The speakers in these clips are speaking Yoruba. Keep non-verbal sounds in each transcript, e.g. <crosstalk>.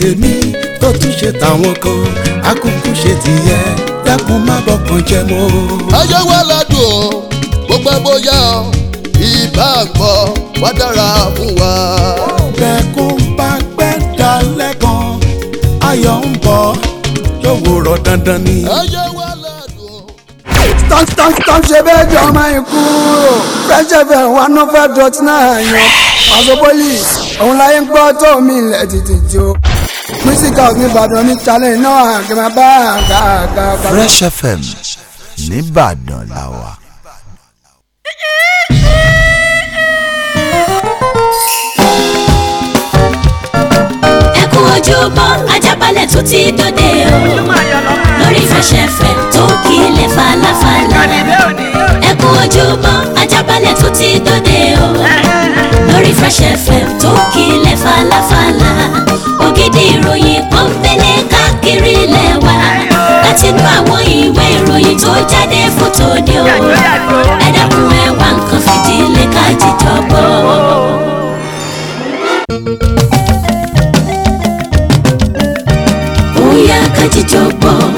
tèmi tó tún ṣe tàwọn kan akúkú ṣe tìyẹ dákun má bọkàn jẹ́ mọ́. ayé wa ládùn o gbogbo bóyá o ìbá gbọ́ wá dára fún wa. bẹ́ẹ̀kún bá pẹ́ dalẹ̀ gan ayọ̀ ń bọ̀ lówùrọ̀ dandan ni. ayé wa tọ́ntọ́ntọ́n ṣe bẹ́ẹ̀ jọ ọmọ ikú Fresh FM one oh five dot nine yan Paso Police òun láyé ń gbọ́ tó mi ilẹ̀ mísíkà ògbìnbàdàn ní talẹ̀ náà àgbà bá àgbà àgbà. Fresh FM nìbàdàn la wà. ẹkún ojúbọ ajábalẹ̀ tún ti dòde o lórí Fresh FM tó kílẹ̀ falafala ẹ kú ojúmọ́ tó ti dòde o lórí Fresh FM tó kílẹ̀ falafala ògidì ìròyìn kan fẹlẹ káàkiri lẹwa láti inú àwọn ìwé ìròyìn tó jáde fótó ni o ẹ dákun nǹkan fìdílé ká jíjọ gbọ́. Bóyá ká jíjọ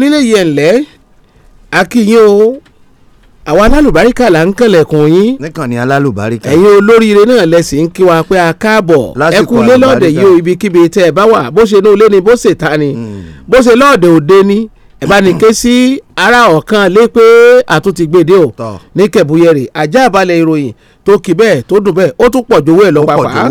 onílé yìí ẹ̀ǹlẹ́ akínyìn o àwọn alálùbáríkà là ń kẹlẹ̀kùn yín. nìkan ni alálùbáríkà. ẹ̀yin olóríire náà lẹ́sìn ń kí wa pé a káàbọ̀ ẹ kú lé lọ́ọ̀dẹ̀ yìí o ibikíbi tẹ́ ẹ bá wà bó ṣe ní olé ni bó ṣe ta ni hmm. bó ṣe lọ́ọ̀dẹ̀ òde ni ẹ bá ní ké sí ara ọ̀kan lé pé àtúntì gbèdé o ní kẹ̀bùyẹ̀rì ajá àbálẹ̀ ìròyìn tó kì bẹ́ẹ̀ tó dùn bẹ́ẹ̀ ó tún pọ̀ jówó ẹ̀ lọ pàápàá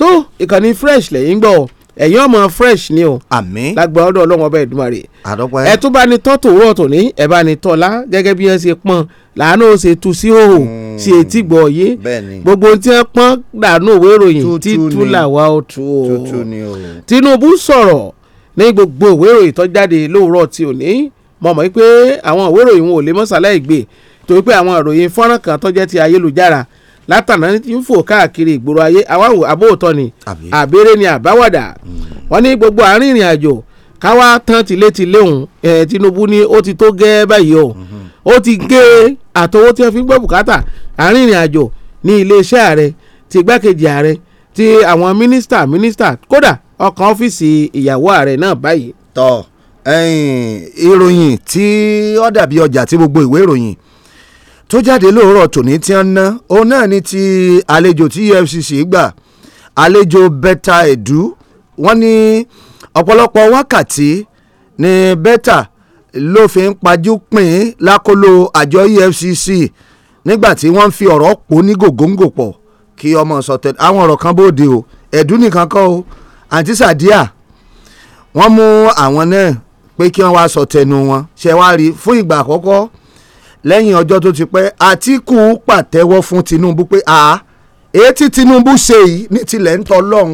tó ìkànnì fresh lẹ́yìn gbọ́ ẹ̀yin ọmọ fresh ni o. àmín. lágbára ọdọ ọlọ́run ọba Èdùmàrè. àdọ́pẹ́. ẹ tún bá ní tọ́ tòwúrọ̀ ọ̀tọ̀ ní ẹ bá ní tọ́lá gẹ́gẹ́ bí ẹ ṣe pọ́n làánú ó ṣe tu sí òhò hmm. sí etí gbọ̀ yé gbogbo tí ẹ pọ́n dànù òwe ìròyìn títú làwa ó tu o. Tinubu sọ̀rọ̀ ní gbogbo òwe ìròyìn tó jáde lówùrọ̀ tí ò ní mọ̀ mọ́ pé àwọn òwe ìròyìn wọn ò lè mọ́sálá ìgbé torí kan tó jẹ́ ti ayélujára látànà ti ń fò káàkiri ìgboro ayé awáwò abóòtọ́ ni àbérè ni àbáwàdà hmm. wọ́n ní gbogbo àárín ìrìn àjò káwá tán tilé tilé òun ẹ̀ Tinubu ni ó ti tó gẹ́ báyìí o hmm. ó ti gé àtọwọ́ tí wọ́n fi ń gbọ́ bùkátà àárín ìrìn àjò ní iléeṣẹ́ ààrẹ ti igbákejì ààrẹ ti àwọn mínísítà mínísítà kódà ọkàn ọ́fíìsì ìyàwó ààrẹ náà báyìí. tọ ìròyìn tí ó dàbí ọjà tí gbogbo ìwé ìròyìn tó jáde lóòrọ̀ tòní tí wọ́n ná òun náà ni ti àlejò tí EFCC gbà àlejò bẹ́tà ẹ̀dú wọ́n ní ọ̀pọ̀lọpọ̀ wákàtí ní bẹ́tà ló fi ń pajú pín lákòlò àjọ EFCC nígbà tí wọ́n fi ọ̀rọ̀ pò ní gògóńgò pọ̀ kí ọmọ sọtẹ̀ àwọn ọ̀rọ̀ kan bóde o ẹ̀dú nìkan kọ́ o àǹtí sàdíà wọ́n mú àwọn náà pé kí wọ́n wá sọ tẹnu wọn ṣe rí fún ìgbà àkọ́kọ́ lẹ́yìn ọjọ́ tó ti pẹ́ àtìkù pàtẹ́wọ́ fún tinubu pé a èyí tinubu ṣe yìí ní tilẹ̀ ń tọ́ lọ́hùn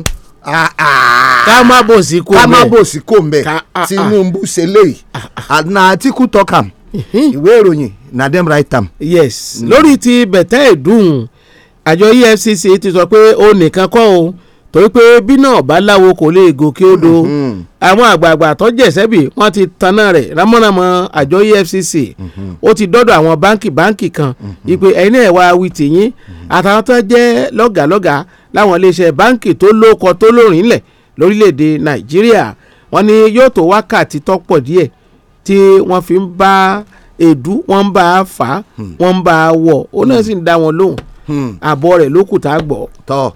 ká má bò sí kò mbẹ ká má bò sí kò mbẹ tinubu ṣe léyìí na àtìkù talk am ìwé ìròyìn na dem write am. yes mm. lórí ti bẹ̀tẹ̀ ìdùn àjọ efcc ti sọ pé o nìkan kọ́ o. torí pé bí náà bá láwo kò lè gòkè odò mhm. àwọn àgbààgbà tó jẹ̀sẹ́bì wọ́n ti tanná rẹ̀ rámọ́rámọ́ àjọ EFCC mhm. ó ti dọ́dọ̀ àwọn báǹkì báǹkì kan mhm. ìpè ẹ̀yin náà wá wí tìyín àtàwọn tó jẹ́ lọ́gàlọ́gà láwọn iléeṣẹ́ báǹkì tó lóko tó lórin lẹ̀ lórílẹ̀‐èdè Nàìjíríà wọ́n ní yóò tó wákàtí tó pọ̀ díẹ̀ tí wọ́n fi ń bá èdú wọ́n bá a fà á wọ́n bá a wọ̀ ó náà sì ń dá wọn lóhùn hmm. àbọ̀ rẹ̀ lókùtà gbọ́. tọ́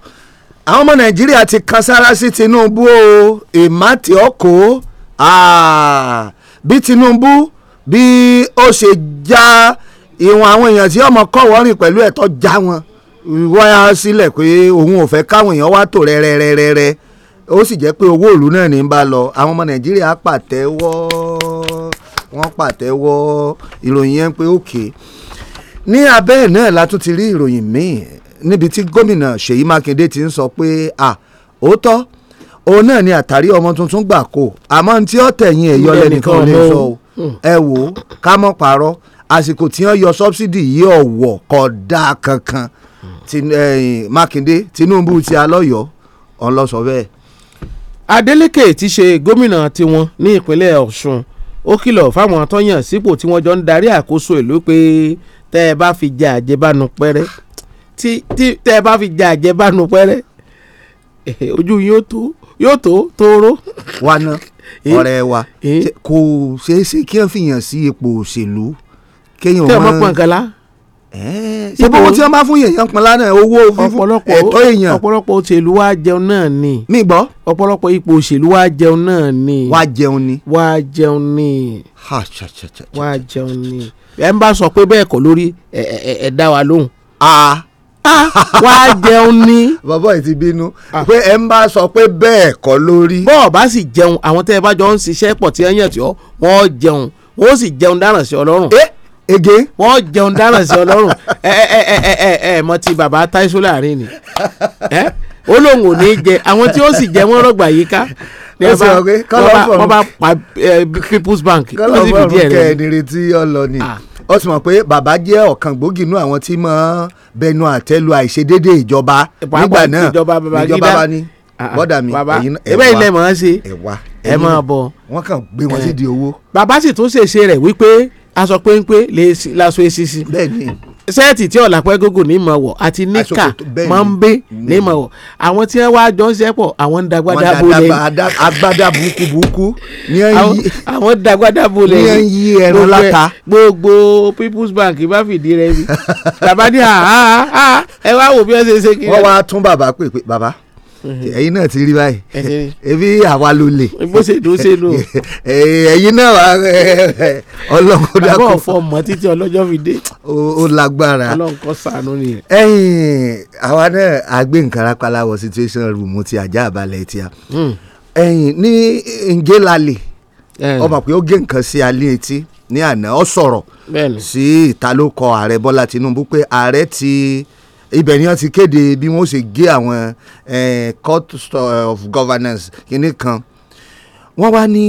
àwọn ọmọ nàìjíríà ti kan sára sí tinubu o ìmátì ọkọ bí tinubu bí ó ṣe já ìwọ̀n àwọn èèyàn tí ọmọ kọ̀wọ́ rìn pẹ̀lú ẹ̀tọ́ já wọn wáyà sílẹ̀ pé òun ò fẹ́ káwọn èèyàn wá tò rẹ́rẹ́rẹ́rẹ́ ó sì jẹ́ pé owó ìlú náà ní bá lọ àwọn ọmọ nàìjíríà pàtẹ́wọ́ wọ́n pàtẹ́wọ́ ìròyìn yẹn pé òkè ní abẹ́ náà la tún ti rí ìròyìn míì níbi tí gómìnà Ṣèyí Mákindé ti ń sọ pé à òótọ́ òun náà ni àtàrí ọmọ tuntun gbà kó àmọ́ tí ó tẹ̀yìn ẹ̀ yọlẹ̀ nìkan lè sọ o ẹ wò ó ká mọ̀ pààrọ̀ àsìkò tí wọ́n yọ sọ́bsidì yìí ọ̀wọ̀ kódà kankan Mákindé Tinubu ti alọ́yọ̀ ọlọ́sọ bẹ́ẹ̀. Adeleke ti ṣe gómìnà tiwọn ní ìpínlẹ̀ Ọ̀ṣun ó kìlọ̀ fáwọn tó yàn sípò tí wọ́n jọ ń darí àkóso ìlú pé tẹ́ ẹ bá fi jẹ àjẹbánu pẹ́rẹ́ tí tí tẹ́ ẹ bá fi jẹ àjẹbánu pẹ́rẹ́ <laughs> ojú yóò tó yóò tó tóóró. wa ná <laughs> ọ̀rẹ́ wa kò ṣeé ṣe kí wọ́n fìyàn sí ipò òṣèlú kéèyàn wọn. tẹ́ ọ mọ̀ pọ̀nkàn la ṣé bó tí wọ́n bá fún èèyàn pọnlá náà owó fífún ẹ̀tọ́ èèyàn. ọ̀pọ̀lọpọ̀ òṣèlú wa jẹun náà ni. mi gbọ́. ọ̀pọ̀lọpọ̀ ipò òṣèlú wa jẹun náà ni. wa jẹun ni. wa jẹun ni. wa jẹun ni. ẹ ń bá sọ pé bẹ́ẹ̀ kọ́ lórí ẹ̀ ẹ̀ ẹ̀ dá wa lóhùn. aa Ah, wá jẹun ní. bàbá yìí ti bínú ah. pé ẹ ń bá sọ pé bẹ́ẹ̀ kọ́ lórí. bọ́ọ̀ bá sì jẹun àwọn tẹ́ ẹ bá jọ ń ṣiṣẹ́ pọ̀ tí ẹ yàn tí ọ wọ́n jẹun wọ́n sì jẹun dáràn sí ọlọ́run. ẹ eh, ege. wọ́n jẹun dáràn sí ọlọ́run ẹ ẹ ẹ ẹ ẹ ẹ mọ ti bàbá táìsó láàrin ni ẹ ó lóun ò ní jẹ àwọn tí ó sì jẹ wọn rọgbà yìí ká ní ẹ bá wọn bá pa People's Bank. kọ́lọ́ fọ́ọ̀mù kẹ́ẹ̀ nírètí ọlọ́ni. Ah ó sì mọ̀ pé bàbá jẹ́ ọ̀kan gbòógì nú àwọn tí mọ̀ bẹnu àtẹ́lu àìṣedédé ìjọba nígbà náà ìjọba bàbá ní ah, ah, bọ́dà mi ẹ̀yin ẹ̀wá ẹ̀wá ẹ̀wá ẹ̀wá ẹ̀ máa bọ̀ wọ́n kàn gbé wọn eh. sí di owó. bàbá sì tún ṣèṣe rẹ̀ wípé aṣọ péńpé lè laṣọ èsì sí. bẹ́ẹ̀ ni sẹ́ẹ̀tì tí ọ̀làpẹ́ gógó ní ìmọ̀ wọ̀ àti níkà máa ń gbé ní ìmọ̀ wọ̀ àwọn tí wọ́n wá jọ ń ṣẹ́pọ̀ àwọn ń dagbada bolẹ̀ agbada burúkú burúkú ní ẹ̀ ń yí àwọn dagbada bolẹ̀ ní ẹ̀ gbogbo People's Bank bá fìdí rẹ̀ bi <laughs> bàbá ní àhá ẹ wá wò bí wọ́n ṣe ṣe kí. wọ́n wá tún bàbá pè pé bàbá Mm-hmm. ẹ̀yin náà ti rí báyìí <laughs> ebi àwa ló lè. bó ṣe dùn ṣe nù. <laughs> ẹ̀yin náà ọlọ́run dákú. bàbá ọ̀fọ̀ mọ́ títí ọlọ́jọ́ fi dé. <laughs> ó lágbára ọlọ́run kọ́ sànú nìyẹn. ẹ̀yin àwa náà àgbẹ̀ nǹkan rápálá wọ situation room ti ajá àbálẹ̀ tí a. Hmm. ẹ̀yin ní ngelalè ọmọ pé ó gé nǹkan sí alẹ́ etí ní àná ó sọ̀rọ̀ sí ìta ló kọ ààrẹ Bọ́lá Tinubu pé ààrẹ ti. Mm ibẹ̀ ni wọ́n ti kéde bí wọ́n ṣe gé àwọn court of governance kìíní kan wọ́n wá ní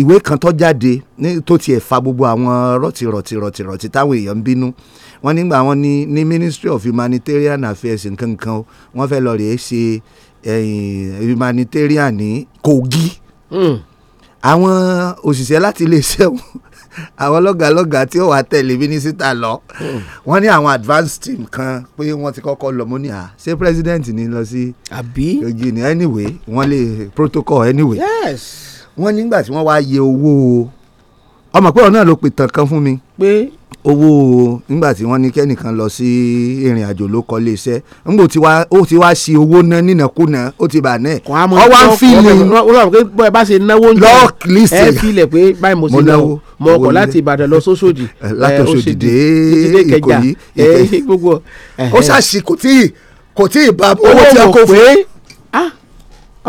ìwé kan tó jáde tó tiẹ̀ fa gbogbo àwọn rọ̀tìrọ̀tìrọ̀tìrọ̀tì táwọn èèyàn ń bínú wọ́n nígbà wọn ní ní Ministry of Humanitarian Affairs nkankan wọ́n fẹ́ lọ rèé ṣe humanitarian ní Kogi. Mm àwọn òṣìṣẹ́ láti iléeṣẹ́ àwọn lọ́gàlọ́gà tí ó wà tẹ̀lé mínísítà lọ hmm. wọ́n ní àwọn advance team kan pé wọ́n ti kọ́kọ́ lọ mọ́ ní à ṣé president ni lọ sí ojú ni anyway wọ́n lè protocol anyway wọ́n nígbà tí wọ́n wá yẹ owó ọmọ pé ọ̀nà ló pè tàn kan fún mi pé owó nígbà tí wọ́n ní kẹ́nìkan lọ sí ìrìn àjò ló kọ́ léṣẹ́ ńgbò tí ó ti wá sí owó ná nínàkúnà ó ti bà náà ọwọ́ ń fílẹ̀ lọ́ọ̀ bá ṣe náwó ń jẹ ẹ fílẹ̀ pé báyìí mo ṣe náwó mo ọkọ̀ láti Ìbàdàn lọ sóṣòdì látòṣòdì <laughs> dé Ìkòyí <laughs> ó ṣàṣì kò tí kò tí ì bá owó tí a kò fún.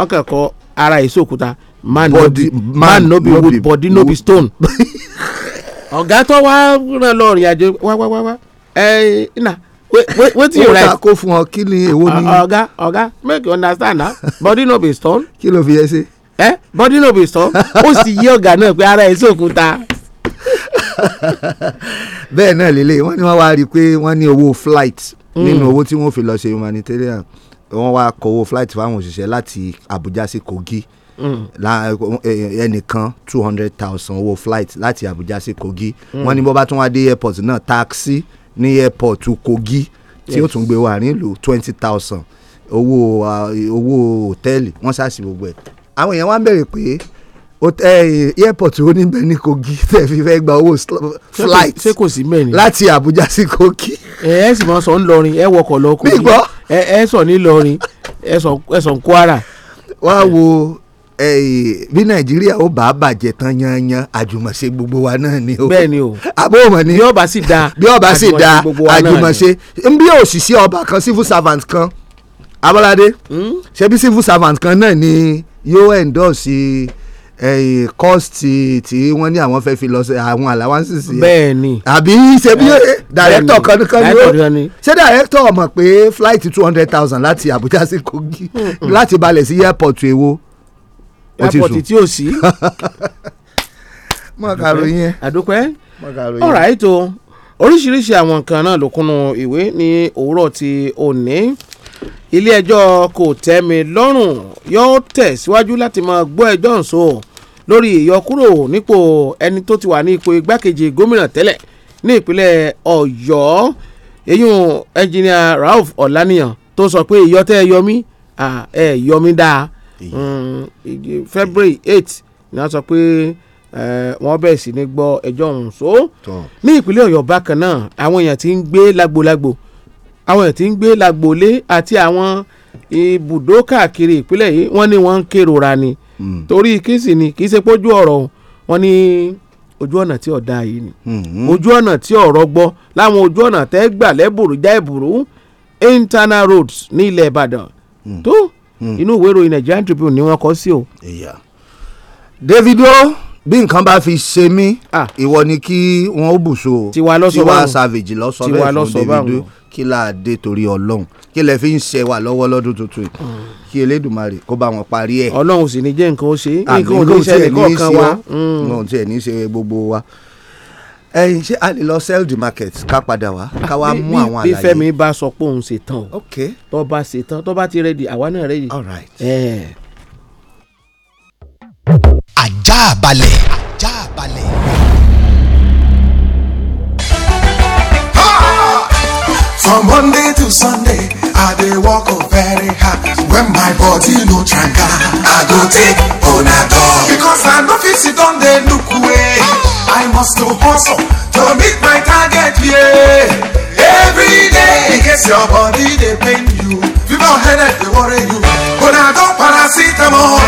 ọkàn kọ ara ìsòkúta man no be wood body no be stone. <laughs> ọ̀gá tó wá ràn lọ rìn àjò wá wá wá wá ẹ nà wetin you like. wọ́n ta kó fún ọ kí ni èwo ni. ọ̀gá ọ̀gá make you understand na body no be stone. <laughs> kí ló fi yẹ ṣe. ẹ body no be stone ó sì yí ọ̀gá náà pé ara ẹ̀ sókúta <laughs> bẹ́ẹ̀ náà lélẹ̀ wọ́n ní wọ́n wá rí i pé wọ́n ní owó flight nínú mm. owó tí wọ́n fi lọ ṣe humanitarian wọ́n wá kọ owó flight fáwọn òṣìṣẹ́ láti Àbújá sí Kogi Eh, eh, ẹnìkan two hundred thousand owó flight láti Abuja sí Kogi wọ́n ní bó bá tún wá dé airport náà taxi ní airport Kogi tí ó tún gbé wa nílùú twenty thousand owó ah, owó hòtẹ́ẹ̀lì wọ́n ṣàṣì gbogbo ẹ̀ àwọn èèyàn wá ń bèrè pé eh, airport ó níbẹ̀ ní Kogi <laughs> tẹ̀ fi fẹ́ gba owó flight ṣé kò sí láti Abuja sí Kogi. ẹ ẹ sì mọ sọ ńlọrin ẹ wọkọ̀ lọ Kogi ẹ ẹ sọ nílọrin ẹ sọ Kwara. wá wo bí nàìjíríà ó bá bàjẹ́ tán yanyan àjùmọ̀ṣe gbogbo wa náà ni o. bẹ́ẹ̀ni o abóhùnmọ̀ ni bí ọba sì da bí ọba sì da àjùmọ̀ṣe bí òṣìṣẹ́ ọba kan civil servant kan abolade hmm? ṣebí civil servant kan náà ni yóò endorse ẹyìn kọ́ọ̀sì tí wọ́n ní àwọn fẹ́ẹ́ fi lọ sí àwọn allowances yẹn. bẹ́ẹ̀ni àbí ṣe bí director kan kan ni ó ṣé director mọ̀ pé flight two hundred thousand láti Abuja sí Kogi hmm, hmm. láti balẹ̀ sí airport èwo airport tí ò sí. <laughs> mọ kàrò yẹn. àdókòẹ́ all right o oríṣiríṣi àwọn nǹkan náà ló kúnnú ìwé ní òwúrọ̀ ti òní ilé-ẹjọ́ kò tẹ́mi lọ́rùn yóò tẹ̀síwájú láti máa gbọ́ ẹjọ́ ǹso lórí ìyọkúrò nípò ẹni tó ti wà ní ipò igbákejì gómìnà tẹ́lẹ̀ ní ìpínlẹ̀ ọ̀yọ́ eyín ẹnjìnìà Ralph Ọ̀lànìyàn tó sọ pé ìyọtẹ́ yọmí ẹ yọmí dáa Mm, February eight ni wọ́n sọ pé wọ́n bẹ̀rẹ̀ sí ní gbọ́ ẹjọ́ ọ̀hún so ní ìpínlẹ̀ Ọ̀yọ́ bákan náà àwọn èèyàn ti ń gbé lágbolágbo àwọn èèyàn ti ń gbé lágbolé àti àwọn ibùdó káàkiri ìpínlẹ̀ yìí wọ́n ní wọ́n ń kérora ni mm. torí kí sì ni kì í ṣe pójú ọ̀rọ̀ wọn ni ojú ọ̀nà tí ọ̀dà yìí ni mm-hmm. ojú ọ̀nà tí ọ̀rọ̀ gbọ́ láwọn ojú ọ̀nà tẹ́ lẹ́bùrú já ẹ̀bùrú internal roads ní ilẹ̀ Ìbàdàn mm. tó Hmm. inú ìwé ìròyìn Nigerian Tribune ni wọ́n kọ sí o. Davido bí nǹkan bá fi ṣe mí ìwọ ni kí wọn ó bùṣọ o Tiwa Savage lọ́sọ bẹ́ẹ̀ fún Davido kí láàdé torí ọlọ́run kí lè fi ń ṣe wà lọ́wọ́ lọ́dún tuntun hmm. kí elédùnmarè kó bá wọn parí ẹ̀. ọlọ́run sì ní jẹ́ nǹkan ó ṣe nǹkan ò ní ṣẹlẹ̀ kọ̀ọ̀kan wa. nǹkan hmm. ò tiẹ̀ ní ṣe gbogbo wa ẹyin ṣé a lè lọ sell the market ká padà wá ah, ká wá mú àwọn àlàyé. bí Fẹ́mi bá sọ pé òun ṣe o tó bá ṣe tó bá ti rẹ́dì àwa náà rẹ́dì. ajá balẹ̀ ajá balẹ̀. From Monday to Sunday, I dey work very hard. When my body no tranga, I go take Panadol. Because I no fit sit dey look away. must to hustle to meet my target, yeah. Every day, in case your body they pain you, people headache they worry you. But I don't paracetamol,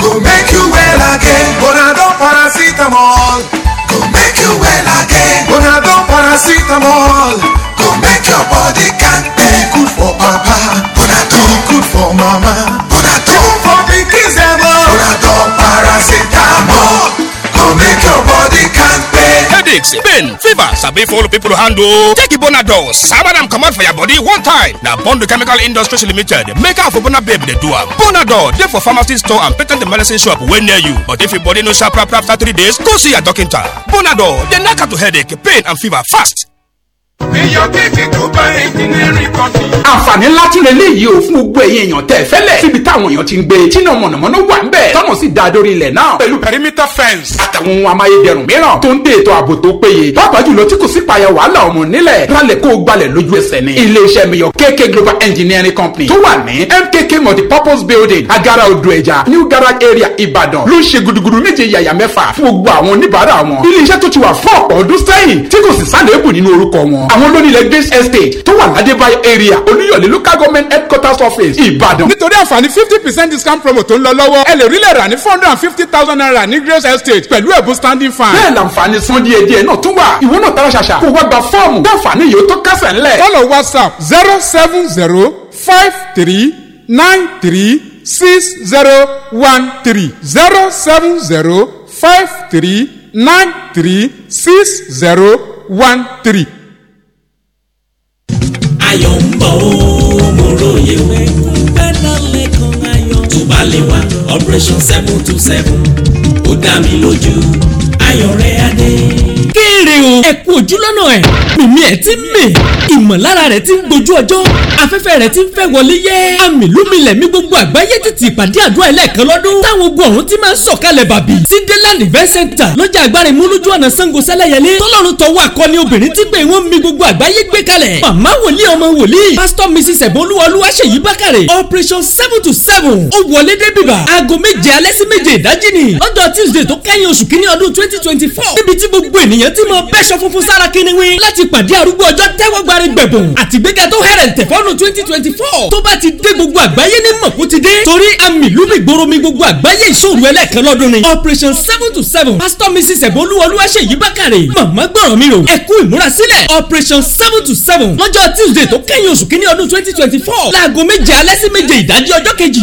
go make you well again. But I don't paracetamol, go make you well again. But I don't paracetamol, go make your body can be good for papa. But I don't good for mama. But I don't for the kids ever. But I don't paracetamol headaches pain fever sabi for all people handle oh. take ibonadol sabi am comot for your body one time na bondo chemical industry limited maker of obonababe They do am bonadol They for pharmacy store and patent the medicine shop when near you but if your body no sharp after three days go see your doctor bonadol They knock out to headache pain and fever fast àǹfààní ńlá tí relé yìí ò fún gbogbo ẹ̀yin èèyàn tẹ̀ fẹ́lẹ̀ síbi táwọn èèyàn ti ń gbé tí náà mọ̀nàmọ́ná wà ń bẹ̀ tọ́nà sì da dórí ilẹ̀ náà pẹ̀lú perimeter fence àtàwọn ohun amáyédẹrùn mìíràn tó ń dé ètò ààbò tó péye pàápàá jùlọ tí kò sí payà wàhálà ọmọ nílẹ̀ rálẹ̀ kó o gbalẹ̀ lójú ẹsẹ̀ ni iléeṣẹ́ miyọ̀ KK Global Engineering Company tó wà ní MKK multipurpose building agara odò ẹja àwọn lónìlẹ̀ grace estate tó wà ládébáyọ̀ area olúyọ̀lé local government headquarters office ìbàdàn. nítorí àǹfààní fifty percent discount promo tó ń lọ lọ́wọ́ ẹ lè rí lẹ̀ rà ní four hundred and fifty thousand naira ní grace estate pẹ̀lú ẹ̀bùn standing fan. bẹ́ẹ̀ làǹfààní san díẹ̀ díẹ̀ náà tún wà ìwọ náà tara ṣàṣà kó wá gba fọ́ọ̀mù dáǹfààní yìí ó tó kásẹ̀ ńlẹ̀. follow whatsapp zero seven zero five three nine three six zero one three zero seven zero five three nine three six zero one three ayọ̀ ń bọ̀ ó mo róye o. tó operation seven Two seven ó dá mi lójú ayọ̀ rẹ̀ adé rè o ẹ kú ojúlọ́nà ẹ̀ mímí ẹ̀ ti mè ìmọ̀lára rẹ̀ ti ń gbojú ọjọ́ afẹ́fẹ́ rẹ̀ ti ń fẹ́ wọlé yẹ́ àmìlúmilẹ̀ mi gbogbo àgbáyé títí ìpàdé àdúrà ẹlẹ́ẹ̀kan lọ́dún táwọn ogun ọ̀run ti máa ń sọ̀kalẹ̀ bàbí sí event center lọ́jà agbára ìmúlójú ọ̀nà Ṣàngó Sẹ́lẹ̀yẹlé tọ́lọ́run tọwọ́ akọni obìnrin tí pé wọ́n mi gbogbo àgbáyé gbé kalẹ̀ màmá wòlíì ọmọ wòlíì pásítọ̀ mrs ẹ̀bọ́lúwọlúwa ṣèyí bákàrẹ̀ operation seven to seven ó wọlé dé bíbà aago méje alẹ́ sí méje ìdájí ni lọ́jọ́ tuesday tó kẹ́yìn oṣù kínní ọdún twenty twenty four níbi tí gbogbo ènìyàn ti mọ bẹ́sọ̀ funfun sára kíniwí láti pàdé arúgbó ọjọ́ tẹ́wọ́ gbari gbẹ̀bùn àtìgbéga tó hẹ̀rẹ̀ tẹ̀ fọ́nù twenty twenty four tó bá ti dé gbogbo àgbáyé ní mọ̀kú torí àmì lùmí gbòòrò mi gbogbo àgbáyé ìṣòro ẹlẹ́ẹ̀kan lọ́dún ni operation seven to seven pastor mrs ẹ̀bọ́lúwọlúwà ṣèyí bákàrè màmá gbọ́ràn mi rò ẹ̀kú ìmúrasílẹ̀ operation seven to seven lọ́jọ́ tuesday tó kẹ́yìn oṣù twenty twenty four láago méje alẹ́ sí méje ìdájí ọjọ́ kejì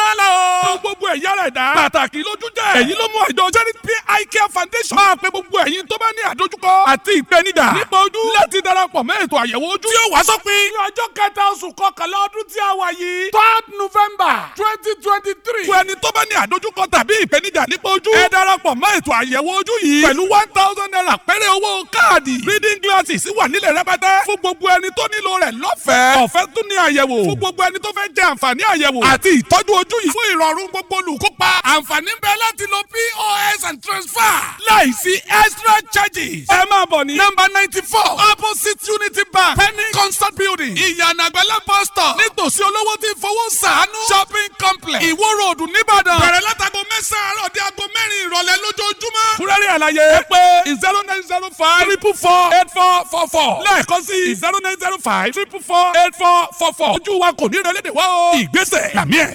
tán la o. gbogbo ẹ̀yà rẹ̀ dá. pàtàkì lójú jẹ́. èyí ló mú àjọ charity eye care foundation. máa pe gbogbo ẹ̀yin tó bá ní àdójúkọ. àti ìpènijà. nípa ojú. láti darapọ̀ mẹ́ ètò àyẹ̀wò ojú. tí ó wá sópin. ní ọjọ́ kẹta oṣù kọkànlá ọdún tí a wà yìí. third november twenty twenty three. fún ẹni tó bá ní àdójúkọ tàbí ìpènijà nípa ojú. ẹ darapọ̀ mẹ́ ètò àyẹ̀wò ojú yìí. pẹ̀lú one thousand naira péré owó káàdì. reading glasses wà nílẹ̀ rẹpẹtẹ. fún gbogbo ẹni tó nílò rẹ̀ lọ́fẹ̀ẹ́. ọ̀fẹ́ tún ní àyẹ̀wò. fún gbogbo ẹni tó fẹ́ jẹ àǹfààní àyẹ̀wò. àti ìtọ́jú ọdún yìí fún ìrọ̀rùn gbogbo olùkópa àǹfààní bẹ láti lo pos and transfer láìsí extra charges. ẹ máa bọ̀ ní. nọ́mbà ninety four opposite unity bank penny constant building ìyànà àgbẹ̀lẹ̀ bus stop nítòsí olówó tí fowó ṣàánú shopping complex ìwó ròdù nìbàdàn. bẹ̀rẹ̀ látago mẹ́sàn-án àárọ̀ di aago mẹ́rin ìrọ̀lẹ́ lójoojúmọ́. kúrẹ́rì àlàyé ẹ pé zero nine zero five triple four eight four four four lẹ́ẹ̀kan sí zero nine zero five triple four eight four four four ojú wa kò ní ìrẹ́lẹ́dẹ̀ wá o ìgbésẹ̀ làmí ẹ̀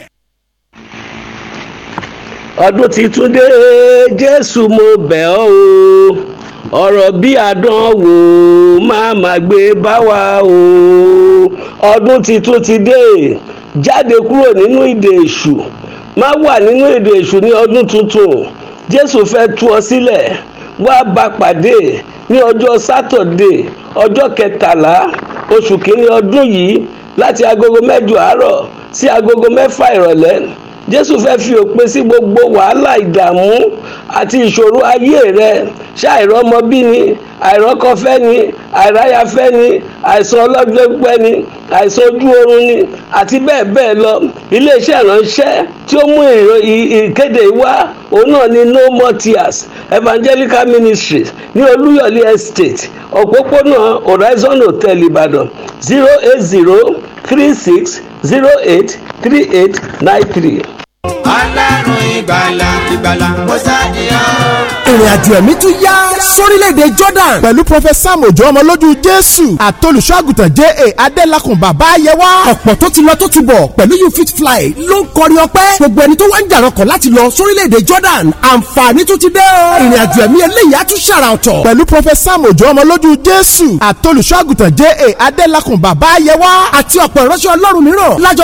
ọdún titun dé jésù mo bẹ̀ ọ́ o ọ̀rọ̀ bí àdánwò máa má gbé bá wa o ọdún titun ti dé jáde kúrò nínú ìdè èṣù má wà nínú ìdè èṣù ní ọdún tuntun jésù fẹ́ tú ọ sílẹ̀ wá bá pàdé ní ọjọ́ sátọ̀dé ọjọ́ kẹtàlá oṣù kìíní ọdún yìí láti agogo mẹ́jọ àárọ̀ sí agogo mẹ́fà ìrọ̀lẹ́ jésù fẹ́ fi òpin sí gbogbo wàhálà ìdààmú àti ìṣòro ayé rẹ ṣé àìrọ́mọbí ni àìrọ́kọfẹ́ ni àìráyafẹ́ ni àìsàn ọlọ́gbẹ́gbẹ́ ni àìsàn ojú oorun ni àti bẹ́ẹ̀ bẹ́ẹ̀ lọ iléeṣẹ́ ìránṣẹ́ tí ó mú ìkéde wá òun náà ni no more tears evangelical ministries ní olúyọ̀lé estate òpópónà horizon hotel ìbàdàn zero eight zero three six zero eight three eight nine three. ọlọ́run ìgbàlà ìgbàlà mọ́sáàdì yá ìrìn àjò ẹ̀mí tún yá sórílẹ̀-èdè Jordan pẹ̀lú Prophet Mojo, Òjó ọmọlójú Jésù àtolùṣọ́àgùtàn J.A. Adélakùn bàbá ayẹwà ọ̀pọ̀ tó ti lọ tó ti bọ̀ pẹ̀lú you fit fly ló ń kọrin ọpẹ́ gbogbo ẹni tó wá ń jàrọ̀kọ̀ láti lọ sórílẹ̀-èdè Jordan àǹfààní tún ti dé o ìrìn àjò ẹ̀mí eléyìí á tún ṣàrà ọ̀tọ̀ pẹ̀lú Prophet Sam Òjó ọmọlójú Jésù àtolùṣọ́àgùtàn J.A. Adélakùn bàbá ayẹwà àti ọ̀pọ̀ ìránṣẹ́ Ọlọ́run mìíràn lájọ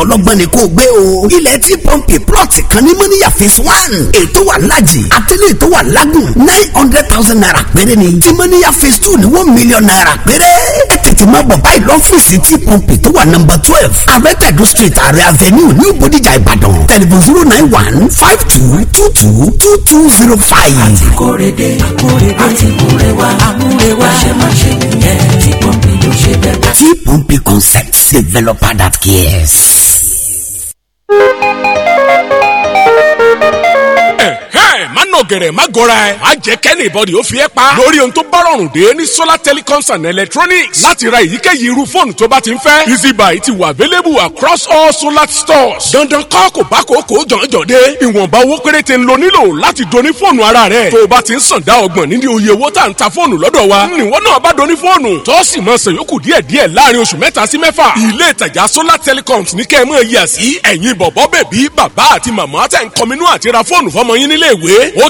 ìgbésẹ̀ ọlọ́gbọ́n ni kò gbé o ilẹ̀ tí pọ́ǹpì plot kan ní mọ́níyà phase one ètò wà lájì àtẹlẹ́ ètò wà lágùn nine hundred thousand naira péré ni tí mọ́níyà phase two ni one million naira péré ẹ tètè máa bọ̀ báyìí lọ́fíìsì tí pọ́ǹpì tó wà nọ́mbà twelve arẹ́tẹ̀dù street ààrẹ avenue new bodijà ìbàdàn tẹlifon zero nine one five two two two two two zero five. àti kórede àti múrewa àmúrewa àṣemáṣe nìyẹn tí pọ́ǹpì ló ṣe bẹ́ẹ̀. developer that cares. Música ọ̀gẹ̀rẹ̀ má gọra ẹ̀ má jẹ́ kẹ́ni ìbọ̀dì ó fi ẹ́ pa lórí ohun tó bá rọrùn dé ní solar telecoms and electronics láti ra èyíkéyìí irú fóònù tó bá ti ń fẹ́ easy buy ti wà available across all solar stores dandan kọ́ kò bá kò kò jọ̀njọ̀ dé ìwọ̀nba owó péréte ń lo nílò láti doni fóònù ara rẹ̀ tó o bá ti ń sàn dá ọgbọ̀n nínú iye owó tá à ń ta fóònù lọ́dọ̀ wa níwọ̀n náà bá doni fóònù tó sì mọ sèyókù díẹ̀díẹ̀ láàrin oṣù mẹ́ta sí mẹ́fà ilé ìtajà solar telecoms ní kẹ́ ẹ mọ̀ yíyà sí ẹ̀yin bọ̀bọ̀ bèbí bàbá àti màmá tẹ̀ ń kọminú àti ra fóònù fọmọ yín nílé ó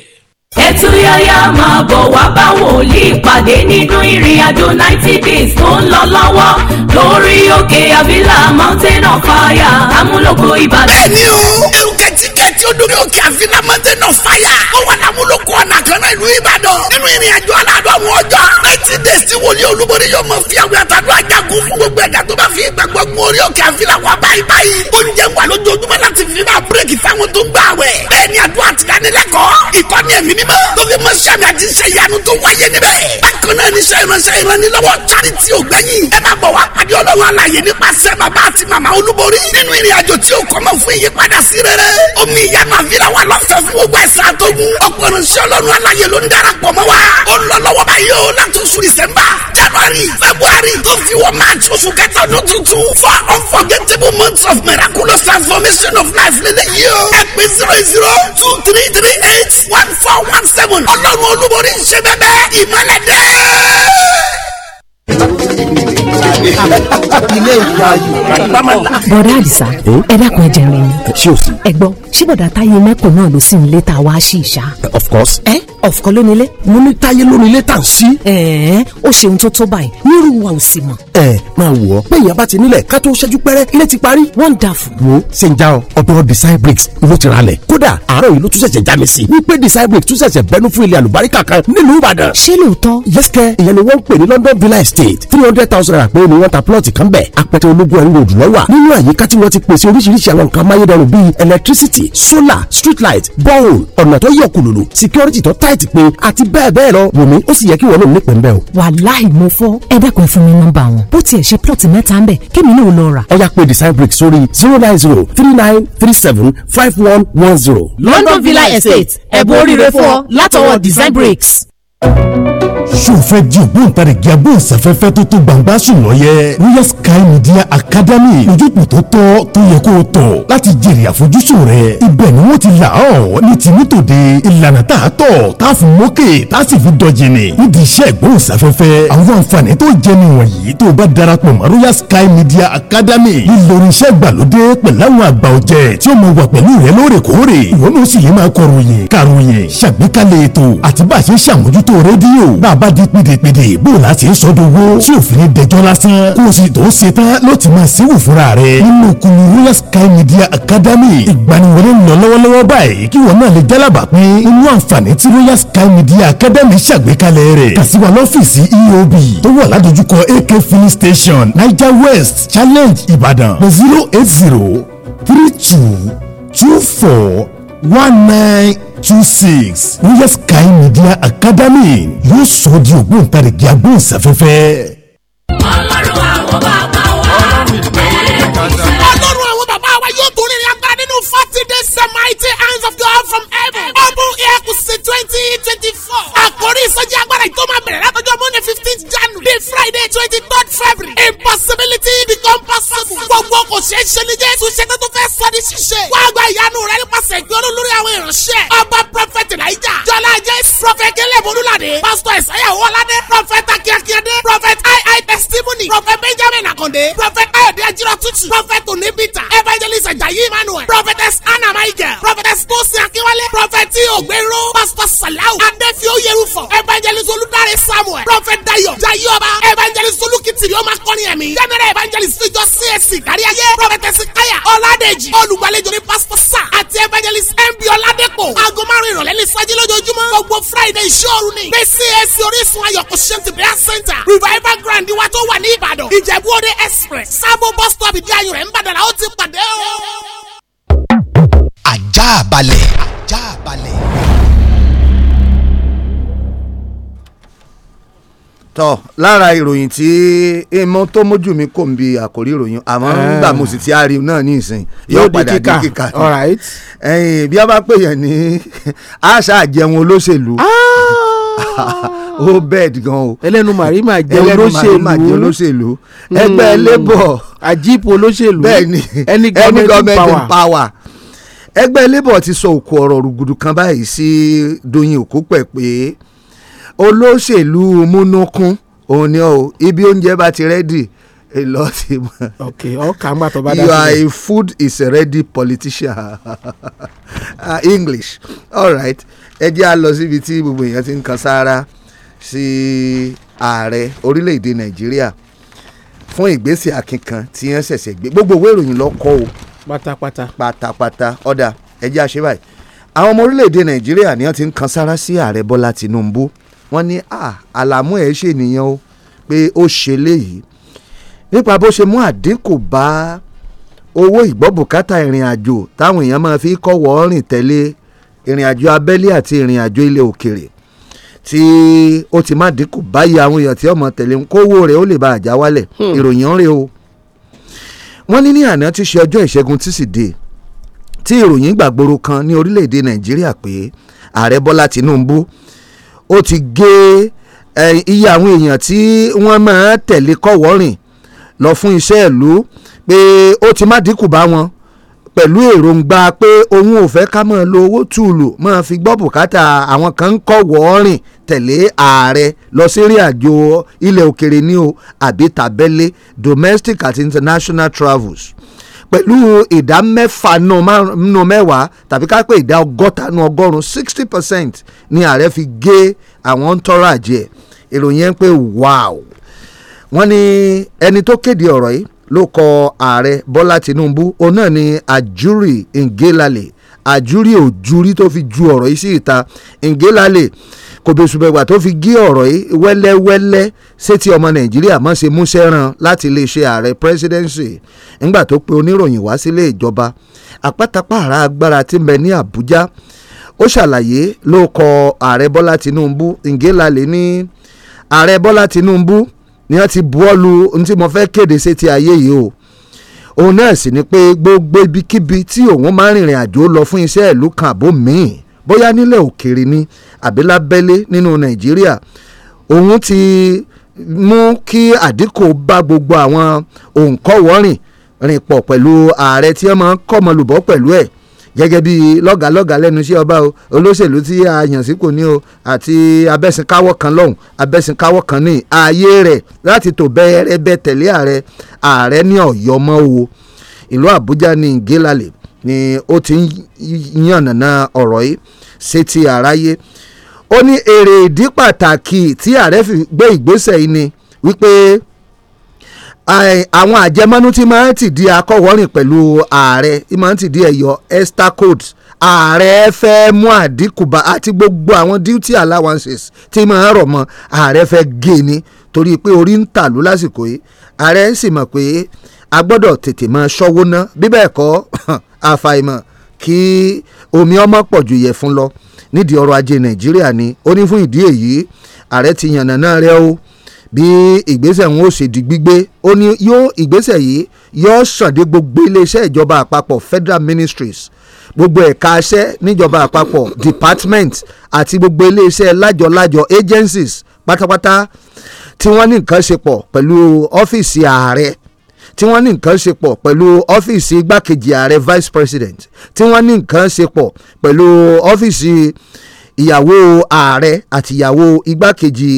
ẹtúyáyá máa bọ̀ wá bá wòlíì pàdé nínú ìrìn àjò ninety days tó ń lọ lọ́wọ́ lórí òkè àbílà mountain of fire amúlòkọ ìbàdàn. bẹ́ẹ̀ni o ẹrù tí ó dórí òkè àfihàn mountain of fire. ó wà lámúlòkọ ọ̀nà kan náà ìlú ìbàdàn. nínú ìrìn àjò aládọ́run ọjọ́. ninety days tí wòlíì olúborí yóò mọ fi àwọn àtàdúrà jagun fún gbogbo ẹ̀dá tó bá fi gbàgbọ́ gun orí òkè àfihàn wa báyìí báyìí. oúnjẹ wà lójoojúmọ́ láti fi máa bírèkì fáwọn tó ń gbà wẹ̀. bẹ́ẹ̀ ni àdúrà ti dánilẹ́kọ̀ọ́. ìkọ́ni ẹ̀mí mímọ́. tó fi mọ sẹ́mi àti iṣẹ́ ìyanu tó wáyé níbẹ̀. bákan náà ni iṣẹ́ ìránṣẹ́ ìrànlọ́wọ́ charity ògbẹ́yìn. ẹ máa bọ̀ wá pàdé ọlọ́run alàyè nípasẹ̀ bàbá àti màmá omi ìyanu àfihàn wa lọ́fẹ̀ẹ́ fún gbogbo ẹ̀sìn àtọ́gùn ọkùnrin sí ọlọ́run aláyè ló ń darapọ̀ mọ́ wa ó ń lọ lọ́wọ́ báyìí o láti oṣù december january february tó fi wọ march oṣù kẹta ọdún tuntun four unforgettable months of miraculous transformation of life lẹ́lẹ́ yìí o ẹ zero zero two three three eight one four one seven ọlọ́run olúborí ń ṣe bẹ́ẹ̀ ìmọ̀lẹ́dẹ́ ilé ìwà ayò bọ̀dá àdìsá ẹ dákun ẹ̀jẹ̀ rẹ̀ ni. ṣé o sì. ẹ gbọ́ ṣé bọ̀dá táyé mẹ́kọ̀ náà ló sì ń lé ta wá sí ìṣá. of course. ẹ of course lónìí lé. mo ní táyé lónìí lé tà ń sí. ẹ ẹ ó ṣe ohun tó tó báyìí nírú wa ò sì mọ̀. ẹ máa wọ bẹ́ẹ̀ yẹn bá ti nílẹ̀ ká tó ṣẹ́jú pẹ́rẹ́ ilé ti parí. wonderful. wo ṣe ń já ọ ọ̀dọ̀ design bricks ló ti ralẹ̀ kódà àárọ̀ yìí ló tún ṣẹ̀ṣẹ̀ já mi sí. wípé design bricks tún ṣẹ̀ṣẹ̀ bẹnu fún ilé àlùbáríkà kan nílùú ìbàdàn. ṣé lóòótọ́. yẹ́sìkẹ́ ìyẹn ni wọ́n ń pè ní London Villa Estate estate three hundred thousand naira pé ni wọ́n ta plọ́ọ̀tì kan bẹ̀ apẹtẹ ológun ẹ̀rí ròdù lọ́wà nínú àyíká tí wọ́n ti pèsè oríṣiríṣi àwọn nǹkan amáyédẹrùn bíi electricity solar street light borehole ọ̀nà tó yọ kùlùlù security tó tight pé àti bẹ́ẹ̀ bẹ́ẹ̀ lọ wùmí ó sì yẹ kí wọ́n lòun nípìn bẹ́ẹ̀ o. wàláì mo fọ ẹ dákun fún mi nọ́mbà wọn bó tiẹ̀ ṣe plọ́ọ̀tì mẹ́ta ń bẹ̀ kémi náà lọ rà. ọ̀yá pé design brick sórí zero nine zero three nine three seven five one one zero. London Villa Estate ẹ̀bùn oríire fún látọwọ́ design bricks ṣòfẹ́ di ògbóǹtarìgì agbóhùnsáfẹ́fẹ́ tó tó gbangba sùn lọ́yẹ. royal sky media academy lójútùú tó tọ́ tó yẹ kó o tọ̀ láti jèrè àfojúsùn rẹ̀. ibẹ̀ ni wọ́n ti là ọ́ ní tìmítòde ìlànà tá a tọ̀ tá a fi mókè tá a sì fi dọ̀jìnì. nídìí iṣẹ́ ìgbóhùnsáfẹ́fẹ́ àwọn àǹfààní tó jẹ́ nìwọ̀n yìí tó o bá darapọ̀ mọ́ royal sky media academy lílọ́rin iṣẹ́ ìgbàlódé pẹ̀lú àwọn àgbà ọ̀jẹ̀ tí ó mọ wà pẹ̀lú rẹ lóòrèkóòrè ìwọ náà sì lè máa kọròyìn kàròyìn ṣàgbékalẹ̀ ètò àti bá a ṣe ń ṣàmójút ètò rédíò bàbá di pèdèpèdè bó la ti ń sọdún wo tí òfin ní dẹjọ́ lásán kó o sì tó ṣe tán ló ti máa ṣíwò fúnra rẹ̀ nínú kunu royal sky media academy ìgbaniwọlé ń lọ lọ́wọ́lọ́wọ́ báyìí kí wọn náà lè jálábà pé inú àǹfààní tí royal sky media academy ṣàgbékalẹ̀ rẹ̀ kà sí wa lọ́fíìsì eob tó wà ládojúkọ ak filling station niger west challenge Ibadan. pé zero eight zero three two two four one nine two six royal sky media academy yóò sọ ọ́ di ògbóǹtarìgì agbóhùnsáfẹ́fẹ́. ọlọ́run àwọn bàbá wa ọlọ́run àwọn bàbá wa yóò tún rìnrìn àgbà nínú forty days mighty hands of God from heaven open air kùsì twenty twenty four àkórí ìsọjí agbára ìtọ́ máa bẹ̀rẹ̀ látọjọ́ monday fifteen january friday twenty two slavery. impossibility become possible. gbogbo kò ṣeé ṣe ní jésù ṣe tó tó fẹ́ sọ ní ṣíṣe. wá gba ìyanu rẹ nípasẹ̀ ìgbéró lórí àwọn ìránṣẹ́. ọba prọfẹ̀tì nàìjà. jọlá jésù. prọfẹ̀tì kẹlẹ́ bolúlàdé. pásítọ̀ ìsáyà wọládé. prọfẹ̀tì akíakíadé. prọfẹ̀tì ii testimony. prọfẹ̀tì benjamin akande. prọfẹ̀tì ayọ̀dé ajírọ̀tutù. prọfẹ̀tì oníbìtà. evangelist ajayi emmanuel. prọfẹ̀tẹ̀s anna michael. prọfẹ̀tẹ̀s tosi akínwálé. prọfẹ̀tì ògbéró. pásítọ̀ salawu. adéfíó yerufọ. evangelist olùdarí samuel. prọfẹ̀tì dayọ̀. jayọba. evangelist olùkìt tìrì ó máa kọrin ẹ̀mí. general evangelist níjọ csc kárí ayé prophetess kaya ọ̀làdẹ̀jì olùgbàlejò ní pastor sa àti evangelist mb ọ̀làdẹ̀kọ̀ aago márùn ìrọ̀lẹ́ ní sájí lójoojúmọ́ gbogbo friday ìṣòro ni pé csc orísun ayọ̀ christian prayer center revival grand wa tó wà ní ìbàdàn ìjẹ̀bú òde express sábò bus stop ìdí ayọ̀ rẹ̀ ń bàdàn àwọn ti pàdé o. àjà balẹ̀ àjà balẹ̀. tọ lára ìròyìn tí ìmọ̀ tó mójú mi kò ń bi àkórí ìròyìn àmọ́ nígbà mo sì ti ari náà ní ìsìn yóò padà di kíkà bí a bá pè yẹn ní <laughs> àṣà àjẹun olóṣèlú ah! <laughs> ó bẹ́ẹ̀ gan o. ẹlẹ́nu màrí máa jẹ́ olóṣèlú ẹlẹ́nu màrí hmm. ẹgbẹ́ labour àjíìpù olóṣèlú bẹ́ẹ̀ni government power ẹgbẹ́ labour ti sọ òkú ọ̀rọ̀ rúgudu kan báyìí sí Doyin Okupe pé olóṣèlú múnúkún òun ni o ibi oúnjẹ bá ti rẹ́dì lọ <laughs> sí mọ. ok ọkà ń gbà tó bá dá sí. you are a food is a ready politician uh, <laughs> english alright ẹ jẹ́ a lọ síbi tí gbogbo èèyàn ti ń kan sára sí ààrẹ orílẹ̀-èdè nàìjíríà fún ìgbésẹ̀ akínkan tí wọ́n ṣẹ̀ṣẹ̀ gbé gbogbo ìwé ìròyìn lọ kọ́ o. pátápátá. pátápátá ọ̀dà A àṣẹ báyìí. àwọn ọmọ orílẹ̀-èdè nàìjíríà ni wọ́n ti ń kan sára sí ààrẹ bọ́lá tinubu wọ́n ní àlàmú ẹ̀ ṣe nìyẹn o pé ó ṣe léyìí nípa bó ṣe mú àdínkù bá owó ìgbọ́bùkátà ìrìn àjò táwọn èèyàn máa fi kọ́wọ́ rìn tẹ̀lé ìrìn àjò abẹ́lé àti ìrìn àjò ilé òkèrè tí ó ti má dínkù báyìí àwọn èèyàn tí ọmọ tẹ̀lé ń kówó rẹ̀ ó lè bá àjà wálẹ̀ hmm. ìròyìn ń rè o wọ́n ní ní àná tí ṣe ọjọ́ ìṣẹ́gun tísídẹ̀ẹ́ tí ìròyìn gbàgbóró kan ní orílẹ̀-èdè nàìjíríà pé ààrẹ bọ́lá tinubu ó ti gé iye àwọn èèyàn tí wọ́n máa tẹ̀lé kọ̀wọ́rìn lọ fún iṣẹ́ ìlú pé ó ti má dínkù bá wọn pẹ̀lú èròǹgbà pé òun ò fẹ́ ká máa lo owó tùlù máa fi gbọ́ bùkátà àwọn kan ń kọ́ wọ́ọ̀rìn tẹ̀lé ààrẹ lọ sí ìrìn àjò ilẹ̀ òkèrè ní o àbí tàbẹ́lé domestic àti international travels pẹ̀lú ìdá mẹ́fà nù mẹ́wàá tàbí ká pé ìdá ọgọ́ta nù ọgọ́rùn-ún sixty percent ni ààrẹ fi gé àwọn ń tọrọ àjẹ ìròyìn yẹn pé wow wọ́n ní ẹni tó kéde ọ̀rọ̀ yìí ló kọ ààrẹ bọ́lá tinubu òun náà ni àjúrì ngelale àjúrì òjúrí tó fi ju ọ̀rọ̀ yìí sí ìta ngelale kò bẹ́sùbẹ̀wà tó fi gé ọ̀rọ̀ yìí wẹ́lẹ́wẹ́lẹ́ sétí ọmọ nàìjíríà mọ̀ ṣe múṣẹ́ ràn láti lè ṣe ààrẹ presidency ńgbà tó pe oníròyìn wá sílé ìjọba àpátápàrà agbára tí ń bẹ ní àbújá ó ṣàlàyé ló kọ ààrẹ bọ́lá tinubu ngelale ní ààrẹ bọ́lá tinubu ni wọ́n ti buọ́lu ohun tí mo fẹ́ kéde sétí ayé yìí o òun náà sì ni pé gbogbo ibikíbi tí òun máa rìnrìn àjò lọ fún iṣẹ́ ìlú kan àbó míì bóyá nílẹ̀ òkèèrè ni àbí lábẹ́lé nínú nàìjíríà òun ti mú kí àdínkù bá gbogbo àwọn òǹkọ́wọ́rìn rìn pọ̀ pẹ̀lú ààrẹ tí wọ́n máa ń kọ́mọlùbọ́ pẹ̀lú ẹ̀ gẹ́gẹ́ bí lọ́gàlọ́gà lẹ́nu iṣẹ́ ọba o olóṣèlú tí a yàn sípò ní o àti abẹ́sìnkáwọ́ kan lọ́hùn abẹ́sìnkáwọ́ kan ní ààyè rẹ̀ láti tò bẹ́ẹ̀rẹ́ bẹ́ẹ̀ tẹ̀lé ààrẹ ààrẹ ní ọ̀yọ́ mọ́ o ìlú àbújá ní ìgélálẹ̀ ni ó ti ń yànnàná ọ̀rọ̀ yìí sétí àráyé ó ní èrè ìdí pàtàkì tí ààrẹ fi gbé ìgbésẹ̀ yìí ni wípé àwọn àjẹmọ́nú tí máa ń tìdí akọ́wọ́rìn pẹ̀lú ààrẹ tí máa ń tìdí ẹ̀yọ esther codes ààrẹ fẹ́ mú àdínkù bá àti gbogbo àwọn duty allowances tí máa ń rọ̀ mọ́ ààrẹ fẹ́ gé ni torí pé orí ń tà ló lásìkò yìí ààrẹ sì mọ̀ pé a gbọ́dọ̀ tètè máa ṣọ́wó ná bí kọ́ <coughs> àfàìmọ̀ kí omi ọmọ pọ̀ ju ìyẹ̀fun lọ nídìí ọrọ̀ ajé nàìjíríà ni ó ní fún ìdí èyí ààrẹ ti yànnàná rẹ̀ o bí ìgbésẹ̀ wọn ó ṣe di gbígbé ó ní yóò ìgbésẹ̀ yìí yóò sàn dé gbogbo iléeṣẹ́ ìjọba àpapọ̀ federal ministries gbogbo ẹ̀ka aṣẹ́ níjọba àpapọ̀ department àti gbogbo iléeṣẹ́ lájọ-lájọ agencies pátápátá tí wọ́n ní nǹkan ṣe pọ̀ pẹ̀lú ọ́fíìsì ààrẹ tí wọ́n ní nǹkan ṣe pọ̀ pẹ̀lú ọ́fíìsì igbákejì ààrẹ vice president tí wọ́n ní nǹkan ṣe pọ̀ pẹ̀lú ọ́fíìsì ìyàwó ààrẹ àti ìyàwó igbákejì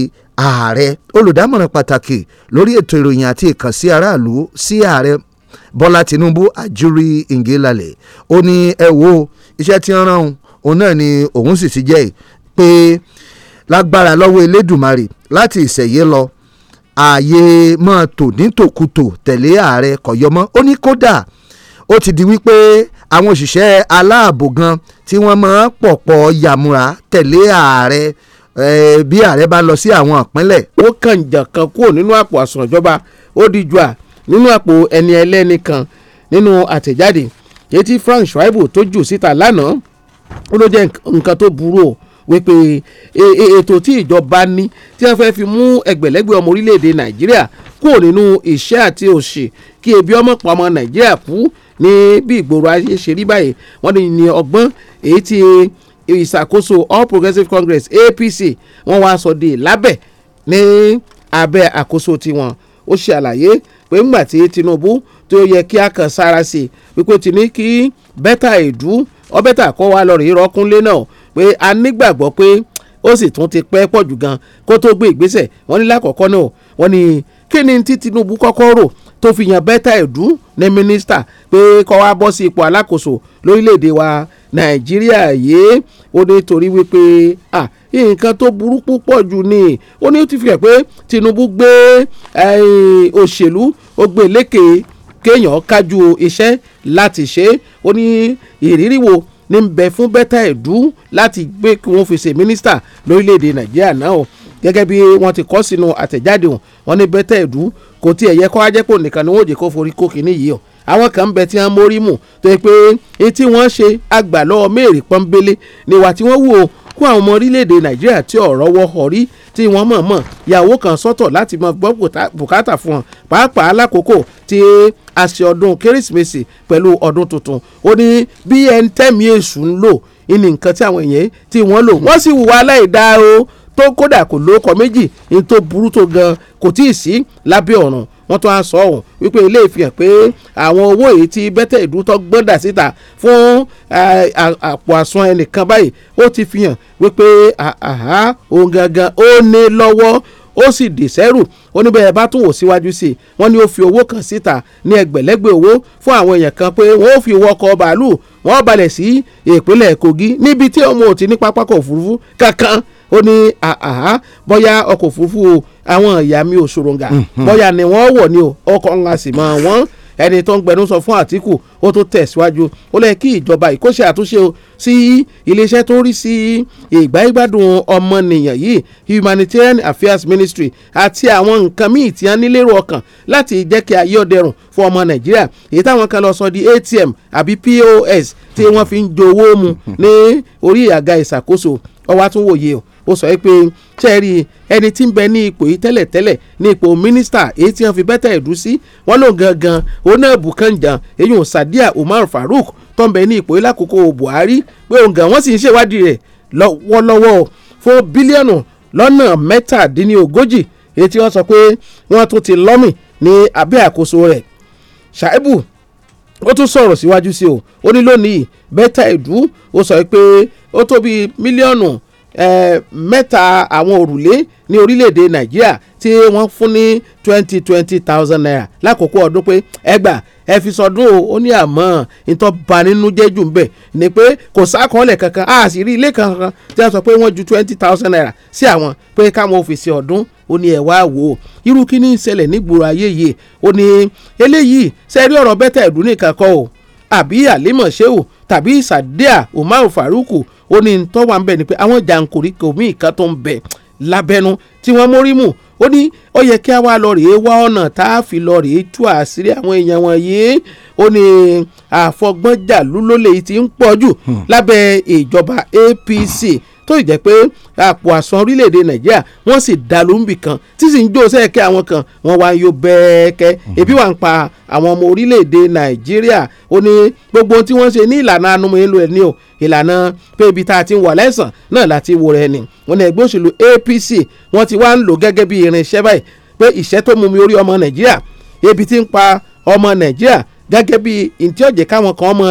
ààrẹ olùdámọ̀ràn pàtàkì lórí ètò ìròyìn àti ìkànsí aráàlú sí ààrẹ bọ́lá tinubu àjúrí ìngélálẹ̀ ó ní ẹ wo iṣẹ́ tí ń rán òun òun náà ni òun sì ti jẹ́ pé lágbára lọ́wọ́ elédùmarè láti ìṣẹ̀yẹ lọ ààyè mọ́ tò ní tòkutò tẹ̀lé ààrẹ kọ̀yọ́mọ́ ó ní kódà ó ti di wípé àwọn òṣìṣẹ́ aláàbò gan tí wọ́n máa pọ̀pọ̀ yàmúra tẹ̀lé ààrẹ bí ààrẹ bá lọ sí àwọn ìpínlẹ̀. ó kàn jàǹkan kúrò nínú àpò àsùnwọ̀n ìjọba ó di jù à nínú àpò ẹni ẹlẹ́ni kan nínú àtẹ̀jáde etí Frank Schwaibu tó jù síta lánàá ó ló jẹ́ nǹkan tó burú o wípé e, e, ètò tí ìjọba ní tí wọ́n fẹ́ fi mú ẹgbẹ̀lẹ́gbẹ̀ ọmọ orílẹ̀-èdè nàìjíríà kúrò nínú ìṣẹ́ àti òṣì kí ebi ọmọ pa ọmọ nàìjíríà kú ní bí ìgboro ayé ṣe rí báyìí wọ́n ní ọgbọ́n èyí tí ìṣàkóso All Progressives Congress APC wọ́n wá sọ di lábẹ́ ní abẹ́ àkóso tiwọn ó ṣe àlàyé pé ńgbà tí Tinubu tí ó yẹ kí a kàn sára sí i wípé ti ní kí bẹ́tà ìdú ọbẹ̀tà kọ́ wa lọ rèé rọ́kúnlé náà pé a nígbàgbọ́ pé ó sì tún ti pẹ́ pọ̀ jù gan kó tó gbé ìgbésẹ̀ wọ́n ní lákọ̀ọ́kọ́ náà wọ́n ní kí ni tí Tinubu kọ́kọ́ rò tó fi yan bẹ́tà ẹ̀dú ní mínísítà pé kó wá bọ́ sí ipò alákòóso lórílẹ̀‐èdè wa nàìjíríà yìí ó ní torí wípé nǹkan tó burú púpọ̀ jù ni ó ní ó ti fi pé Tinubu gbé òṣèlú ó gbé lékè kéèyàn kájú iṣẹ́ láti ṣe é ó ní ìrírí wo ní bẹ fún bẹ́tà ẹ̀dú láti gbé kí wọ́n fi ṣe mínísítà lórílẹ̀‐èdè nàìjíríà náà o gẹ́gẹ́ bí wọ́n ti kọ sínú àtẹ̀jáde hàn wọ́n ní bẹ́tà ẹ̀dú kò tiẹ̀ yẹ kó ajẹ́pọ̀ nìkan ni wọ́n ò jẹ́ kó forí kó kínní yìí o àwọn kan ń bẹ tí wọ́n mórí mù tó yẹ pé etí wọ́n ṣe àgbàlọ́ mẹ́rin pọ́nbélé níwà tí wọ́n wò kó àwọn ọmọ orílẹ̀-èdè nàìjíríà tí ọ̀rọ̀ wọ́ họ tí wọ́n mọ̀ mọ̀ yàwó kan sọ́tọ̀ láti mọ gbọ́ bùkátà fún wọn pàápàá lákòókò tí a ṣe ọdún kérésìmesì pẹ̀lú ọdún tuntun ó ní bí ẹni tẹ́mi èṣù ń lò ní nǹkan tí àwọn èèyàn tí wọ́n lò wọ́n sì hùwà aláìdáa o tó kódà kò lóko méjì ní tó burú tó gan kò tíì sí lábẹ́ ọ̀ràn wọ́n tún á sọ ọ̀hún wípé ilé ìfihàn pé àwọn owó èyí tí bẹ́tẹ̀ ìlú tó gbọ́dà síta fún àpò àsun ẹnìkan báyìí ó ti fihàn wípé òun gangan ó ní lọ́wọ́ ó sì dì sẹ́rù ó ní bẹ́ẹ̀ bá tún wò síwájú sí i wọ́n ní ó fi owó kan síta ní ẹgbẹ̀lẹ́gbẹ̀ owó fún àwọn èèyàn kan pé wọ́n ó fi wọkọ̀ bàálù wọ́n balẹ̀ sí ìpínlẹ̀ Kogi níbi tí ọmọ òtí ní pápákọ̀ òfurufú kankan ó ní àhá bóyá ọkọ̀ òfurufú o àwọn ìyá mi ò ṣòròǹgà mhm. bóyá ni wọ́n wọ̀ ni o ọkọ̀ ń ga sì mọ́ wọn ẹni tó ń gbẹnu sọ fún Àtíkù ó tó tẹ̀síwájú ó lẹ́ kí ìjọba ìkóṣe àtúnṣe sí iléeṣẹ́ tó rí sí ìgbáyégbádùn ọmọnìyàn yìí Humanitarian Affairs Ministry àti àwọn nǹkan míì tí wọ́n nílérò ọkàn láti jẹ́ kí ayé ọ̀dẹ̀rùn fún ọmọ Nàìjíríà èyí táwọn kan lọ sọ di ATM àbí POS tí wọ́n fi ń jowó mu mhm. ní orí àga ìṣàkóso ọwọ́ àtúnwòye o ó sọ pé ṣe rí ẹni tí ń bẹ ní ipò yìí tẹ́lẹ̀tẹ́lẹ̀ ní ipò mínísítà èyí tí wọ́n fi bẹ́tẹ̀ ẹ̀dú sí wọ́n lòun gangan òun náà bùkànjàn èyí ò Sadiya Umar Farouk tó ń bẹ ní ipò yìí lákòókò Buhari pé òun gan wọ́n sì ń ṣèwádìí rẹ̀ lọ́wọ́lọ́wọ́ fún bílíọ̀nù lọ́nà mẹ́tàdínlógójì èyí tí wọ́n sọ pé wọ́n tún ti lọ́mì ní abẹ́ àkóso rẹ̀ Ṣàìbù ó tún sọ̀rọ̀ síwájú sí o ó ní lónìí bẹ́tà ìdú ó sọ pé ó tó mílíọ̀nù mẹ́ta àwọn òrùlé ní orílẹ̀-èdè nàìjíríà tí wọ́n fún ní twenty twenty thousand naira lákòókò ọdún pé ẹgbàá ẹ fi sọdún o ó ní àmọ́ ìtọ́ ba nínú jẹ́ jù bẹ́ẹ̀ ni pé kò sákọọ́lẹ̀ kankan a sì rí ilé kankan tí a sọ pé wọ́n ju twenty thousand naira sí àwọn pé káwọn òfìsì ọdún ó ní ẹ wá wò ó irú kí ní ìṣẹ̀lẹ̀ nígboro ayé yìí ó ní eléyìí sẹ́rí ọ̀rọ̀ bẹ́tẹ̀ ìdúnìkan kọ́ o àbí àlímọ̀ ṣé o tàbí ìsàdíà Umaru Faruku ó ní tó wà ń bẹ̀ ni pé àwọn jàǹkóríkò míì kan tó ń bẹ̀ lábẹ́nu tí wọ́n mórí mù ó ní ó yẹ kí a wá lọ rèé wá ọ̀nà tá a fi lọ rèé tú àṣírí àwọn èèyàn wọ̀nyí ó ní àfọgbọ́njàlú lólè yìí ti ń pọ̀ jù hmm. lábẹ́ ìjọba APC. Hmm tó ì jẹ́ pé àpò àsan orílẹ̀-èdè nàìjíríà wọ́n sì dàlú níbì kan tí sì ń jó sẹ́ẹ̀kẹ́ àwọn kan wọ́n wá ń yó bẹ́ẹ̀kẹ́ mhm. ebi wà ń pa àwọn ọmọ orílẹ̀-èdè nàìjíríà ó ní gbogbo ohun tí wọ́n ṣe ní ìlànà anumọ̀ẹ́lò ẹ̀ ní o ìlànà pé ibi tá a ti wà lẹ́sàn náà láti wo rẹ̀ ni wọ́n ní ẹgbẹ́ òṣèlú APC wọ́n ti wá ń lò gẹ́gẹ́ bí irinṣẹ́ báyìí pé ìṣẹ́ tó mumi orí ọmọ nàìjíríà pa ọmọ nàìjíríà gẹ́gẹ́ bí ntí ọ̀jẹ̀ káwọn kan ọmọ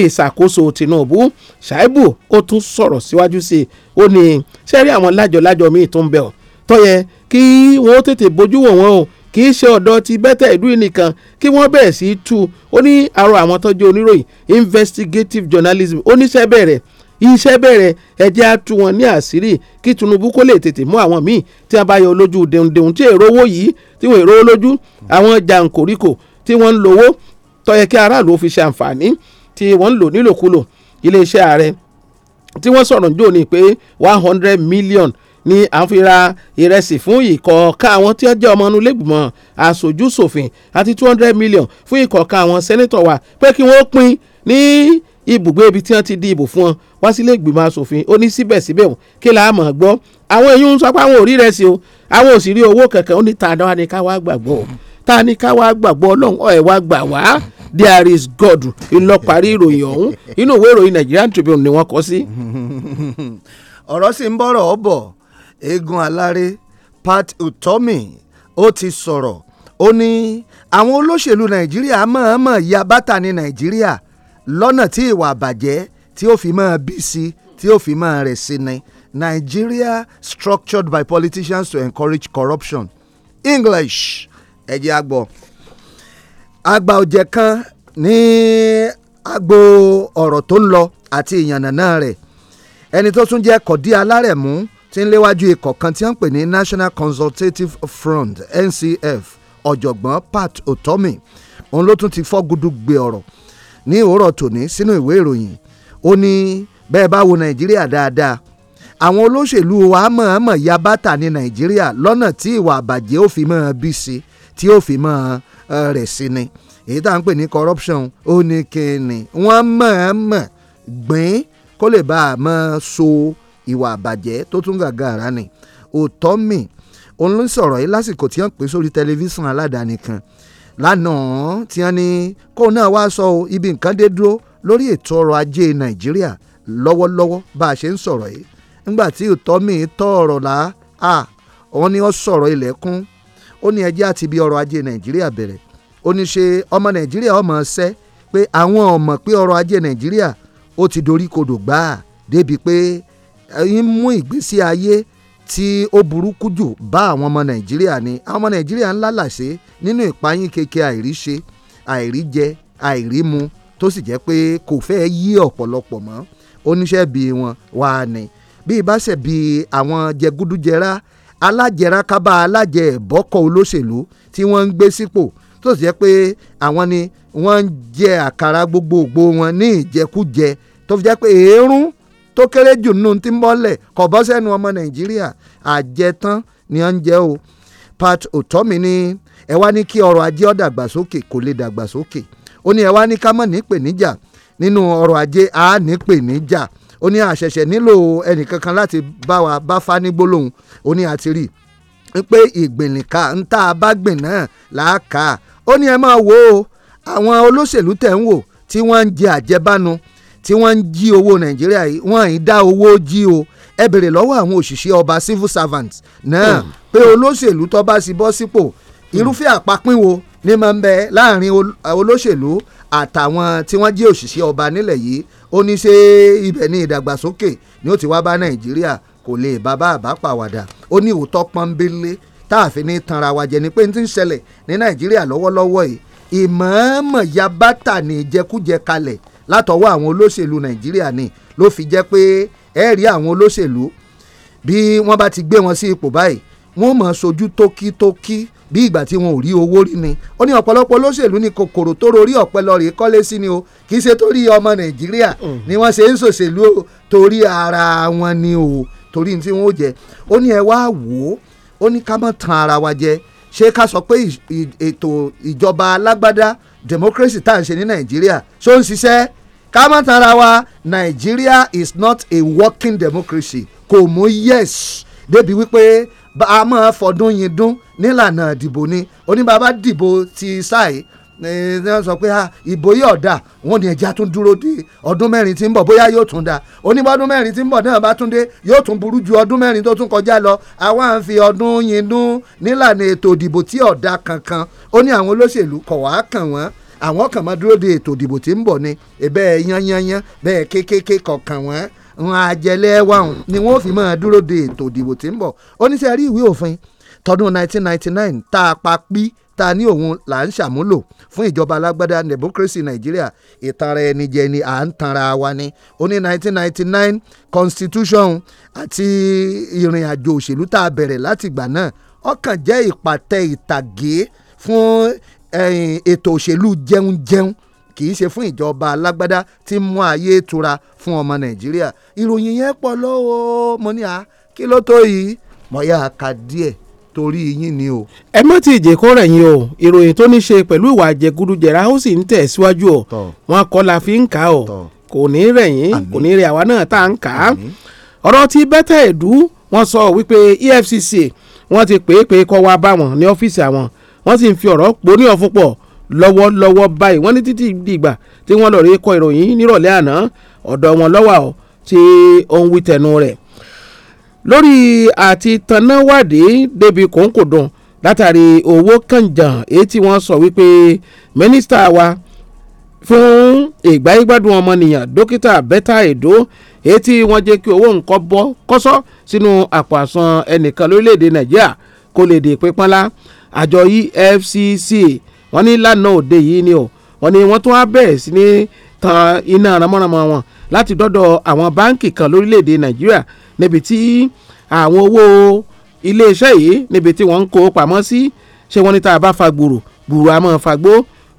ìṣàkóso Tinubu Ṣáìbù ó tún sọ̀rọ̀ síwájú sí i ó ní sẹ́rí àwọn lájọ-lájọ míì tó ń bẹ̀ ọ́ tọ́yẹ kí wọ́n tètè bójú wò wọ́n o kì í ṣe ọ̀dọ́ ti bẹ́tẹ̀ ìlú nìkan kí wọ́n bẹ̀rẹ̀ sí í tú ó ní àrò àwọn tọ́jú oníròyìn investigative journalism oníṣẹ́ bẹ̀rẹ̀ iṣẹ́ bẹ̀rẹ̀ ẹ̀jẹ̀ á wọn ní àṣírí kí Tinubu kó lè tètè mú àwọn míì tí a bá yọ lójú dèhùndèhùn tí èrò owó yìí tí wọ́n èrò lójú àwọn jàǹkóríkò tí wọ́n ń lówó tọ́yẹ kí aráàlú ó fi ṣe àǹfààní tí wọ́n ń lò nílòkulò iléeṣẹ́ ààrẹ tí wọ́n sọ̀rọ̀ ń jò ní pé one hundred million ni à ń fi ra ìrẹsì fún ìkọ̀ọ̀kan àwọn tí wọ́n jẹ́ ọmọ onulégbìmọ̀ aṣojú ṣòfin àti two hundred million fún ìkọ̀ọ̀kan àwọn sẹ́nẹ́tọ̀ wa pé kí wọ́n pín ní ibùgbé ibi tí wọ́n ti di ìbò fún wọn wá sílé ìgbìmọ̀ asòfin ó ní síbẹ̀síbẹ̀ wọn kí là mọ̀ gbọ́ àwọn èyí ń sọ pé àwọn ò rí rẹsì o àwọn ò sì rí owó kankan ó ní ta ni ká wá gbàgbọ́ ta ni ká wá gbàgbọ́ ọlọ́run ọ̀ ẹ̀ wá gbà wá there is God iná parí ìròyìn ọ̀hún inú ìwé ìròyìn Nigerian Tribune ni wọ́n kọ sí. ọ̀rọ̀ sì ń bọ̀rọ̀ ọ̀ bọ̀ eégún aláré Pat Utomi ó ti sọ̀rọ̀ ó ní àwọn olóṣèlú Nàìjíríà mọ̀ọ́mọ̀ ya bàtà ní Nàìjíríà lọ́nà tí ìwà àbàjẹ́ tí ó fi máa bí sí tí ó fi máa rẹ̀ sí ni Nigeria structured by politicians to encourage corruption English ẹ̀jẹ̀ àgbọ̀ Agba ọ̀jẹ̀ kan ní agbo ọ̀rọ̀ tó ń lọ àti ìyànnàná rẹ̀ ẹni tó tún jẹ́ kọ̀dí alárẹ̀mú tí ń léwájú ikọ̀ kan tí wọ́n ń pè ní National Consultative Front NCF ọ̀jọ̀gbọ́n Pat Otomi òun ló tún ti fọ́ gudugbe ọ̀rọ̀ ní òwúrọ̀ tòní sínú ìwé ìròyìn ó ní bẹ́ẹ̀ bá wo Nàìjíríà dáadáa àwọn olóṣèlú wa mọ̀ọ́mọ̀ ya bàtà ní Nàìjíríà lọ́nà tí ìwà àbàjẹ́ ó mọ́ bí sí tí ó mọ́ ọ rẹ̀ sí ni èyí tá à ń pè ní corruption ó ní kíni wọ́n mọ̀ọ́mọ̀ gbìn kó lè bá a mọ̀ so ìwà àbàjẹ́ tó tún gàgàrà ni òótọ́ mi òun ló yìí lásìkò tí wọ́n pè sórí tẹlifíṣàn aládàáni kan lánàá tí wọ́n ní kó náà wá sọ o ibi nǹkan dé dúró lórí ètò ọrọ̀ ajé nàìjíríà lọ́wọ́lọ́wọ́ bá a ṣe ń sọ̀rọ̀ yìí nígbà tí òótọ́ mi tọ́ ọ̀rọ̀ là á òun ni ó sọ̀rọ̀ ilẹ̀kùn ó ní ẹjẹ́ àti ibi ọrọ̀ ajé nàìjíríà bẹ̀rẹ̀ ó ní ṣe ọmọ nàìjíríà ọmọ ṣẹ́ pé àwọn ọmọ pé ọrọ̀ ajé nàìjíríà ó ti dorí kodò gbáà débi pé ń mú ìgbésí ayé tí ó burúkú jù bá àwọn ọmọ nàìjíríà ni àwọn ọmọ nàìjíríà ń lálàṣe nínú ìpayín keke àìríṣe àìríjẹ àìrímu tó sì jẹ́ pé kò fẹ́ yí ọ̀pọ̀lọpọ̀ mọ́ oníṣẹ́ bíi wọn wà ní bí ìbáṣẹ̀ bíi àwọn jẹgúdújẹrá alájẹrankábá alájẹ ẹ̀bọ́kọ̀ olóṣèlú tí wọ́n ń gbé sípò tó sì jẹ́ pé àwọn ni wọ́n ń jẹ àkàrà gbogbogbò wọn ní ìjẹkújẹ tó fi jẹ́ pé èérún tó kéré jù nù ti ń bọ́lẹ̀ kò bọ́ sẹ́nu ọmọ nàìjíríà àjẹtán ni wọ́n ń jẹ́ o Pat Otomi ni ẹ wá ní kí ọrọ̀ ajé ó dàgbàsókè kò lè dàgbàsókè ó ní ẹ wá ní ká mọ̀ nípèníjà nínú ọrọ̀ ajé àá nípèníjà. Ah, ó ní àṣẹ̀ṣẹ̀ nílò ẹnìkankan láti bá wa bá fa ní gbólóhùn ó ní àti rí pé ìgbìnlẹ̀ka ń tá a bá gbìn náà làákà ó ní ẹ máa wo àwọn olóṣèlú tẹ̀ ń wò tí wọ́n ń jẹ àjẹbánu tí wọ́n ń jí owó nàìjíríà yìí wọ́n ń dá owó jí o ẹ béèrè lọ́wọ́ àwọn òṣìṣẹ́ ọba civil servants náà hmm. pé olóṣèlú tó bá sì bọ́ sípò irúfẹ́ àpapín wo ní máa ń bẹ láàrin olóṣèlú àtàwọn tí wọ́n jẹ́ òṣìṣẹ́ ọba nílẹ̀ yìí ó ní ṣe ibẹ̀ ní ìdàgbàsókè ni ó ti wá bá nàìjíríà kò lè bá bá àbá pàwàdà ó ní òótọ́ pọ́nbélé tá a fi ní tanra wa jẹ ni pé n ti ń ṣẹlẹ̀ ní nàìjíríà lọ́wọ́lọ́wọ́ yìí ìmọ̀ọ́mọ̀ ya bátà ní ìjẹkújẹ kalẹ̀ látọwọ́ àwọn olóṣèlú nàìjíríà ni ló fi jẹ́ pé ẹ̀ẹ́rí àwọn olóṣèlú bí wọ́n bá ti gbé wọn sí ipò báyìí wọ́n mọ̀ sojú tókítókí bí ìgbà tí wọn ò rí owó rí ni ó ní ọ̀pọ̀lọpọ̀ olóṣèlú ní kòkòrò tó rorí ọ̀pẹ lọ́ọ̀rì kọ́lé sí ni o kì í ṣe torí ọmọ nàìjíríà ni wọ́n ṣe ń ṣòṣèlú torí ara wọn ni o torí tí wọn ò jẹ ó ní ẹ wá wò ó ó ní ká má tan ara wa jẹ ṣé ká sọ pé ètò ìjọba alágbádá democracy tá à ń ṣe ní nàìjíríà ṣó ń ṣiṣẹ́ ká má tan ara wa nàìjíríà is not a working democracy kò mú yes débi wípé a máa fọdún yín dún nílànà ìdìbò ni oníbàbá dìbò ti sáì ní wọ́n sọ pé ah, ìbò yóò dà wọ́n ní ẹja tún dúró de ọdún mẹ́rin tí ń bọ̀ bóyá yóò tún dà oníbọ̀dún mẹ́rin tí ń bọ̀ náà bá tún dé yóò tún burú ju ọdún mẹ́rin tó tún kọjá lọ àwa ń fi ọdún yín dún nílànà ètò ìdìbò tí ọ̀dà kankan ó ní àwọn olóṣèlú kọ̀ wá kàn wọ́n àwọn kàn máa dúró de ètò ìdìbò tí ń bọ̀ ni ẹ̀bẹ́ẹ̀ yán yán yán bẹ́ẹ̀ kéékèèké kọ̀ọ̀kan wọ́n wọn àjẹlẹ̀ wa hùn ni wọ́n fi máa dúró de ètò ìdìbò tí ń bọ̀ oníṣẹ́ rí ìwé òfin tọdún 1999 tá a pa pí ta ní òun là ń ṣàmúlò fún ìjọba alágbádá democracy nàìjíríà ìtara ẹni jẹ ni à ń tanra wa ni ó ní 1999 constitution àti ìrìn àjò òṣèlú tá a bẹ̀rẹ̀ láti ìgbà náà ọkàn jẹ́ ìpàtẹ ìtàgé fún eh, ètò òṣèlú jẹunjẹun kì í ṣe fún ìjọba alágbádá tí mú ayé tura fún ọmọ nàìjíríà ìròyìn yẹn pọ̀ lọ́wọ́ mo ní a kí ló tó yìí mọ̀ yá a ka díẹ̀ torí yín ni o. ẹ mọ́ ti ìjẹ́ kó rẹ̀ yín o ìròyìn tó ní ṣe pẹ̀lú ìwà àjẹgúdújẹra ó sì ń tẹ̀ síwájú o wọn kọ́ la fi ń kà o kò ní rẹ̀ yín kò ní rẹ̀ àwa náà tá à ń kà á ọ̀rọ̀ ti bẹ́tẹ̀ ẹ̀dú wọ́n sọ wípé EFCC wọ́n ti pè é pé kọ́ wá bá wọn ní ọ́fíìsì àwọn wọ́n sì ń fi ọ̀rọ̀ pò ní ọ̀fun lọ́wọ́lọ́wọ́ báyìí wọ́n ní títí dìgbà tí wọ́n lọ rí kọ ìròyìn nírọ̀lẹ́ àná ọ̀dọ̀ wọn lọ́wọ́ ọ̀ tí ó ń wí tẹnu rẹ̀ lórí àti tanáwádìí débi kòńkò dùn látàrí owó kànjàn èyí tí wọ́n sọ wípé mínísítà wa fún ìgbáyégbádùn ọmọnìyàn dókítà bẹ́tà èdò èyí tí wọ́n jẹ́ kí owó nǹkan bọ́ kọ́sọ́ sínú àpò àsan ẹnìkan lórílẹ̀‐èdè nàìjíríà kó lè dè pípọ́nlá àjọ EFCC wọ́n ní lánà òde yìí ni o wọ́n ní wọ́n tún á bẹ̀rẹ̀ sí ní tan iná ramọ́ramọ́ wọn láti dọ́dọ̀ àwọn báǹkì kan lórílẹ̀‐èdè nàìjíríà níbi tí àwọn owó iléeṣẹ́ yìí níbi tí wọ́n ń kó pamọ́ sí ṣé wọ́n ní tá a bá fa gbùrù gbùrù a fagbó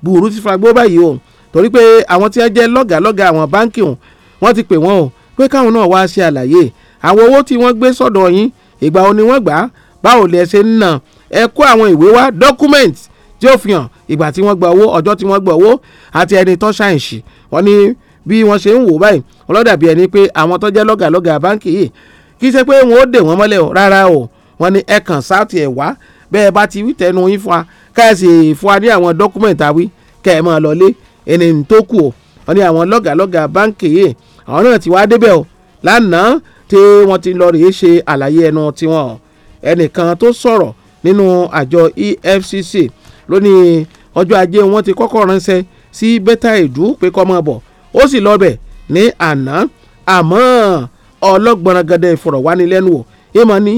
gbùrù ti fagbó báyìí o torí pé àwọn tí wọ́n jẹ́ lọ́gàálọ́gàá àwọn báǹkì wọn wọ́n ti pè wọ́n o pé káwọn náà wá ṣe àlàyé àwọn owó tí wọ́n gbé sọ́dọ̀ yín ìgbà wo ni wọ́n gbà báwo lẹ ṣe ń nà ẹ kó àwọn ìwé wá document tí ó fi hàn ìgbà tí wọ́n gba owó ọjọ́ tí wọ́n gba owó àti ẹni tó ṣàìsì wọ́n ní bí wọ́n ṣe ń wò báyìí ọlọ́dà bíi ẹni pé àwọn tó jẹ́ lọ́gàlọ́gà báǹkì yìí kì í ṣe pé wọ́n ó dè wọ́n mọ́lẹ̀ rárá o wọ́n ní ẹ kàn sáàtì ẹ̀ wá bẹ́ẹ̀ bá ti wí tẹnu yín fún wa káyọ̀sì fún wa ní àwọn dọ́kúmẹ̀ntì àwí kẹ́ ẹ̀ máa lọlé ẹni tó kù o wọ́n ní àwọn lọ́gàlọ́gà báǹkì yìí àwọn náà ti wá débẹ̀ o lánàá tí wọ́n ti lọ rèé ṣe àlàyé ẹnu tiwọn ẹnìkan tó sọ̀rọ̀ nínú àjọ EFCC lónìí ọjọ́ ajé wọn ti kọ́kọ́ ránṣẹ́ sí bẹ́tà ìdú pé kọ́ mọ́ bọ̀ ó sì lọ bẹ̀ ní àná àmọ́ ọlọ́gbọ̀n gẹ́gẹ́ ìfọ̀rọ̀wánilẹ́nuwò ìmọ̀ ní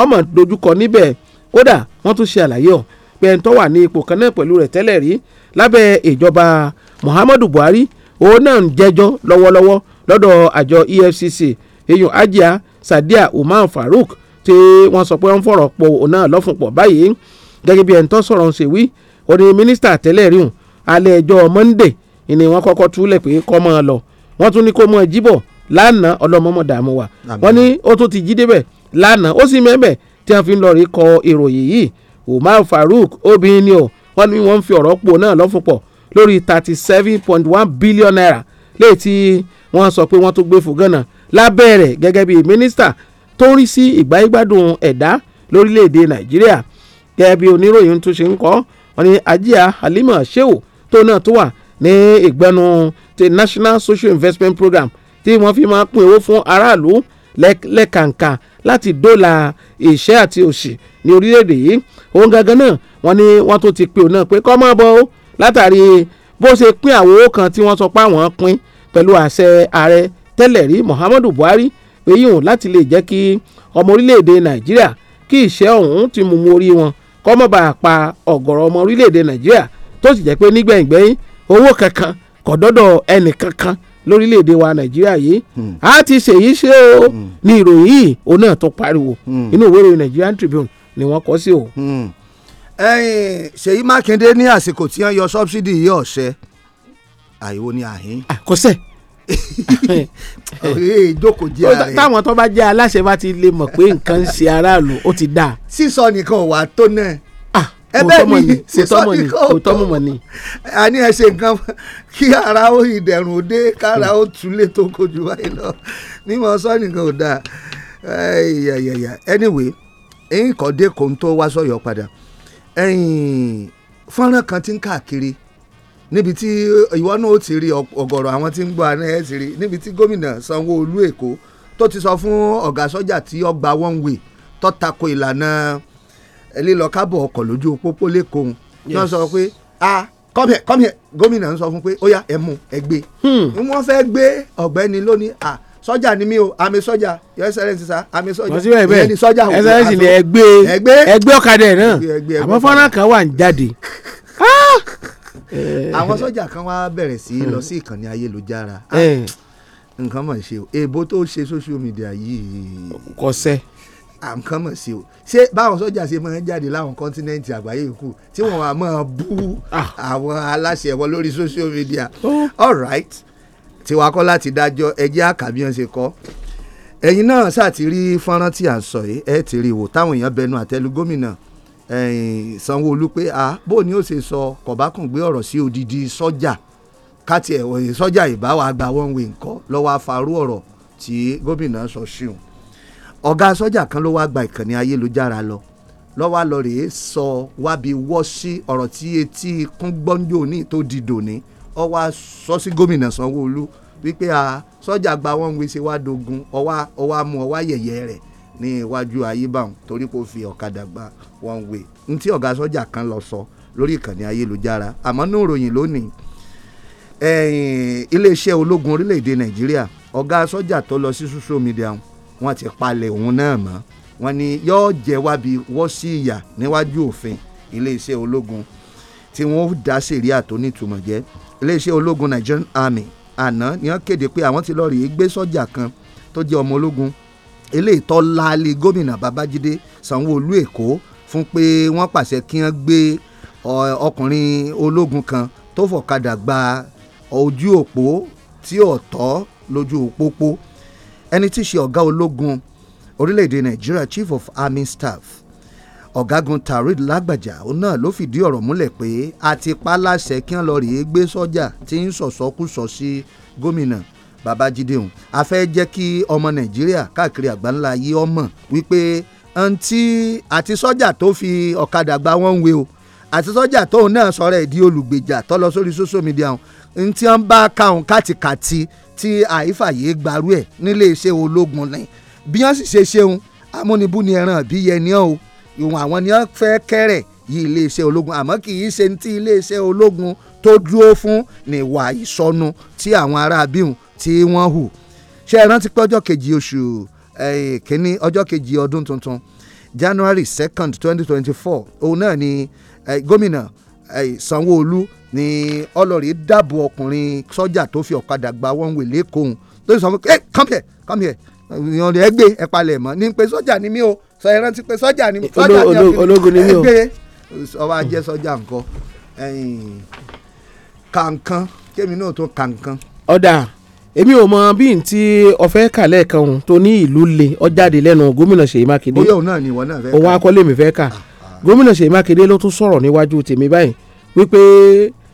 ọmọ dojúkọ níbẹ̀ kódà wọ́n tún ṣe àlàyé ọ̀ pé ẹni tó wà ní ipò kan náà pẹ̀lú rẹ̀ tẹ́lẹ̀ rí lábẹ́ ìjọba Muhammadu Buhari òun náà ń jẹ́jọ́ lọ́wọ́lọ́wọ́ lọ́dọ̀ àjọ EFCC èèyàn Ajia, Sadia, Umar Farouk tí wọ́n sọ pé wọ́n fọ̀rọ̀ pọ̀ òun náà lọ́fun pọ̀ báyìí gẹ́gẹ́ bí ẹni tó sọ̀rọ̀ ń ṣe wí ó ní mínísítà tẹ́lẹ̀ ríhùn alẹ́ ẹjọ́ Monday ni wọ́n kọ́kọ́ túlẹ̀ pé kó máa lọ wọ́n tún ní kó máa jíbọ̀ lánàá ọlọ́mọmọ dààmú wa wọ́n ní ó tún ti jí débẹ̀ lánàá ó sì mẹ́mẹ́ tí wọ́n fi ń lọ rí kọ ìròyìn yìí Umar Farouk obìnrin ni o wọ́n ní wọ́n ń fi ọ̀rọ̀ pò náà lọ́fùpọ̀ lórí thirty seven point one billion naira léyìí tí wọ́n sọ pé wọ́n tún gbé fún Ghana lábẹ́ rẹ̀ gẹ́gẹ́ bí mínísítà tó ń rí sí ìgbáyégbádùn ẹ̀dá lórílẹ̀‐èdè Nàìjíríà gẹ́gẹ́ bí oníròyìn tún ṣe ń kọ́ wọn ni Hajiya Halima Shehu tó náà tó wà ní ìgbẹ́nu ti National Social Investment Program tí wọ́n fi máa pín owó fún aráàlú lẹ́kàǹkà láti dóòlà ìṣẹ́ àti òṣì ní orílẹ̀-èdè yìí òun gangan náà wọ́n ní wọ́n tó ti pè ọ́ náà pé kọ́ máa bọ̀ ó látàrí bó ṣe pín àwọn owó kan tí wọ́n sọ pé àwọn pín pẹ̀lú àṣẹ ààrẹ tẹ́lẹ̀ rí Muhammadu Buhari pé yíyùn láti lè jẹ́ kí ọmọ orílẹ̀-èdè Nàìjíríà kí ìṣẹ́ ọ̀hún ti mú orí wọn kọ́mọ́bà pa ọ̀gọ̀rọ̀ ọmọ orílẹ̀-èdè nàìjíríà tó sì jẹ́ pé nígbẹ̀yìngbẹ̀yìn owó kankan kò dọ́dọ̀ ẹnì kankan lórílẹ̀-èdè wa nàìjíríà yìí hmm. a ti ṣèyí ṣe o hmm. ní ìròyìn yìí òun náà tó pariwo hmm. inú ìwé ìròyìn Nigerian Tribune ni wọ́n kọ sí o. Ṣèyí Mákindé ní àsìkò tí wọ́n yọ sọ́bsidì yìí ọ̀sẹ̀ àìwo ni àhín. kò sẹ́ẹ̀ ìjókòó <laughs> jẹ́ ààrẹ. táwọn tó bá jẹ́ aláṣẹ bá ti lè mọ̀ pé nǹkan ń ṣe aráàlú ó ti dáa. sísọ nìkan ò tó náà ah, ẹ̀bẹ̀ mi sísọ nìkan ò tó àní ẹ ṣe nǹkan kí ara ó ìdẹ̀rùn òde kára ó túlé tó kojú báyìí lọ nímọ̀ sọ nìkan ò dáa anyway ẹ̀yìn kọ́dé kò ń tó wá sọ̀yọ́ padà fọ́nrán kan ti ń káàkiri níbi tí ìwọ náà ó ti rí ọ̀gọ̀rọ̀ àwọn tí ń gbọ́ àná ẹ̀ ti rí níbi tí gómìnà Sanwó-Olú Èkó tó ti sọ fún ọ̀gá sọ́jà tí ó one way tó tako ìlànà lílọ kábọ̀ ọkọ̀ lójú pópó lẹ́kọ̀ọ́ náà sọ pé a ah, come here come here gómìnà ń sọ fún pé ó yá ẹ mú ẹ gbé hmm. wọ́n fẹ́ gbé ọ̀gbẹ́ni lónìí à ah, sọ́jà ni mí o àmì sọ́jà your excellence sir àmì sọ́jà ìyẹn ni sọ́jà òkú excellence ni ẹgbẹ́ ẹgbẹ́ ọ̀kadà ẹ̀ náà àmọ́ fọ́nrán kan wà ń jáde <laughs> ah! Eh. àwọn sọ́jà kan wá bẹ̀rẹ̀ sí lọ sí ìkànnì ayélujára ah, eh. nǹkan mọ̀ ṣe o èèbó tó ṣe social media yìí. kọsẹ́. Ah, nǹkan mọ̀ ṣe o ṣé báwọn sọ́jà ṣe máa ń jáde láwọn kọ́ńtínẹ́ǹtì àgbáyé yòókù tí wọ́n á máa bú ah. àwọn aláṣẹ wọn lórí social media oh. all right tiwa kọ́ láti dájọ́ ẹjẹ́ àkàbíyàn ṣe kọ́ ẹ̀yin náà ṣáà ti rí fọ́nrán tí à ń sọ yìí ẹ̀ ti rí wò táwọn èèyàn bẹnu àtẹ́lu gómìnà Sanwó-Olú pé a bó ni ó ṣe sọ kọ̀bákùngbé ọ̀rọ̀ sí odidi sọ́jà káti ẹ̀wọ̀n sọ́jà ìbáwá gba one way nǹkan lọ́wọ́ afarú ọ̀rọ̀ tí gómìnà sọ síun ọ̀gá sọ́jà kan ló wá gba ìkànnì ayélujára lọ lọ́wọ́ lọ rèé sọ wábi wọ́ sí ọ̀rọ̀ tí etí kún gbọ́njò ní tó di dòní ọ sọ sí gómìnà sanwó wípé a sọ́jà gba one way ṣe wá dogun ọwá ọwá mú ọwá rẹ̀ ní iwájú ayébáwọn torí kò fi ọ̀kadà gba one way n tí ọ̀gá sọ́jà kan lọ sọ lórí ìkànnì ayélujára àmọ́ ní ìròyìn lónìí iléeṣẹ́ ológun orílẹ̀‐èdè nàìjíríà ọ̀gá sọ́jà tó lọ sí social media wọn ti palẹ̀ òun náà mọ́ wọn ni yóò jẹ́ wábi wọ́ sí ìyà níwájú òfin iléeṣẹ́ ológun tí wọ́n dá sèríà tó nítumọ̀ jẹ́ iléeṣẹ́ ológun Nigerian Army àná ni wọ́n kéde pé àwọn ti lọ́ọ́ rí gbé sọ́jà kan tó jẹ́ ọmọ ológun eléyìí tó láálé gómìnà babájídé sanwó-olú èkó fún pé wọ́n pàṣẹ kí wọ́n gbé ọkùnrin ológun kan tó fọ̀kadà gba ojú òpó tí ò lójú pópó ẹni tí í ṣe ọ̀gá ológun orílẹ̀-èdè nàìjíríà chief of army staff ọ̀gágun tarid lágbàjá òun náà ló fìdí ọ̀rọ̀ múlẹ̀ pé a ti pa láṣẹ kí wọ́n lọ rèé gbé sọ́jà tí ń sọ̀sọ́kùsọ sí gómìnà babájídé òun a fẹ́ jẹ́ kí ọmọ nàìjíríà káàkiri àgbáńlá yìí ọmọ wípé àǹtí àti sọ́jà tó fi ọ̀kadà gba wọ́n ń we o àti sọ́jà tóun náà sọ̀rọ̀ ẹ̀ di olùgbèjà tó lọ sórí social media òun ntí wọn bá káwọn kàtìkàtì tí àìfàyè gbarú ẹ̀ nílé iṣẹ́ ológun ni bí wọ́n sì ṣe ṣeun amúnibú ni ẹran àbí yẹn ni ọ́ o ìwọ̀n àwọn ni wọ́n fẹ́ kẹ́rẹ̀ yí iléeṣẹ́ ológun àmọ́ kì í ṣe ti iléeṣẹ́ ológun tó dúró fún níwà ìsọnù tí àwọn ará abíhùn tí wọ́n hù ṣe é rántí pé ọjọ́ kejì oṣù kínní ọjọ́ kejì ọdún tuntun January second twenty twenty four òun náà ni gómìnà sanwó ni ọlọ́rìí dàbò ọkùnrin sọ́jà tó fi ọ̀kadà gba wọ́n wè lẹ́kọ̀ọ́ tó sọ fún ẹ come here come here ìyọ̀n rẹ̀ ẹ gbé ẹ palẹ̀ mọ́ ní pé sọ́jà ni mí o sọ ẹ rántí pé sọ́jà ni mí o ológun ni mí ọba jẹ́ sọ́jà nǹkan kàǹkan kémi náà tó kàǹkan. ọ̀dà èmi ò mọ bí n ti ọ̀fẹ́ kà lẹ́ẹ̀kan òun tó ní ìlú le ọjáde lẹ́nu gómìnà Ṣèyí Mákindé bóyá òun náà ni ìwọ náà fẹ́ kà òun akọ́lé mi fẹ́ kà ah, ah. gómìnà Ṣèyí Mákindé ló tún sọ̀rọ̀ níwájú tèmi báyìí wípé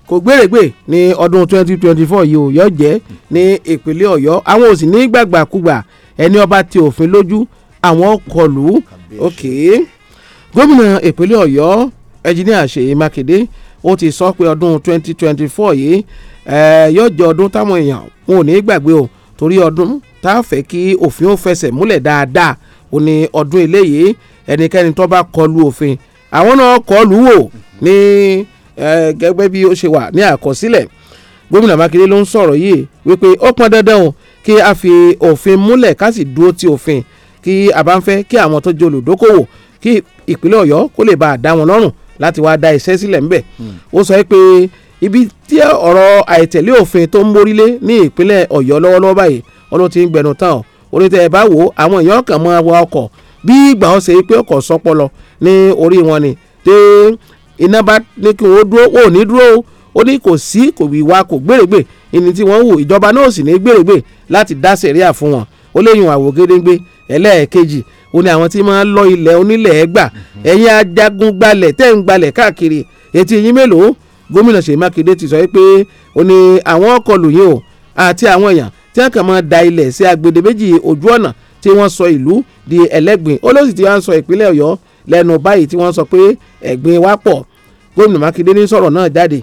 kò gbèrègbè ní ọdún twenty twenty four yìí ò yọ jẹ́ ní ìpínlẹ̀ Ọ̀yọ́ àwọn ò sì ní gbàgbàkúgbà ẹni ọba ti òfin lójú àwọn kọlù òkè gómìnà ìpínlẹ̀ Ọ̀yọ́ ẹnjiníà Ṣèyí Mákindé ó ti sọ pé ọdún 2024 yìí yóò jẹ́ ọdún táwọn èèyàn wọn ò ní gbàgbé o torí ọdún tá a fẹ́ kí òfin ó fẹsẹ̀ múlẹ̀ dáadáa ó ní ọdún eléyìí ẹnikẹ́ni tó bá kọlu òfin àwọn náà kọlu wò ní gẹ́gẹ́ bí ó ṣe wà ní àkọsílẹ̀ gómìnà Mákindé ló ń sọ̀rọ̀ yìí wípé ó pọn dandan o kí a fi òfin múlẹ̀ ká sì dúró ti òfin kí a bá ń fẹ́ kí àwọn tó jẹ́ olùdókòwò kí ìpínlẹ̀ Ọ̀yọ́ kó lè bá a dá wọn lọ́rùn láti wá dá iṣẹ́ sílẹ̀ ńbẹ̀ ó sọ pé ibi tí ọ̀rọ̀ àìtẹ̀lé òfin tó ń mórílé ní ìpínlẹ̀ ọ̀yọ́ lọ́wọ́lọ́wọ́ báyìí wọn ló ti ń gbẹnu tán ọ́ onítẹ̀ ẹ̀ bá wò ó àwọn èèyàn kàn máa wa ọkọ̀ bí ìgbà wọn ṣe pé ọkọ̀ sọpọlọ ní orí wọn ni pé iná bá ní kí wọn ó dúró wọn ò ní dúró ó ní kò sí kò ìwà kò gbèrègbè ìní tí wọ́n wò ìjọba náà sì ní gbèrègbè láti dá sẹ̀ríà fún wọn ó léyìn àwògedengbe ẹlẹ́ẹ̀kejì ó ní àwọn tí máa ń lọ ilẹ̀ onílẹ̀ ẹ̀ gbà ẹ̀yin ajagun gbalẹ̀ tẹ́ ń gbalẹ̀ káàkiri etí yín mélòó gómìnà Ṣèyí Mákindé ti sọ pé ó ní àwọn ọkọlù yìí o àti àwọn èèyàn tí wọ́n kàn máa da ilẹ̀ sí agbede méjì ojú ọ̀nà tí wọ́n sọ ìlú di ẹlẹ́gbìn ó ló sì ti wá ń sọ ìpínlẹ̀ Ọ̀yọ́ lẹ́nu báyìí tí wọ́n sọ pé ẹ̀gbin wa pọ̀ gómìnà Mákindé ní sọ̀rọ̀ náà jáde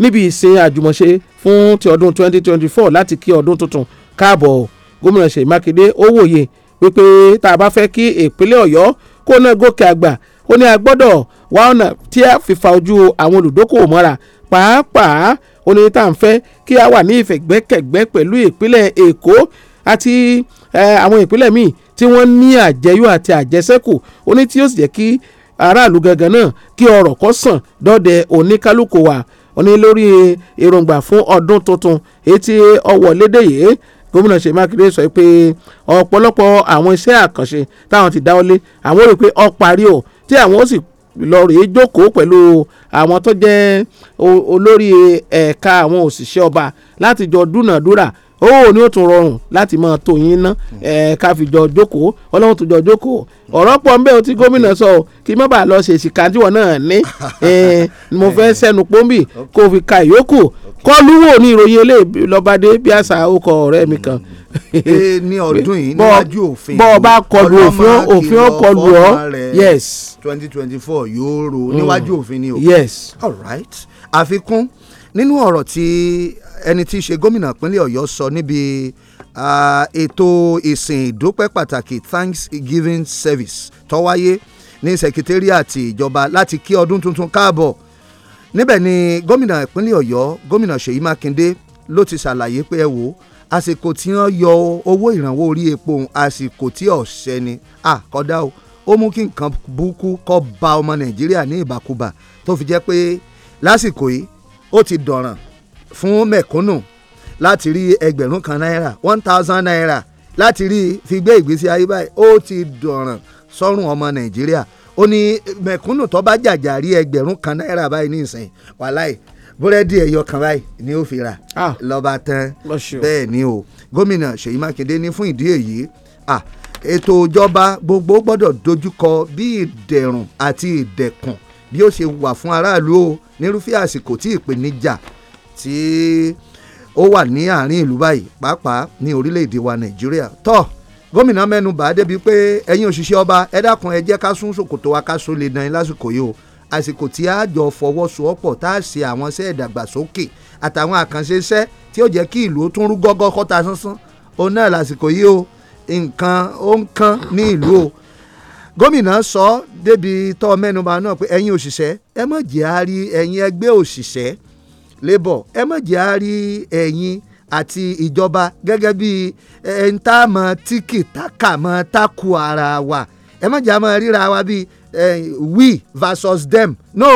níbi ìsìn àjùmọ̀ṣe fún ti ọdún 2024 láti kí ọdún tuntun káàbọ̀ gómìnà Ṣèyí Mákindé ó wòye wípé tá a bá fẹ́ kí ìpínlẹ̀ ọ̀yọ́ kó náà gòkè àgbà ó ní a gbọ́dọ̀ wá ọ̀nà tí a fi fa ojú àwọn olùdókòwò mọ́ra pàápàá ó ní tá à ń fẹ́ kí a wà ní ìfẹ̀gbẹ́kẹ̀gbẹ́ pẹ̀lú ìpínlẹ̀ èkó àti àwọn ìpínlẹ̀ míì tí wọ́n ní àjẹyó àti àjẹsẹ́kù ó ní tí yóò sì jẹ́ kí aráàlú gangan náà kí ọrọ̀ kó sàn dọ́dẹ oníkálukú wa ó ní lórí èròǹgbà fún ọdún tuntun èyí tí ọwọ́ lédè yìí gómìnà ṣèyí mákindé sọ pé ọ̀pọ̀lọpọ̀ àwọn iṣẹ́ àkànṣe táwọn ti dáwọ́lé àwọn rò pé ó parí o tí àwọn ó sì lọ rèé jókòó pẹ̀lú àwọn tó jẹ́ olórí ẹ̀ka àwọn òṣìṣẹ́ ọba láti jọ dúnàdúrà ó ní ó tún rọrùn láti máa tó yín ná ẹ ká fi jọ jókòó ọlọ́run tó jọ jókòó ọ̀rọ̀ pọ̀ ń bẹ́ ọ tí gómìnà sọ kí má bàa lọ ṣe èsìká tí wọ́n náà ní mo fẹ́ <laughs> sẹ́nu pọ́ńbì kó fi ka ìyókù kọlu wo ní ìròyìn ilé lọ́bàdé bí àṣà ọkọ̀ ọ̀rẹ́ mi kan. ní ọdún yìí níwájú òfin bọ́ bá kọlu òfin òfin kọlu ọ yes. twenty twenty four yóò ro níwájú mm. òfin ni o. yes. all right àfikún nínú ọ̀rọ̀ tí ẹni tí í ṣe gómìnà ìpínlẹ̀ ọ̀yọ́ sọ níbi ètò ìsìn ìdúpẹ́ pàtàkì thanksgiving service tó wáyé ní sẹkítẹ́rìàtì ìjọba láti kí ọdún tuntun káàbọ̀ níbẹ̀ ni gómìnà ìpínlẹ̀ ọ̀yọ́ gómìnà ṣèyí mákindé ló ti ṣàlàyé pé ẹ wò ó àsìkò tí wọ́n yọ owó ìrànwọ́ orí epo àsìkò tí ọ̀sẹ̀ ni àkọ́dá o ó mú kí nǹkan burúkú kó ba ọmọ nàìjíríà ní ìbàkúbà tó fi jẹ́ pé lásìkò yìí ó ti dọ̀ràn fún mẹ̀kúnnù láti rí ẹgbẹ̀rún kan náírà one thousand naira láti rí fi gbé ìgbésí ayé báyìí ó ti dọ̀ràn sọ́rùn ọmọ nàìjíríà ó ní mẹ̀kúnnù tó bá jàjà rí ẹgbẹ̀rún kan náírà báyìí ní ìsìn wàláì búrẹ́dì ẹ̀yọ kan báyìí ni ó fi rà lọ́ba tán bẹ́ẹ̀ ni o gómìnà ṣèyí mákindé ní fún ìdí èyí ètò ìjọba gbogbo gbọ́dọ̀ dojúkọ bí ìdẹ̀rùn àti ìdẹ̀kùn bí ó ṣe wà fún aráàlú o nírúfẹ́ àsìkò tí ìpèníjà tí ó wà ní àárín ìlú báyìí pàápàá ní orílẹ̀-èdè wa nàìjíríà tọ́ gómìnà mẹ́nu bàá débi pé ẹ̀yin òṣìṣẹ́ ọba ẹ dákun ẹ jẹ́ ká sún ṣòkòtò wa ká sún lè dán in lásìkò yìí o àsìkò tí a jọ fọwọ́sowọ́pọ̀ tá a ṣe àwọn iṣẹ́ ìdàgbàsókè àtàwọn àkànṣe iṣẹ́ tí ó jẹ́ kí ìlú tún rú gọ́gọ́ kọ́ta sánsán òun náà lásìkò yìí o nǹkan ó ń kan ní ìlú o gómìnà sọ débi tọ́ mẹ́nuba náà pé ẹ̀yin òṣìṣẹ́ ẹ má jẹ́ á rí ẹ̀yin ẹgbẹ́ òṣìṣẹ́ labour ẹ má jẹ́ á rí ẹ̀yin àti ìjọba gẹ́gẹ́ bí ẹ̀ńtà mọ tíkì tákà mọ tákù ara wa ẹ má jẹ́ á mọ ríra wa bí we versus them no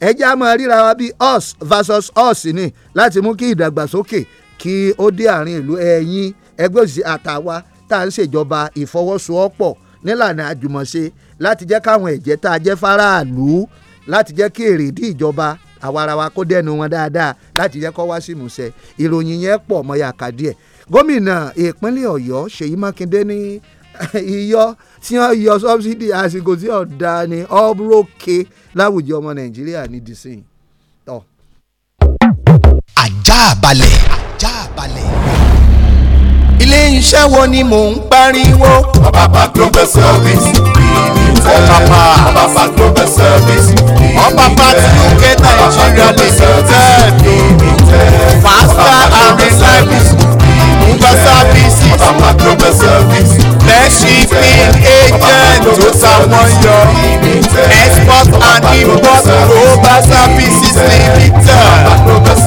ẹ jẹ́ á mọ ríra wa bí us versus us ni láti mú kí ìdàgbàsókè kí ó dé àárín ìlú ẹ̀yin ẹgbẹ́ òṣìṣẹ́ àtàwa tá à ń ṣèjọba ìfọwọ́sowọ́pọ̀ nílànà àjùmọ̀ṣe láti jẹ́ káwọn ẹ̀jẹ̀ tá a jẹ́ faraàlú láti jẹ́ kí èrè dí ìjọba àwarawa kó dẹnu wọn dáadáa láti jẹ́ kó wá sí ìmúṣẹ ìròyìn yẹn pọ̀ mọ́ yàkà díẹ̀ gómìnà ìpínlẹ̀ ọ̀yọ́ ṣèyí mákindé ní <laughs> iyọ́ tí wọ́n yọ sọ́bsidì àsìkò tí ọ̀dà ni ọ́bùrókè láwùjọ ọmọ nàìjíríà ní dísìn. ajá balẹ̀ ajá balẹ̀ ilé iṣẹ́ wo ni mò ń pariwo. ọ̀pàpà global service limited ọ̀pàpà global service limited ọ̀pàpà tí ó kẹ́ nàìjíríà limited faster and reliable uber service ọ̀tá microbe service. Shipping agent tó sáwọn yọ export and import global services limited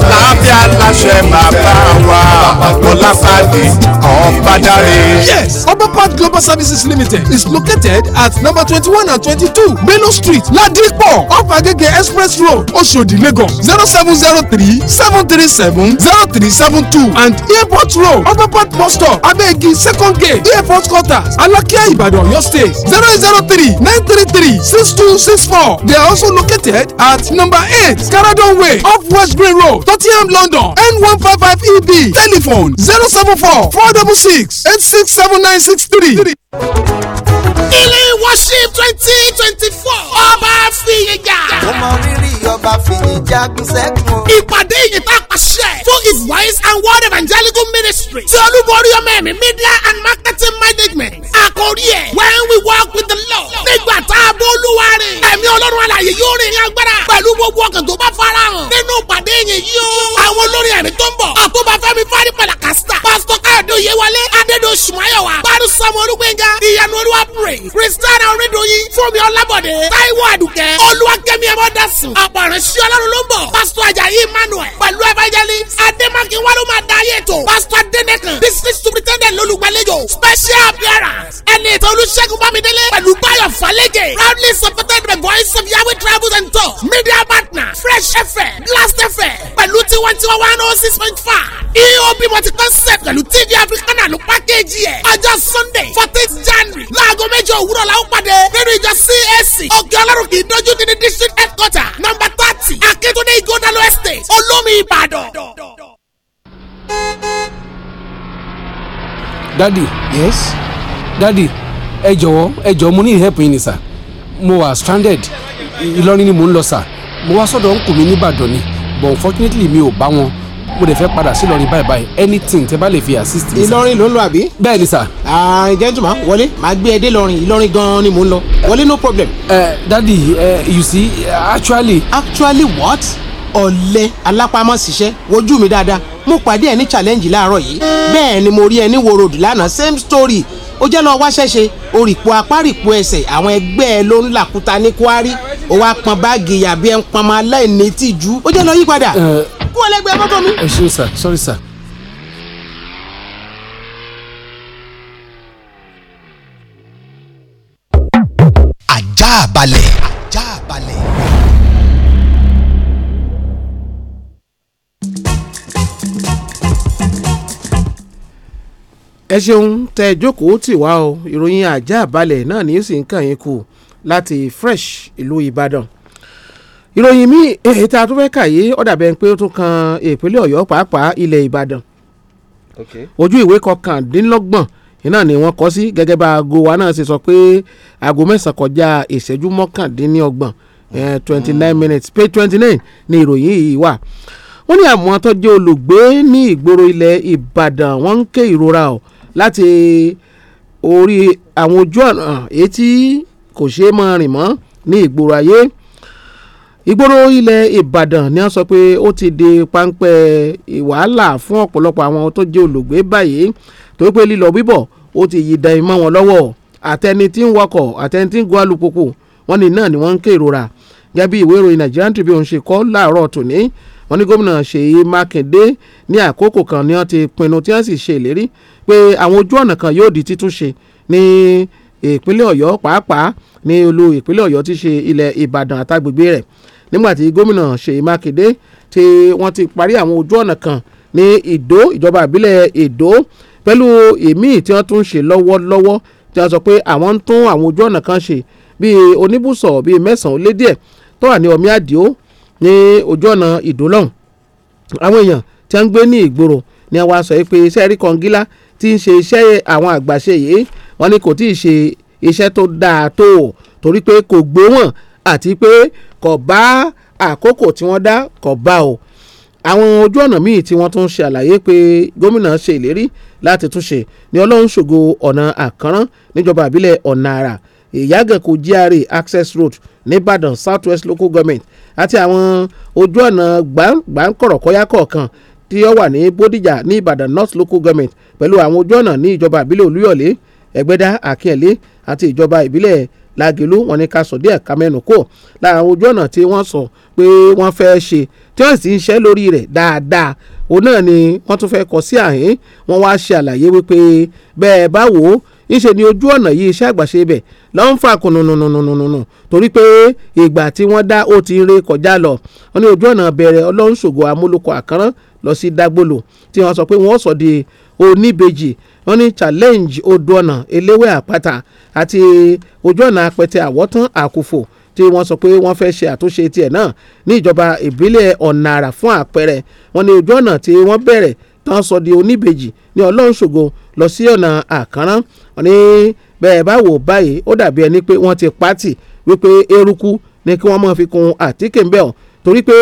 lábẹ́ aláṣẹ bàbá wa Bọ́lápàdé Ọ̀bádàrẹ. Obapad Global Services Limited is located at number twenty-one and twenty-two Bello Street, Ladipo, off Express Road, Oshodi, Lagos, zero seven zero three seven three seven zero three seven two and Airport Road, Obapad Bus Stop, abẹ́ẹ̀gì second gate airport quarters alákíá ìbàdàn ọ̀yọ́ state zero eight zero three nine three three six two six four they are also located at number eight caradon way off west green road tottenham london n one five five eb telephone zero seven four four double six eight six seven nine six three. ilé worship twenty twenty four ọba fìyè jà. ọmọ rírì bá fìyìn jagun sẹ́kùn. ìpàdé yìí tá a pàṣẹ fún his wise and word evangelical ministry ti olúborí ọmọ ẹ̀mí media and marketing management àkórí ẹ̀ when we work with the Lord nígbà tá a bó olúwa rẹ̀ ẹ̀mí ọlọ́run alàyè yóò rìn ní agbára pẹ̀lú gbogbo ọkàn tó bá fara hàn nínú ìpàdé yìí yóò àwọn olórí ẹ̀mí tó ń bọ̀ ọ̀túnbàfẹ́mi fárí padà kásítà pásítọ̀ káyọ̀dé òyewalé adédọ̀ṣùmáyọ̀wá bárú samu olúgbẹ̀ngà ìyanu olúwa praise kristiana onídòyìn fúnmi ọlábọ̀dé táíwò àdùkẹ́ olúwa kẹ́mi ẹ̀mọ́dásùn àpàr ìránṣẹ́ ọlọ́run ló ń bọ̀ pásítọ̀ ajayi emmanuel pẹ̀lú evangelist adémákin wàlú máa da ayé ètò pásítọ̀ adénẹ́kan district superintendent lólùgbàlejò special appearance ẹni ètò olùṣègùn bámidélé pẹ̀lú báyọ̀ falẹ́jẹ̀ proudly supported by voice of yahweh travels and tours media partner fresh fm blast fm pẹ̀lú tiwantiwa one oh six point five eob multi-concept pẹ̀lú tv africana ló package ẹ̀ ọjọ́ sunday fourteenth january láago mẹ́jọ òwúrọ̀ làwọn pàdé nínú ìjọ cac òkè ọlọ́run kì í dojú ní district headquarter number two property Akíntúndé Igodalo estate Olómi Ìbàdàn. dadi yes dadi ẹ jọ̀wọ́ ẹ jọ̀ọ́ mo ní help yín ni sà mo wà stranded Ìlọrin ni mo ń lọ sà mo wá sọ́dọ̀ ń nìbàdàn ni but unfortunately mi ò bá wọn mo dẹ̀ fẹ́ padà sí Ìlọrin báyìí báyìí anything tẹ bá lè fi assist mi. Ìlọrin ló ń lọ àbí. bẹ́ẹ̀ ni sà. gentleman wọlé màá gbé ẹ dé Ìlọrin Ìlọrin gan-an ni mò ń lọ wọlé no problem. Uh, daddy uh, you see actually. actually what? ọ̀lẹ alápámọ́síṣẹ́ wojú mi dáadáa mo pàdé ẹ ní challenge láàárọ̀ yìí bẹ́ẹ̀ ni mo rí ẹ ní wo road lánàá same story ó jẹ́ lọ́ọ́ wáṣẹ́ṣe orìpọ̀ apárìpọ̀ ẹsẹ̀ àwọn ẹgbẹ́ ẹ ló ń làkúta ní kwari ó wá pọn báàgì yàbí ẹ ń pọn ọmọ aláìní tìjú ó jẹ́ lọ́ọ́ yípadà kú ọlẹ́gbẹ̀ẹ́ mọ́tò mi. ẹ ṣeun sir sorry sir. ajá balẹ̀. ajá balẹ̀. ẹ ṣeun tẹ jókòó tì wá o ìròyìn ajá balẹ̀ náà ní sì ń kàn yín kù láti fresh ìlú Ìbàdàn ìròyìn míì èyí tá a tún fẹ́ kà yìí ó dà bẹ́ẹ̀ pé ó tún kan ìpínlẹ̀ ọ̀yọ́ pàápàá ilẹ̀ ìbàdàn ojú ìwé kọkàndínlọ́gbọ̀n iná ni wọ́n kọ sí gẹ́gẹ́ bá aago wa náà ṣe sọ pé aago mẹ́sàn-án kọjá ìṣẹ́jú mọ́kàndínlọ́gbọ̀n twenty nine minutes page twenty nine ni ìròyìn yìí wà wọ́n ní àwọn tó jẹ́ olùgbé ní ìgboro ilẹ̀ ìbàdàn wọ́n ń ké ìrora ọ̀ láti orí àwọn ojú ọ̀nà etí kò ṣeé máa rìn mọ́ ní ìgboro ayé ìgboro ilẹ̀ ìbàdàn ni wọ́n sọ pé ó ti di páńpẹ́ ìwàhálà fún ọ̀pọ̀lọpọ̀ àwọn tó jẹ́ olùgbé báyìí tó pé lílọ bíbọ̀ ó ti yí dan imọ́ wọn lọ́wọ́ àtẹni tí ń wakọ̀ àtẹni tí ń gun alùpùpù wọn ni náà ni wọ́n ń kérora gẹ́gẹ́ bí ìwé ìròyìn Nigerian Tribune ṣe kọ́ láàárọ̀ tòní wọ́n ní gómìnà Ṣèyí Mákindé ní àkókò kan ni wọ́n ti pinnu tí wọ́n sì ṣe ìlérí pé àwọn ojú ọ̀nà kan yóò di títúnṣe ní ìpínlẹ̀ Ọ̀yọ́ pàápàá ní olú ìpínlẹ̀ Ọ̀yọ́ ti ṣe ilẹ̀ Ìbàdàn àtàgbègbè rẹ̀ nígbàtí gómìnà Ṣèyí Mákindé tí wọ́n ti parí àwọn ojú ọ̀nà kan ní Ìdó ìjọba ìbílẹ̀ Ìdó pẹ̀lú èmí tí wọ́n tún ṣe lọ́wọ́lọ́wọ́ tí wọ́n sọ pé àwọn ń tún àwọn ojú ọ̀nà kan ṣe bíi oníbùsọ̀ bíi mẹ́sàn-án ó lé díẹ̀ tó wà ní ọ̀mí àdìó ní ojú ọ̀nà Ìdó lọ́hùn àwọn èèyàn tí wọ́n ń gbé ní ìgboro ni wọ́n sọ pé iṣẹ́ rí kọngílá tí ń ṣe iṣẹ́ àwọn àgbàṣe yìí wọ́n ní kò tí ì ṣe iṣẹ́ tó dáa tó torí pé kò gbówọ̀n àti pé kò bá àkókò tí wọ́n dá kò bá o àwọn ojú ọ̀nà míì tí wọ́n tún ṣàlàyé pé gómìnà ṣe ìlérí láti túnṣe ní ọlọ́run ṣògo ọ̀nà àkànrán níjọba àbílẹ̀ ọ̀nà àrà ìyágànkù GRA access road nìbàdàn south west local government àti àwọn ojú ọ̀nà gbàǹkọ̀rọ̀kọ́yà kọ̀ọ̀kan tí ó wà ní bódìjà ní ìbàdàn north local government pẹ̀lú àwọn ojú ọ̀nà ní ìjọba àbílẹ̀ olúyọ̀lé ẹgbẹ́dá àkínyẹ̀lé àti ìjọba ìbílẹ̀ lágẹ̀lú wọn ní ká sọ díẹ̀ ká mẹ́nu kò lára ojú ọ̀nà tí wọ́n sọ pé wọ́n fẹ́ ṣe tí wọ́n sì ń ṣe lórí rẹ̀ dáadáa òun náà ni wọ́n tún fẹ́ kọ sí àhín wọ́n wá ṣe àlàyé wípé bẹ́ẹ̀ bá wò ó ńṣe ni ojú ọ̀nà yìí iṣẹ́ àgbàṣe bẹ̀ lọ́ ń fà kùnùnùnùnùnùnù torí pé ìgbà tí wọ́n dá ó ti ń ré kọjá lọ wọ́n ní ojú ọ̀nà bẹ̀rẹ̀ ọlọ́run ṣògo amúlòkọ àkàrán lọ sí dágbòlò tí wọ́n sọ pé wọ́n sọ di oníbejì wọ́n ní challenge odò ọ̀nà eléwé àpáta àti ojú ọ̀nà apẹtẹ àwọ̀tán àkùfò tí wọ́n sọ pé wọ́n fẹ́ ṣe àtúnṣe tiẹ̀ náà ní ìjọba ìbílẹ̀ ọ̀nà àrà fún àpẹẹrẹ wọ́n ní ojú ọ̀nà tí wọ́n bẹ̀rẹ̀ tán sọ di oníbejì ní ọlọ́nṣògo lọ sí ọ̀nà àkànrán wọ́n ní bẹ́ẹ̀ bá wò báyìí ó dàbí ẹni pé wọ́n ti pátì wípé eruku ni kí wọ́n máa fi kun àtíkè ń bẹ̀ ọ́ torí pé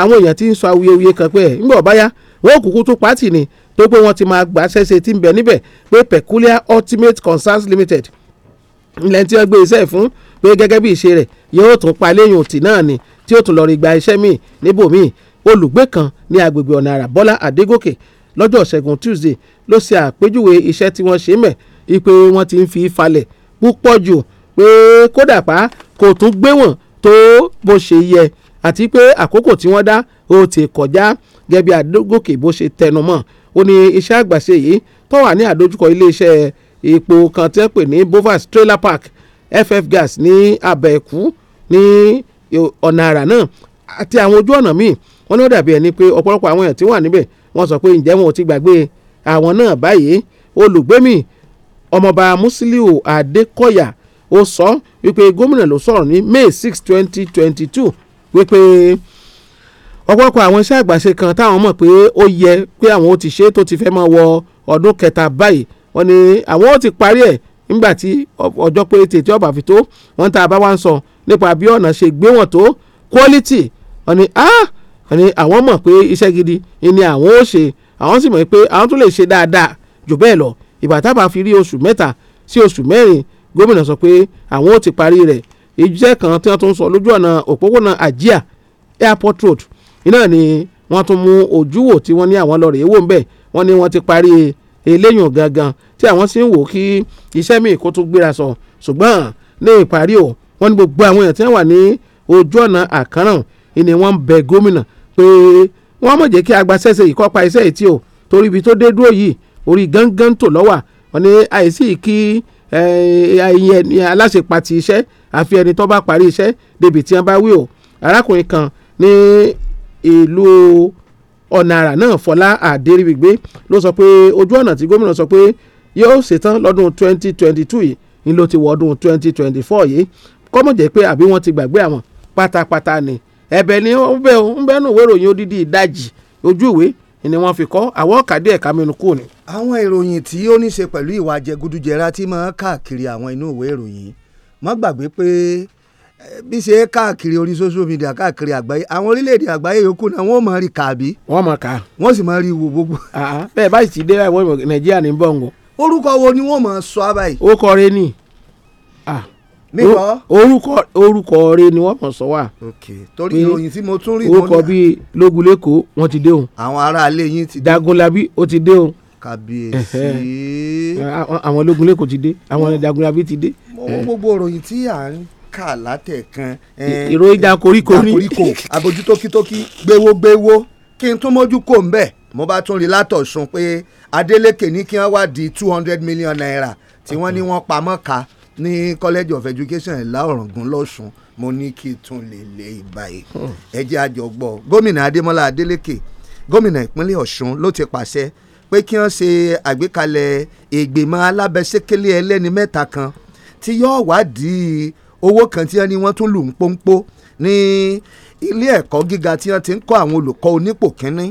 àwọn èèyàn ti ń sọ awuyewuye kan pé ńgbọ̀ báyá wọ́n kúkú tún pátì ni tó pé wọ́n ti máa gbà ṣẹ́ṣe tí ń bẹ níbẹ̀ pé peculiar ultimate concerns limited ilẹ̀ tí wọ́n gbé iṣẹ́ fún pé gẹ́gẹ́ bí ìṣe rẹ̀ yóò tún pa lẹ́yìn òtì náà ni tí ó tún lọ rí gba iṣẹ́ míì níbòmíì olùgbé kan ní agbègbè ọ̀nà àrà Bọ́lá Adégòkè lọ́jọ́ ṣẹ́gun Tuesday ló ṣe àpéjúwe iṣẹ́ tí wọ́n ṣe mẹ́ ipe wọ́n ti ń fi falẹ̀ púpọ̀ jù pé kódà pa kò tún gbé wọn tó bó ṣe yẹ àti pé àkókò tí wọ́n dá ó ti kọjá gẹ́gẹ́ bí Adégòkè bó ṣe tẹnu ó ní iṣẹ́ àgbàṣe yìí tó wà ní àdójúkọ iléeṣẹ́ epo kan tẹ́ pè ní Bovas Trailer Park FF Gas ní Abẹ́ẹ̀kú ní ọ̀nà àrà náà àti àwọn ojú ọ̀nà míì wọ́n ní ó dàbí ẹni pé ọ̀pọ̀lọpọ̀ àwọn èèyàn tí wà níbẹ̀ wọ́n sọ pé ǹjẹ́ wọn ò ti gbàgbé àwọn náà báyìí olùgbẹ́mì ọmọọba Musiliu Adékọ̀yà ó sọ wípé gómìnà ló sọ̀rọ̀ ní May six twenty twenty two wípé ọ̀pọ̀lọpọ̀ àwọn iṣẹ́ àgbàṣe kan táwọn mọ̀ pé ó yẹ pé àwọn ó ti ṣe tó ti fẹ́ mọ́ wọ ọdún kẹta báyìí wọ́n ní àwọn ó ti parí ẹ̀ nígbà tí ọjọ́ pé tètè ọba fi tó wọ́n tá a bá wá ń sọ nípa bí ọ̀nà ṣe gbé wọn tó quality wọ́n ní ah wọ́n ní àwọn mọ̀ pé iṣẹ́ gidi ni àwọn ó ṣe àwọn sì mọ̀ pé àwọn tún lè ṣe dáadáa jù bẹ́ẹ̀ lọ ìgbà tá bá fi rí oṣù mẹ́ta sí oṣù mẹ́rin gómìnà sọ pé àwọn ó ti parí rẹ̀ iṣẹ́ kan tí wọ́n tún sọ lójú ọ̀nà òpópónà àjíà airport road iná ni wọ́n tún mú ojúwò tí wọ́n ní àwọn lọ rèé wò ń bẹ̀ wọ́n ní wọ́n ti parí eléyùn gangan tí àwọn sì ń wò kí iṣẹ́ míì kó tún gbéra sọ ṣùgbọ́n ní ìparí o wọ́n ní gbogbo àwọn èèyàn tí wọ́n wà ní ojú ọ̀nà àkànràn ìní wọ́n ń bẹ gómìnà pé wọ́n mọ̀ jẹ́ kí agbaṣẹ́ṣe ìkọ́pa iṣẹ́ ìtì o torí ibi tó dé dúró yìí orí gángan tó lọ́wà wọ́n ní àìsí kí aláṣẹ pati iṣẹ́ àfi ẹni tó bá parí iṣẹ́ débi tí wọ́n bá wí o arákùnrin kan ní ìlú ọ̀nà àrà náà Fọlá Adéríbigbé ló sọ pé ojú ọ̀nà tí gómìnà sọ pé yóò ṣetán lọ́dún 2022 yìí ni ló ti wọ ọdún 2024 yìí kọ́mọ̀ jẹ́ pé àbí wọ́n ti gbàgbé àwọn pátápátá ni ẹ̀bẹ̀ ni ó bẹ̀ ń bẹ́nu ìwé ìròyìn odidi ìdajì ojú ìwé ni wọ́n fi kọ́ àwọn ọ̀kadì ẹ̀ka mẹ́nu kù ni. àwọn ìròyìn tí ó ní ṣe pẹ̀lú ìwà jẹgúdújẹrá tí máa ń káàkiri àwọn inú ìwé ìròyìn mọ́ gbàgbé pé bí ṣe káàkiri orí social media káàkiri àgbáyé àwọn orílẹ̀-èdè àgbáyé yòókù náà wọ́n mọ̀ rí kàbí. wọ́n mọ̀ ká. wọ́n sì mọ̀ rí wo gbogbo. bẹ́ẹ̀ báyìí ti dé láìpẹ́ nàìjíríà ní bọ̀ǹgọ̀. orúkọ wo ni wọ́n mọ̀ sọ abáyé. ó kọ rẹ ni. nígbà. orúkọ orúkọ rẹ ni wọ́n mọ̀ sọ wà. ok torí ìròyìn tí mo tún rí. orúkọ bíi lógun lẹ́kọ̀ọ́ wọ́n ti dé òun. àwọn aráalé yín ti dé. dagunlabi ó ti dé òun. kàbíyèsí. àwọn lógun ti dé kà látẹ̀kan. ìròyìn da koríko ní. da koríko abojú tókítókí gbéwó gbéwó kí n tún mójú kò ń bẹ̀ mo bá tún rí látọ̀sùn pé Adeleke ní kí wọ́n wá di two hundred million naira tí wọ́n ní wọ́n pamọ́ ka ní College of Education Ìlá-Ọ̀ràngún lọ́sùn mo ní kí n tún lè lé ìbáyé ẹ jẹ́ àjọgbọ́ gómìnà Adémọ́lá Adeleke gómìnà ìpínlẹ̀ Ọ̀ṣun ló ti pàṣẹ pé kí wọ́n ṣe àgbékalẹ̀ ìgbìmọ̀ alábẹ́sẹ́kẹ́lẹ́ ẹlẹ́ni mẹ́ta kan tí yóò wádìí owó kan tí wọ́n ní wọ́n tún lù ń pọ́npọ́ ní ilé ẹ̀kọ́ gíga tí wọ́n ti ń kọ́ àwọn olùkọ́ onípò kínní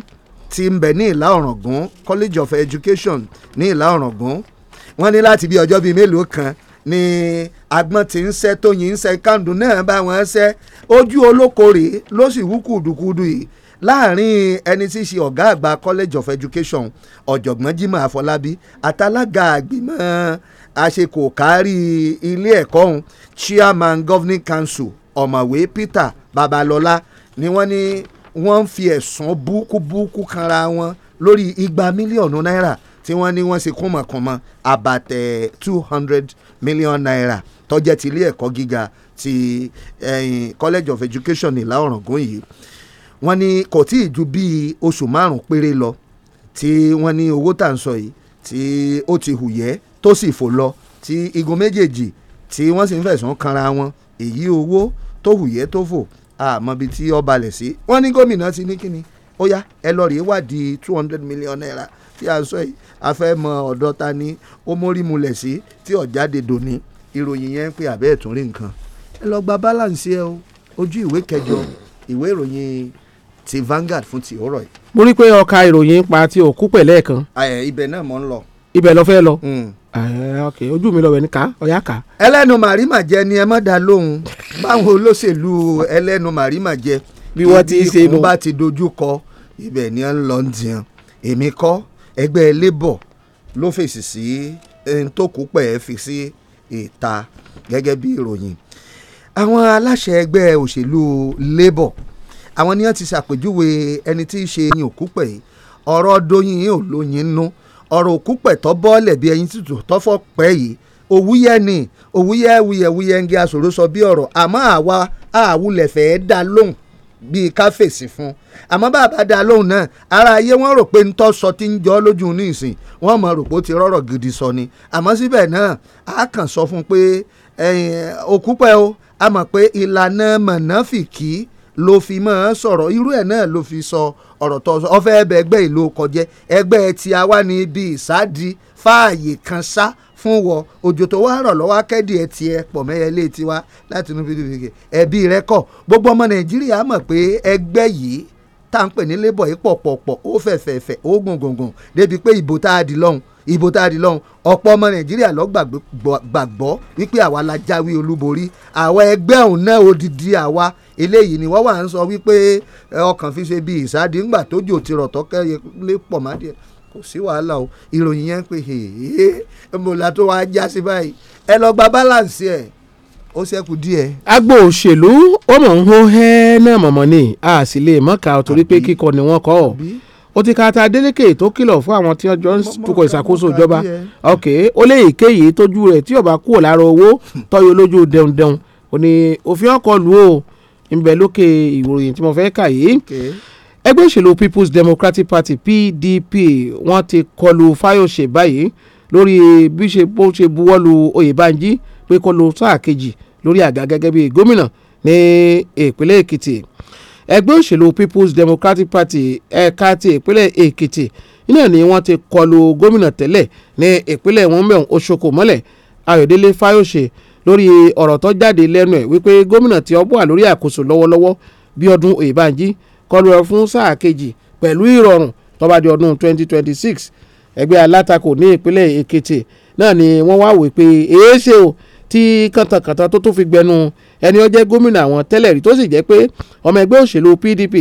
tí ń bẹ ní ìlà ọ̀ràngún college of education ní ìlà ọ̀ràngún wọ́n ní láti bí ọjọ́ bíi mélòó kan ni agbọ́n ti ń sẹ́ tóyin ń sẹ́ kándùn náà bá wọn sẹ́ ojú olókoòrè ló sì wú kùdùkùdù yìí láàrin ẹni tí í ṣe ọ̀gá àgbà college of education ọ̀jọ̀gbọ́n jimoh afọlábí àtàlágà àgbìmọ̀ àṣekò kárí ilé ẹ̀kọ́ ọ̀hún chairman governing council ọ̀mọ̀wé Peter Babalọ́lá ni wọ́n ní wọ́n ń fi ẹ̀sùn búkúbúkú kanra wọn lórí igba mílíọ̀nù náírà tí wọ́n ní wọ́n ṣe kúnmọ̀kúnmọ̀ àbàtẹ̀ two hundred million naira tó jẹ́ ti ilé ẹ̀kọ́ gíga ti college of education ìlà ọ̀ràngún yìí wọ́n ní kò tí ì ju bíi oṣù márùn-ún péré lọ tí wọ́n ní owó tà ń sọ yìí tí ó ti hù yẹ́ tó sì fò lọ tí igun méjèèjì tí wọ́n sì ń fẹ̀sùn kanra wọn èyí owó tó hùyẹ́ tó fò àmọ́bi tí ó balẹ̀ sí wọ́n ní gómìnà ti ní kíni ó yá ẹ lọ rèé wádìí two hundred million naira tí a sọ yìí a fẹ́ mọ ọ̀dọ́ ta ni ó mórí mulẹ̀ sí tí ọ̀jáde dòní ìròyìn yẹn ń pè àbẹ́ ẹ̀ tún rí nǹkan ẹ lọ gba balance ẹ o ojú ìwé kẹjọ ìwé ìròyìn ti Vanguard fún ti òórọ̀ yìí. mo rí i pé ọkà ìròyìn pa ti òkú pẹ̀lẹ́ ibẹ̀ náà mò ń lọ. ibẹ̀ lọ fẹ́ lọ. Hmm. Eh, ok ojú mi lọ́wọ́ ẹni ká ọ̀yá ká. ẹlẹ́nu màrímà jẹ ni ẹ má dá lóhùn báwọn olóṣèlú ẹlẹ́nu màrímà jẹ bí wọ́n ti ṣe nù. bá ti dojú kọ ibẹ̀ ni ẹ ń lọ jẹun èmi kọ́ ẹgbẹ́ labour ló fèsì sí ẹni tó kú pẹ̀ fi sí ìta gẹ́gẹ́ bí ìròyìn àwọn aláṣẹ ẹgbẹ́ òṣèlú labour àwọn ni wọ́n ti ṣàpèjúwe ẹni tí í ṣe yín òkú pẹ̀ ọ̀rọ̀ Doyin yín ò lóyin nú no ọ̀rọ̀ òkú pẹ̀tọ́ bọ́ọ̀lẹ̀ bí ẹyin tútù tọ́fọ́ pẹ́ yìí òwúyẹ ni òwúyẹ wuyẹwuyẹ ń gé aṣòro sọ bí ọ̀rọ̀ àmọ́ àwa àwulẹ̀ fẹ́ dá lóhùn bíi ká fèsì fún àmọ́ bàbá dá lóhùn náà ara ayé wọn rò pé ń tọ́ sọ ti ń jọ́ lójú ní ìsìn wọ́n mọ̀ rò pé ó ti rọ́rọ̀ gidi sọ ni àmọ́ síbẹ̀ náà a kàn sọ fún pé òkú pẹ́ o a mọ̀ pé ìlànà mọ̀nàfìkì ló fi máa sọ̀rọ̀ irú ẹ̀ náà ló fi sọ ọ̀rọ̀ tó sọ ọfẹ́ ẹbẹ̀ ẹgbẹ́ ìlú kọjẹ́ ẹgbẹ́ ti àwa ní ibi ìsádi fààyè kan sá fún wọ òjò tó wá rọ̀ lọ́wọ́ akẹ́dì ẹ̀ tiẹ̀ pọ̀ mẹ́yẹ ilé tiwa láti inú fídíò ẹ̀bí rẹ kọ̀ gbogbo ọmọ nàìjíríà mọ̀ pé ẹgbẹ́ yìí tá à ń pè ní labour yìí pọ̀pọ̀pọ̀ ó fẹ̀fẹ̀fẹ̀ ó gùngùngùn débi pé ìbò tá a dì lọ́hùn ìbò tá a dì lọ́hùn ọ̀pọ̀ ọmọ nàìjíríà ló gbàgbọ́ wípé àwa la jáwé olúborí àwa ẹgbẹ́ ọ̀hún náà odidi àwa eléyìí ni wọ́n wà ń sọ wípé ọkàn fi ṣe bí ìsádi ńgbà tójò ti rọ̀ tọ́kẹ́ lé pọ̀ má díẹ̀ kò sí wàhálà o ìròyìn yẹn pé ee mọ̀lá tó wàá já sí báyìí ẹ lọ gba balance ẹ̀ ó ṣẹ́kù díẹ̀. agbo òṣèlú ó mọ̀ ń hó hẹ́ẹ́ náà mọ̀mọ́ ni a sì lè mọ̀ka torí pé kíkọ ni wọ́n kọ́ ó ti ka ta Adeleke tó kìlọ̀ fún àwọn tí wọ́n jọ ń tukọ̀ ìṣàkóso ìjọba ok ó lé èkéyìí tójú rẹ̀ tí ọba kúrò lára owó tọ́yọ lójú dẹ̀hùndẹ̀hùn ò ní òfin ọkọ̀ lù ó ńbẹ lókè ìròyìn tí mo fẹ́ kà yìí ẹgbẹ́ òṣèlú People's Democratic Party PDP wọ́n ti kọlu Fáyọ̀ṣe báyìí lórí bí ó ṣe buwọ́lu Oyèbánjí pé kọlu sáà kejì lórí àga gẹ́gẹ́ bí gómìnà ní ìpínlẹ̀ Èkìtì ẹgbẹ́ òṣèlú People's Democratic Party ẹ̀ka ti ìpínlẹ̀ Èkìtì náà ni wọ́n ti kọlu gómìnà tẹ́lẹ̀ ní ìpínlẹ̀ wọn mẹ́rin oṣoko mọ́lẹ̀ Ayọ̀délé Fáyọ̀ṣe lórí ọ̀rọ̀ tó jáde lẹ́nu ẹ̀ wípé gómìnà tí ó wà lórí àkóso lọ́wọ́lọ́wọ́ Bíọ́dún Oyèbánjí kọlu ẹ̀ fún sáà kejì pẹ̀lú ìrọ̀rùn tó di ọdún 2026 ẹgbẹ́ alátakò ní ìpínlẹ̀ Èkìtì náà ni wọ́n wá wípé èéṣe o tí kàntàkàntà tó tún fi gbẹnu ẹni ó jẹ́ gómìnà àwọn tẹ́lẹ̀ rí tó sì jẹ́ pé ọmọ ẹgbẹ́ òṣèlú PDP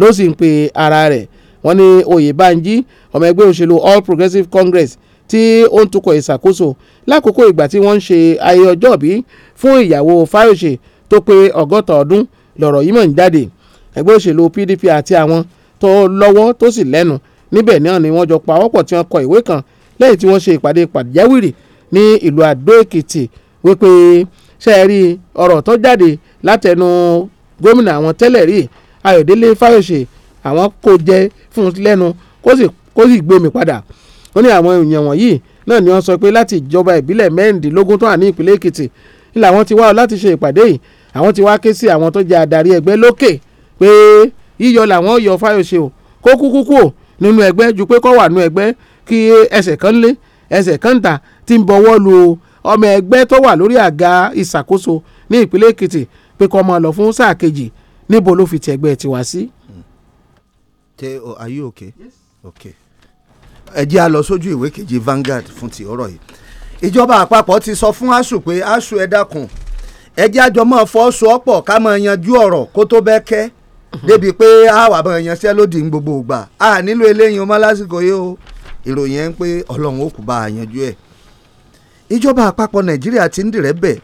ló sì ń pe ara rẹ̀ wọ́n ní Oyèbánjí ọmọ ẹgbẹ́ òṣèlú All Progressive Congress tí ó ń tukọ̀ ìṣàkóso lákòókò ìgbà tí wọ́n ń ṣe ayé ọjọ́bí fún ìyàwó Fáyọ̀ṣe tó pé ọgọ́ta ọdún lọ̀rọ̀ yìí mọ̀ ń jáde ẹgbẹ́ òṣèlú PDP àti àwọn tó lọ́wọ́ tó sì lẹ́nu níbẹ̀ náà ni wọ́n jọ pawọ́pọ̀ tí wọ́n kọ ìwé kan lẹ́yìn tí wọ́n ṣe ìpàdé pàjáwìrì ní ìlú Àdó Èkìtì wípé ṣe é rí ọ̀rọ̀ tó jáde látẹnu gómìnà àwọn tẹ́lẹ̀ rí Ayọ̀délé Fáyọ̀ṣe àwọn kò jẹ fún un lẹ́nu kó sì kó sì gbé mi padà ó ní àwọn èèyàn wọ̀nyí náà ni wọ́n sọ pé láti ìjọba ìbílẹ̀ mẹ́rìndínlógún tó wà ní ìpínlẹ̀ Èkìtì ńlá àwọn ti wá ọ láti ṣe ìpàdé yìí àwọn ti wá ké sí àwọn tó jẹ adarí ẹgbẹ́ lókè pé yíyọ làwọn yọ Fáyọ̀ṣe o kó kúkú kú o nínú ẹgbẹ́ ju pé kó wà nínú ẹgbẹ́ kí ẹsẹ̀ kan lé ẹsẹ̀ kan ta ti ń bọwọ́ lu ọmọ ẹgbẹ́ tó wà lórí àga ìṣàkóso ní ìpínlẹ̀ Èkìtì pé kó máa lọ fún sáà kejì níbo ló fi tẹ̀gbẹ́ tiwa sí. ṣé are you okay? Yes. okay. ẹ jẹ́ a lọ sójú ìwé kejì Vanguard fún ti ọ̀rọ̀ yìí ìjọba àpapọ̀ ti sọ fún asuu pé asuu ẹ dákun ẹ jẹ́ àjọ máa fọ́ sọ ká máa yanjú ọ̀rọ̀ kó tó bẹ́ẹ̀ kẹ́ mhm. débi pé àwa máa yanṣẹ́ lódì ní gbogbo ìgbà a nílò eléyìí ọmọ lásìkò yìí o ìròyìn ẹ ń pé ọlọ́run ó kú bá a yanjú ẹ̀ ìjọba àpapọ̀ nàìjíríà ti ń dìrẹ́bẹ̀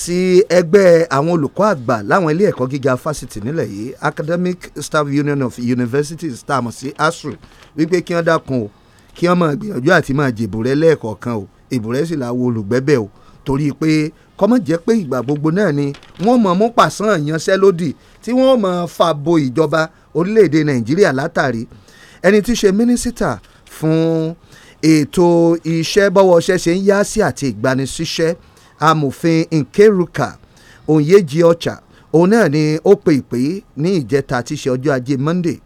sí ẹgbẹ́ àwọn olùkọ́ àgbà láwọn ilé ẹ̀kọ́ gíga fásitì nílẹ̀ yìí academic staff union of universities tá a mọ̀ sí asuu wípé kí wọ́n dákun o kí wọ́n máa gbìyànjú àti máa jèbùrẹ́ lẹ́ẹ̀kọ̀ọ̀kan o ìbùrẹ́ sì làwọn olùgbẹ́bẹ̀ o torí pé kọ́mọ̀ jẹ́ pé ìgbà gbogbo náà ni wọ́n mọ̀ mú pàṣán ìyanṣẹ́lódì tí wọ́n mọ̀ fa bo ìjọba orílẹ̀-èdè nàìjíríà látàrí ẹni tí í ṣe mínísítà fún ètò iṣẹ́ bọ́wọ́ ṣẹ̀ṣẹ̀ ń yá sí àti ìgbanisíṣẹ́ amòfin nkeruka onyeji ọ̀chà òun náà ni ó pe ìpè ní ìjẹta tí í ṣe ọjọ́ ajé monday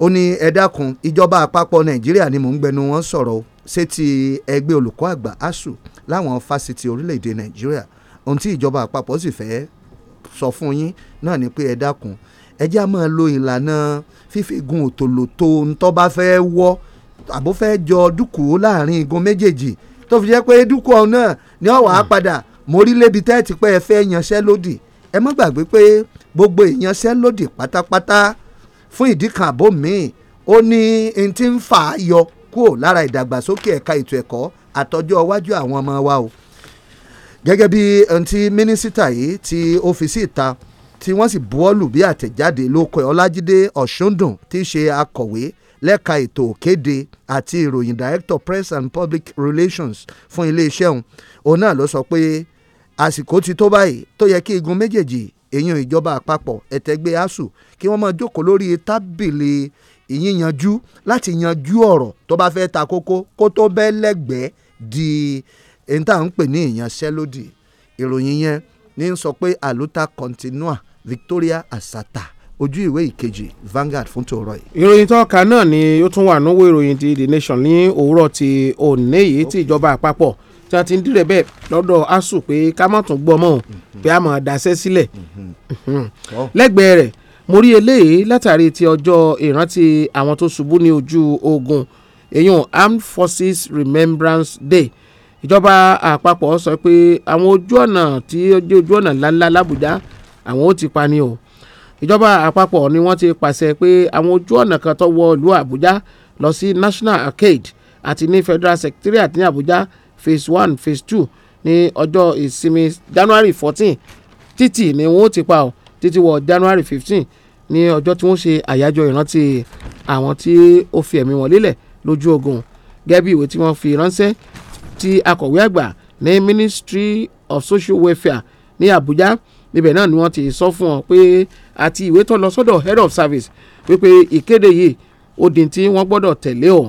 ó ní ẹ dákun ìjọba àpapọ̀ nàìjíríà ni mò ń gbẹnu wọn sọ̀rọ̀ sétí ẹgbẹ́ olùkọ́ àgbà asuu láwọn fásitì orílẹ̀-èdè nàìjíríà ohun tí ìjọba àpapọ̀ sì fẹ́ sọ fún yín náà ni pé ẹ dákun ẹ máa lo ìlànà fífi gun òtòlótó ntọ́ bá fẹ́ wọ́ àbó fẹ́ jọ dúkùú láàrin igun méjèèjì tó fi jẹ́ pé dúkùú ọ̀hún náà ni ó wá hmm. padà mórílẹ̀bí tẹ́ẹ̀tì pé ẹ fẹ́ yanṣẹ́lódì ẹ má gbàgbé pé gbogbo ìyanṣẹ́lódì pátápátá fún ìdí kan àbó míì ó ní n ti ń fà á yọ kúrò lára ìdàgbàsókè ẹ̀ka ètò ẹ̀kọ́ àtọjọ́ iwájú àwọn ọmọ wa o gẹ́gẹ́ bí ti mínísítà yìí ti ọ́fíìsì ìta tí wọ́n sì buọ́lù bí àtẹ̀jáde ló kọ ọlájídé ọ̀ṣúndùn tí í ṣe akọ̀wé lẹ́ka ètò òkéde àti ìròyìn director press and public relations fún iléeṣẹ́ òun òun náà ló sọ pé àsìkò ti tó báyìí tó yẹ kí igun méjèèjì èèyàn ìjọba àpapọ̀ ẹ̀tẹ́gbẹ́ asuu kí wọ́n máa jókòó lórí tábìlì ìyíyanjú láti yanjú ọ̀rọ̀ tó bá fẹ́ ta kókó kó tó bẹ́ẹ̀ lẹ́gbẹ̀ẹ́ di èyí tá à ń pè ní ìyanṣẹ́lódì ìròyìn yẹn ní sọ pé àlùtà continua Victoria Asata ojú ìwé ìkejì Vanguard fún tòórọ yìí. ìròyìn tó kà náà ni ó tún wà nínú ìròyìn ti The Nation ní òwúrọ̀ ti òní yìí tí ìjọba àpapọ̀ tí wọ́n ti ń dìrẹ̀ bẹ́ẹ̀ lọ́dọ̀ asuu pé ká má tún gbọ́ mọ́ o mhm. pé a máa daṣẹ́ sílẹ̀ mhm. Mhm. lẹ́gbẹ̀ẹ́ rẹ̀ mo rí eléyìí látàrí ti ọjọ́ ìrántí àwọn tó ṣubú ní ojú ogun èyàn Armed Forces Remembrance Day ìjọba àpapọ̀ sọ pé àwọn ojú ọ̀nà tí ojú ọ̀nà ńláńlá l'Àbújá àwọn ó ti pa ni o ìjọba àpapọ̀ ni wọ́n ti pàṣẹ pé àwọn ojú ọ̀nà kan tó wọ ìlú àbújá lọ sí national arcade àti ní federal secretariat ní àbújá phase one phase two ní ọjọ́ ìsinmi january fourteen títì ni wọ́n ti pa ọ́ títí wọ january fifteen ní ọjọ́ tí wọ́n ṣe àyájọ́ ìrántí àwọn tí ó fi ẹ̀mí wọn lélẹ̀ lójú ogun gẹ́gẹ́ ìwé tí wọ́n fi ránṣẹ́ ti akọ̀wé àgbà ní ministry of social welfare ní àbújá níbẹ̀ náà ni wọ́n ti sọ fún wọn pé àti ìwé tó lọ sọ́dọ̀ head of service wípé ìkéde yìí ó di tí wọ́n gbọ́dọ̀ tẹ̀lé o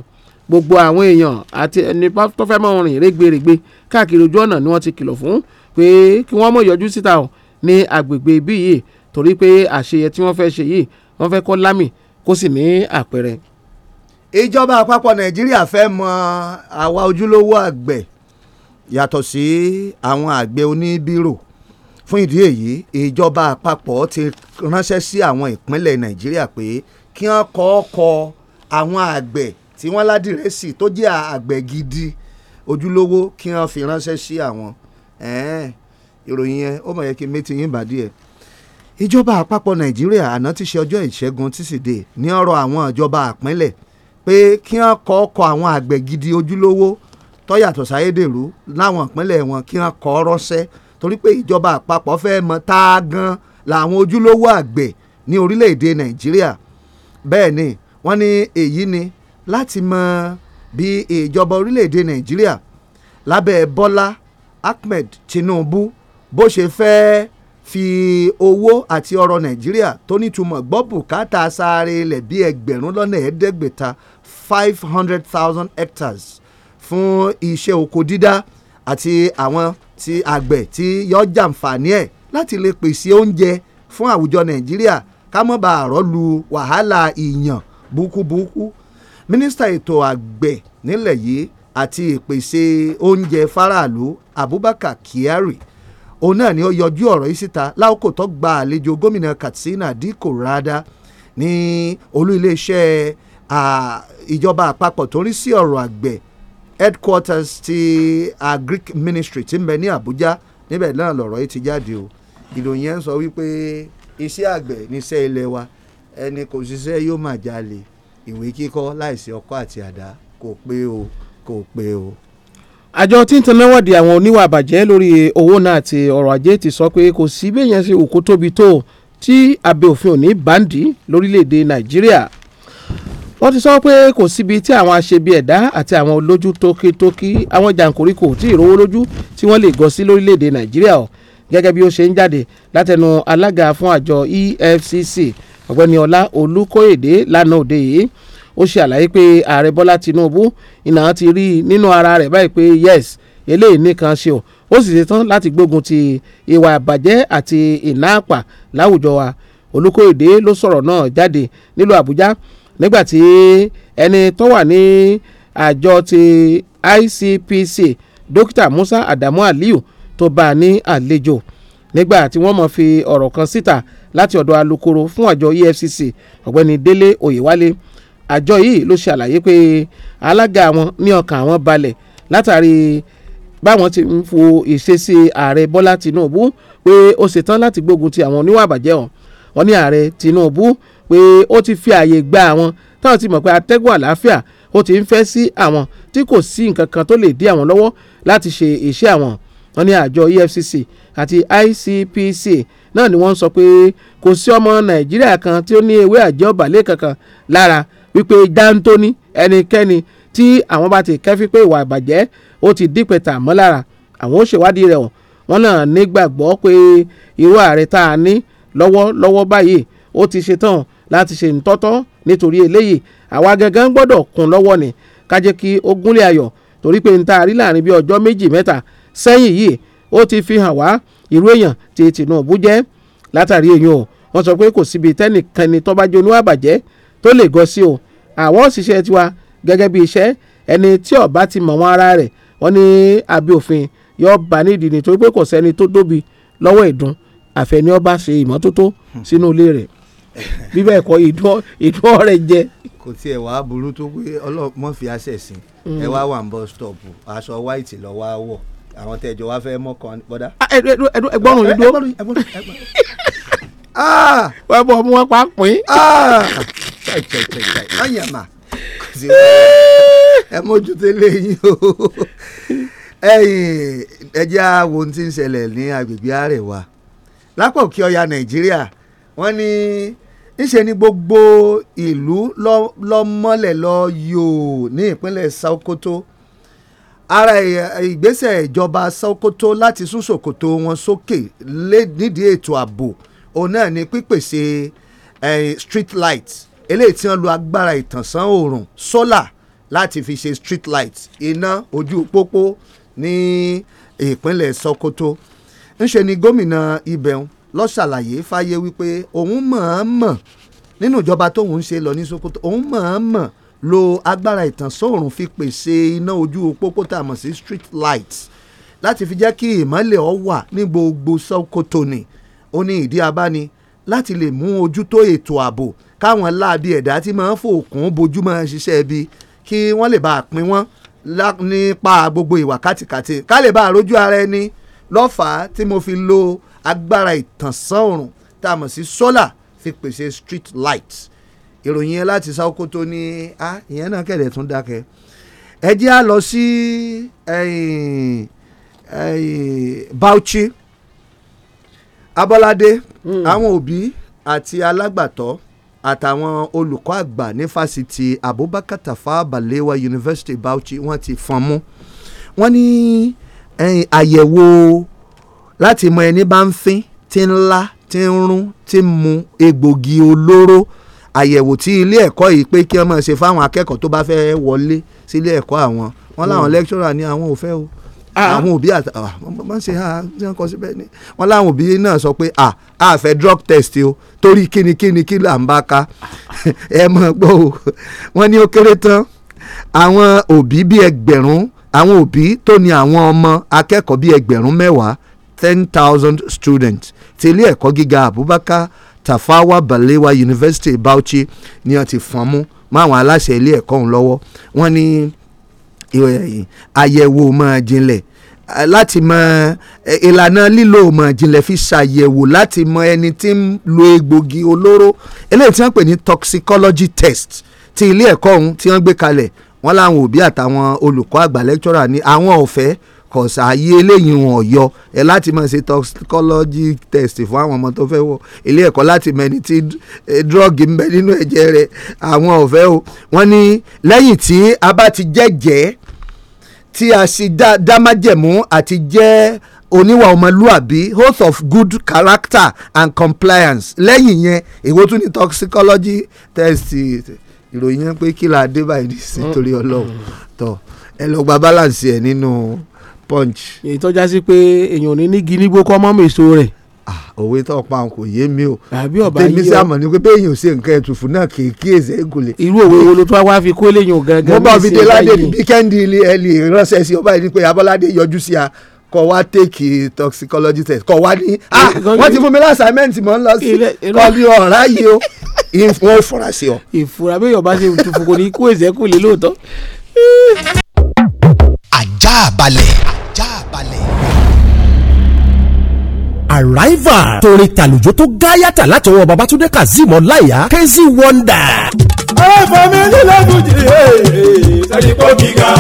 gbogbo àwọn èèyàn àti ẹni tó fẹ́ mọ́ rìn rẹ́gbẹ̀rẹ́gbẹ káàkiri ojú ọ̀nà ni wọ́n ti kìlọ̀ fún pé kí wọ́n mọ̀ yọjú síta o ní agbègbè ibí yìí torí pé àṣeyẹ tí wọ́n fẹ́ ṣe yìí wọ́n fẹ́ kọ́ lámì kó sì ní àpẹẹrẹ. ìjọba àpapọ̀ nàìjíríà fẹ́ mọ àwa ojúlówó àgbẹ̀ yàtọ̀ sí àwọn àgbẹ̀ oníbírò fún ìdí èyí ìjọba àpapọ̀ ti ránṣẹ́ sí àwọn ìpínlẹ̀ nàìjíríà pé kí wọ́n kọ́ kọ àwọn àgbẹ̀ tí wọ́n ládìrẹ́sì tó jẹ́ àgbẹ̀ gidi ojúlówó kí wọ́n fi ránṣẹ́ sí àwọn ìròyìn yẹn ó mọ̀ yẹ kí mẹ́tì yín bá díẹ̀. ìjọba àpapọ̀ nàìjíríà àná ti ṣe ọjọ́ ìṣẹ́gun tíṣídẹ̀ẹ́ ní ọ̀rọ̀ àwọn ìjọba àpínlẹ̀ pé kí wọ́n kọ́ kọ àwọn àgbẹ̀ gidi ojúlówó tó yàtọ̀ sáyédèrú láwọn ìpínlẹ̀ wọn kí wọ́n kọ́ ránṣẹ́ torí pé ìjọba àpapọ̀ fẹ́ mọ tá a gan làwọn ojúlówó àgbẹ̀ ní orílẹ̀-èdè nàìjíríà bẹ́ẹ̀ ni wọ́n ní èyí ni láti mọ bí ìjọba orílẹ̀-èdè nàìjíríà lábẹ́ bọ́lá ahmed tinubu bó ṣe fẹ́ẹ́ fi owó àti ọrọ̀ nàìjíríà tó nítumọ̀ gbọ́ bùkátà sáré ilẹ̀ bíi ẹgbẹ̀rún lọ́nà ẹ̀ẹ́dẹ́gbẹ̀ta five hundred thousand hectares fún iṣẹ́ oko dídá àti àwọn ti àgbẹ̀ tí yọ jàǹfààní ẹ̀ láti lè pèsè oúnjẹ fún àwùjọ nàìjíríà ká má bàa àrọ́lu wàhálà ìyàn búkúbúkú mínísítà ètò àgbẹ̀ nílẹ̀ yìí àti ìpèsè oúnjẹ faraàlú abubakar kyari òun náà ni ó yọjú ọ̀rọ̀ yìí síta láòkò tó gba àlejò gómìnà katsina dikko rada ní olú iléeṣẹ́ ìjọba àpapọ̀ tó ń rí sí ọ̀rọ̀ àgbẹ̀ headquarters ti agric ministry ti ń bẹ ní Àbújá níbẹ̀ náà lọ̀rọ̀ yìí ti jáde o ìròyìn yẹn sọ wípé iṣẹ́ àgbẹ̀ níṣẹ́ ilẹ̀ wa ẹni kò ṣiṣẹ́ yóò máa jalè ìwé kíkọ́ láìsí ọkọ́ àti àdá kò pé o kò pé o. àjọ tí ń tanáwọ́dì àwọn oníwà àbàjẹ́ lórí owó náà àti ọrọ̀ ajé ti sọ pé kò sí bí èèyàn ṣe òkú tóbi tó tí abẹ́ òfin ò ní báńdì lórílẹ̀‐èdè Nàìjíríà wọ́n ti sọ pé kò síbi tí àwọn aṣebi ẹ̀dá àti àwọn olójú tókítókí àwọn jàǹkórí kò tí ì rówó lójú tí wọ́n lè gọ sí lórílẹ̀‐èdè nàìjíríà o gẹ́gẹ́ bí ó ṣe ń jáde látẹnu alága fún àjọ EFCC ọ̀gbẹ́ni ọlá olúkóyèdè lánàá òde yìí ó ṣe àlàyé pé ààrẹ bọ́lá tinubu iná ti rí nínú ara rẹ̀ báyìí pé yes eléyìí nìkan ṣe o ó sì ṣetán láti gbógun ti ìwà àbàjẹ́ àti ìnáàpà láwùjọ wa olúkóyèdè ló sọ̀rọ̀ náà jáde nílùú àbújá nígbàtí ẹni tó wà ní àjọ ti ICPC dókítà Musa Adamu Aliyu tó bá a ní àlejò nígbà tí wọ́n mọ̀ fi ọ̀rọ̀ kan síta láti ọ̀dọ̀ alukoro fún àjọ EFCC ọ̀gbẹ́ni Délé Oyèwálé àjọ yìí ló ṣe àlàyé pé alága àwọn ní ọkàn àwọn balẹ̀ látàrí báwọn ti ń fo ìṣesí ààrẹ Bọ́lá Tinubu pé ó ṣetán láti gbógun ti àwọn oníwà àbàjẹ́ wọn wọn ní ààrẹ Tinubu pé ó ti fi ààyè gba àwọn táwọn ti mọ̀ pé atẹ́gùn àlàáfíà ó ti ń fẹ́ sí àwọn tí kò sí nǹkan kan tó lè dí àwọn lọ́wọ́ láti ṣe iṣẹ́ àwọn wọn ní àjọ EFCC àti ICPC náà ni wọ́n sọ pé kò sí ọmọ Nàìjíríà kan tí ó ní ewé àjẹ́ ọ̀bàlẹ̀ kankan lára wípé dáńtóní ẹnikẹ́ni tí àwọn bá ti kẹ́fí pé ìwà ìbàjẹ́ ó ti dípẹ̀tà mọ́ lára àwọn ó ṣèwádìí rẹ̀ wọ̀n wọn náà nígbàgbọ́ pé irú ààrẹ tá a ní lọ́wọ́lọ́wọ́ báyìí ó ti ṣetán láti ṣe ntọ́tọ́ nítorí eléyìí àwa gangan gbọ́dọ̀ kún lọ́wọ́ ni ká jẹ́ kí ó gúnlẹ̀ ayọ̀ torí pé nta rí láàrin bí ọjọ́ méjì mẹ́ta sẹ́yìn yìí ó ti fi hàn wá irú èèyàn tí Tinubu jẹ́ látàrí èèyàn o wọ́n sọ pé kò síbi tẹ́nìkanni tó bá jẹ́ oníwà bàjẹ́ tó lè gọ sí o àwọn òṣìṣẹ́ tiwa gẹ́gẹ́ bí iṣẹ́ ẹni tí ó ti mọ̀ wọ́n ara rẹ̀ wọ́n ní abẹ́ òfin yóò bá nídìí nítorí pé kò sẹ́ni tó dóbi lọ́wọ́ ìdun àfẹni ó ṣe ìmọ́tótó sínú ilé rẹ̀ bí bẹ́ẹ̀ kọ́ ìdúró rẹ̀ jẹ. kò tiẹ̀ wá burú tó pé ọlọ́mọ fi àṣẹ sí mm. ẹ wá wà ń bọ́ stọ̀pù aṣọ wáìtì lọ wá wọ̀ àwọn tẹ̀jọ wá fẹ́ mọ́ kan bọ́dá. Ah, ẹgbọ́n mi dúró wọ́n <laughs> ah! bọ̀ mú wọn pa pín. ọ̀yàmà ah! kò sí ẹ mójútó lẹ́yìn o ẹ̀yin ẹjẹ àwọn ohun tí ń ṣẹlẹ̀ ní agbègbè àrẹwà lápò kí ọya nàìjíríà wọ́n ní. Ni níṣẹ́ ni gbogbo ìlú lọ mọ́lẹ̀ lọ yòó ní ìpínlẹ̀ Sokoto ara ìgbésẹ̀ ìjọba Sokoto láti sún ṣòkòtò wọn sókè nídìí ètò ààbò òun náà ni pípèsè street light eléyìí tí wọ́n lo agbára ìtànsán oòrùn solar láti fi ṣe street light iná ojú pópó ní ìpínlẹ̀ Sokoto ńṣe ni gómìnà ibẹ̀ ló ṣàlàyé fáyé wípé òun mọ̀ọ́mọ̀ nínú ìjọba tóun ń ṣe lọ ní Sokoto òun mọ̀ọ́mọ̀ lo agbára ìtànsóòrùn fi pèsè iná ojú òpópó tá a mọ̀ sí street lights láti fi jẹ́ kí ìmọ́lẹ̀ ọ wà ní gbogbo Sokoto ni ó ní ìdí abáni láti lè mú ojú tó ètò ààbò káwọn láabi ẹ̀dá tí máa ń fòkun bójúmọ́ ṣiṣẹ́ ibi kí wọ́n lè bá a pín wọ́n nípa gbogbo ìwà kátìkàtì ká lè bá a ara ẹni lọ́fàá tí mo fi lo agbára ìtànsán òrùn tá a mọ̀ sí solar fi pèsè street light ìròyìn yẹn láti Sókótó ní a ìyẹn náà kẹ̀dẹ̀ tún dákẹ́ ẹ jẹ́ à lọ sí Bauchi Abọ́ládé hmm. àwọn òbí àti alágbàtọ́ àtàwọn olùkọ́ àgbà ní fásitì Abubakar Tafawa Balewa University Bauchi wọ́n ti fọ́n mú wọ́n ní àyẹ̀wò láti mọ ẹni bá ń fín tí ń lá tí ń rún tí ń mu egbògi olóró àyẹ̀wò tí ilé ẹ̀kọ́ yìí pé kí wọ́n máa ṣe fáwọn akẹ́kọ̀ọ́ tó bá fẹ́ wọlé sí ilé ẹ̀kọ́ àwọn wọn láwọn hmm. lẹ́kítọ́rà ní àwọn ò fẹ́ o ah. àwọn òbí àti ah, wọ́n ṣe à ah, ṣé wọ́n kọ́ síbẹ̀ ni wọ́n láwọn òbí náà sọ pé à á fẹ́ drug test o torí kíni kíni kí là ń bá ká <laughs> ẹ mọ̀ gbọ́ o wọ́n ní ó kéré tán àwọn òbí bíi ẹgbẹ̀rún àwọn òbí tó ní àwọn ọmọ akẹ́kọ̀ọ́ bíi ẹgbẹ̀rún mẹ́wàá ten thousand students ti ilé ẹ̀kọ́ gíga Abubakar Tafawa Balewa University Bauchi ni wọ́n ti fọ́n mú máwọn aláṣẹ ilé ẹ̀kọ́ ọ̀hún lọ́wọ́ wọ́n ní àyẹ̀wò máa jinlẹ̀ láti mọ ìlànà lílo ìmọ̀ ìjìnlẹ̀ fi ṣàyẹ̀wò láti mọ ẹni tí ń lo egbògi olóró eléyìí tí wọ́n pè ní toxicology test ti ilé ẹ̀kọ́ ọ̀hún tí wọ́n gbé kalẹ̀ wọ́n láwọn òbí àtàwọn olùkọ́ àgbà lẹ́kítọ́rà ní àwọn ọ̀fẹ́ kọ̀sà ayé eléyìí wọn yọ ẹ láti máa ṣe toxicology test fún àwọn ọmọ tó fẹ́ wọ ilé ẹ̀kọ́ láti mẹni tí eh, drug ń bẹ nínú ẹ̀jẹ̀ rẹ̀ àwọn ọ̀fẹ́ o wọ́n ní lẹ́yìn tí a bá ti jẹ́jẹ́ tí a sì dámájẹ̀mú àti jẹ́ oníwà ọmọlúàbí oath of good character and compliance lẹ́yìn yẹn èwo tún ní toxicology test ìròyìn pé kí la dé báyìí nítorí ọlọ́run tó ẹ lọ gba balance ẹ nínú. No punch. èyí tó já sí pé èèyàn ò ní ní gíní gbó kọ́ mọ́mọ́ èso rẹ̀. Ah, òwe tó pa n kò yé mi o tèmi sàmọ̀ ni pé bẹ́ẹ̀ yóò ṣe nǹkan ẹ̀tùfù náà kì í kíyèsí ègùlè. irú òwe wo ló tó wá fi kó léyìn gangan ní ìṣe báyìí. mo bá fi dé ládé ní bíkẹ́ndì ilé ẹ̀ sí ọba ìdí pé abọ́ládé yọjú toxicology test kọ wá ah wọ́n ti fún mi lásàmẹ́ǹtì mọ́ ń lọ sí kọ́ ní ọ̀rá yìí o wọ́n fura sí ọ. ìfura bẹ́ẹ̀ yọba ṣe tuntun kò ní kó èzẹ́kù lé lóòótọ́. ajá balẹ̀. arrival torí tàlùjọ tó gáyàtà láti ọwọ́ babatunde kazeem ọláìyá kẹ́sì Wonder. ọ̀rẹ́ ìfọ̀mí lílẹ̀ fújì ẹ̀ ẹ̀ ṣẹ́ni pọ́ gíga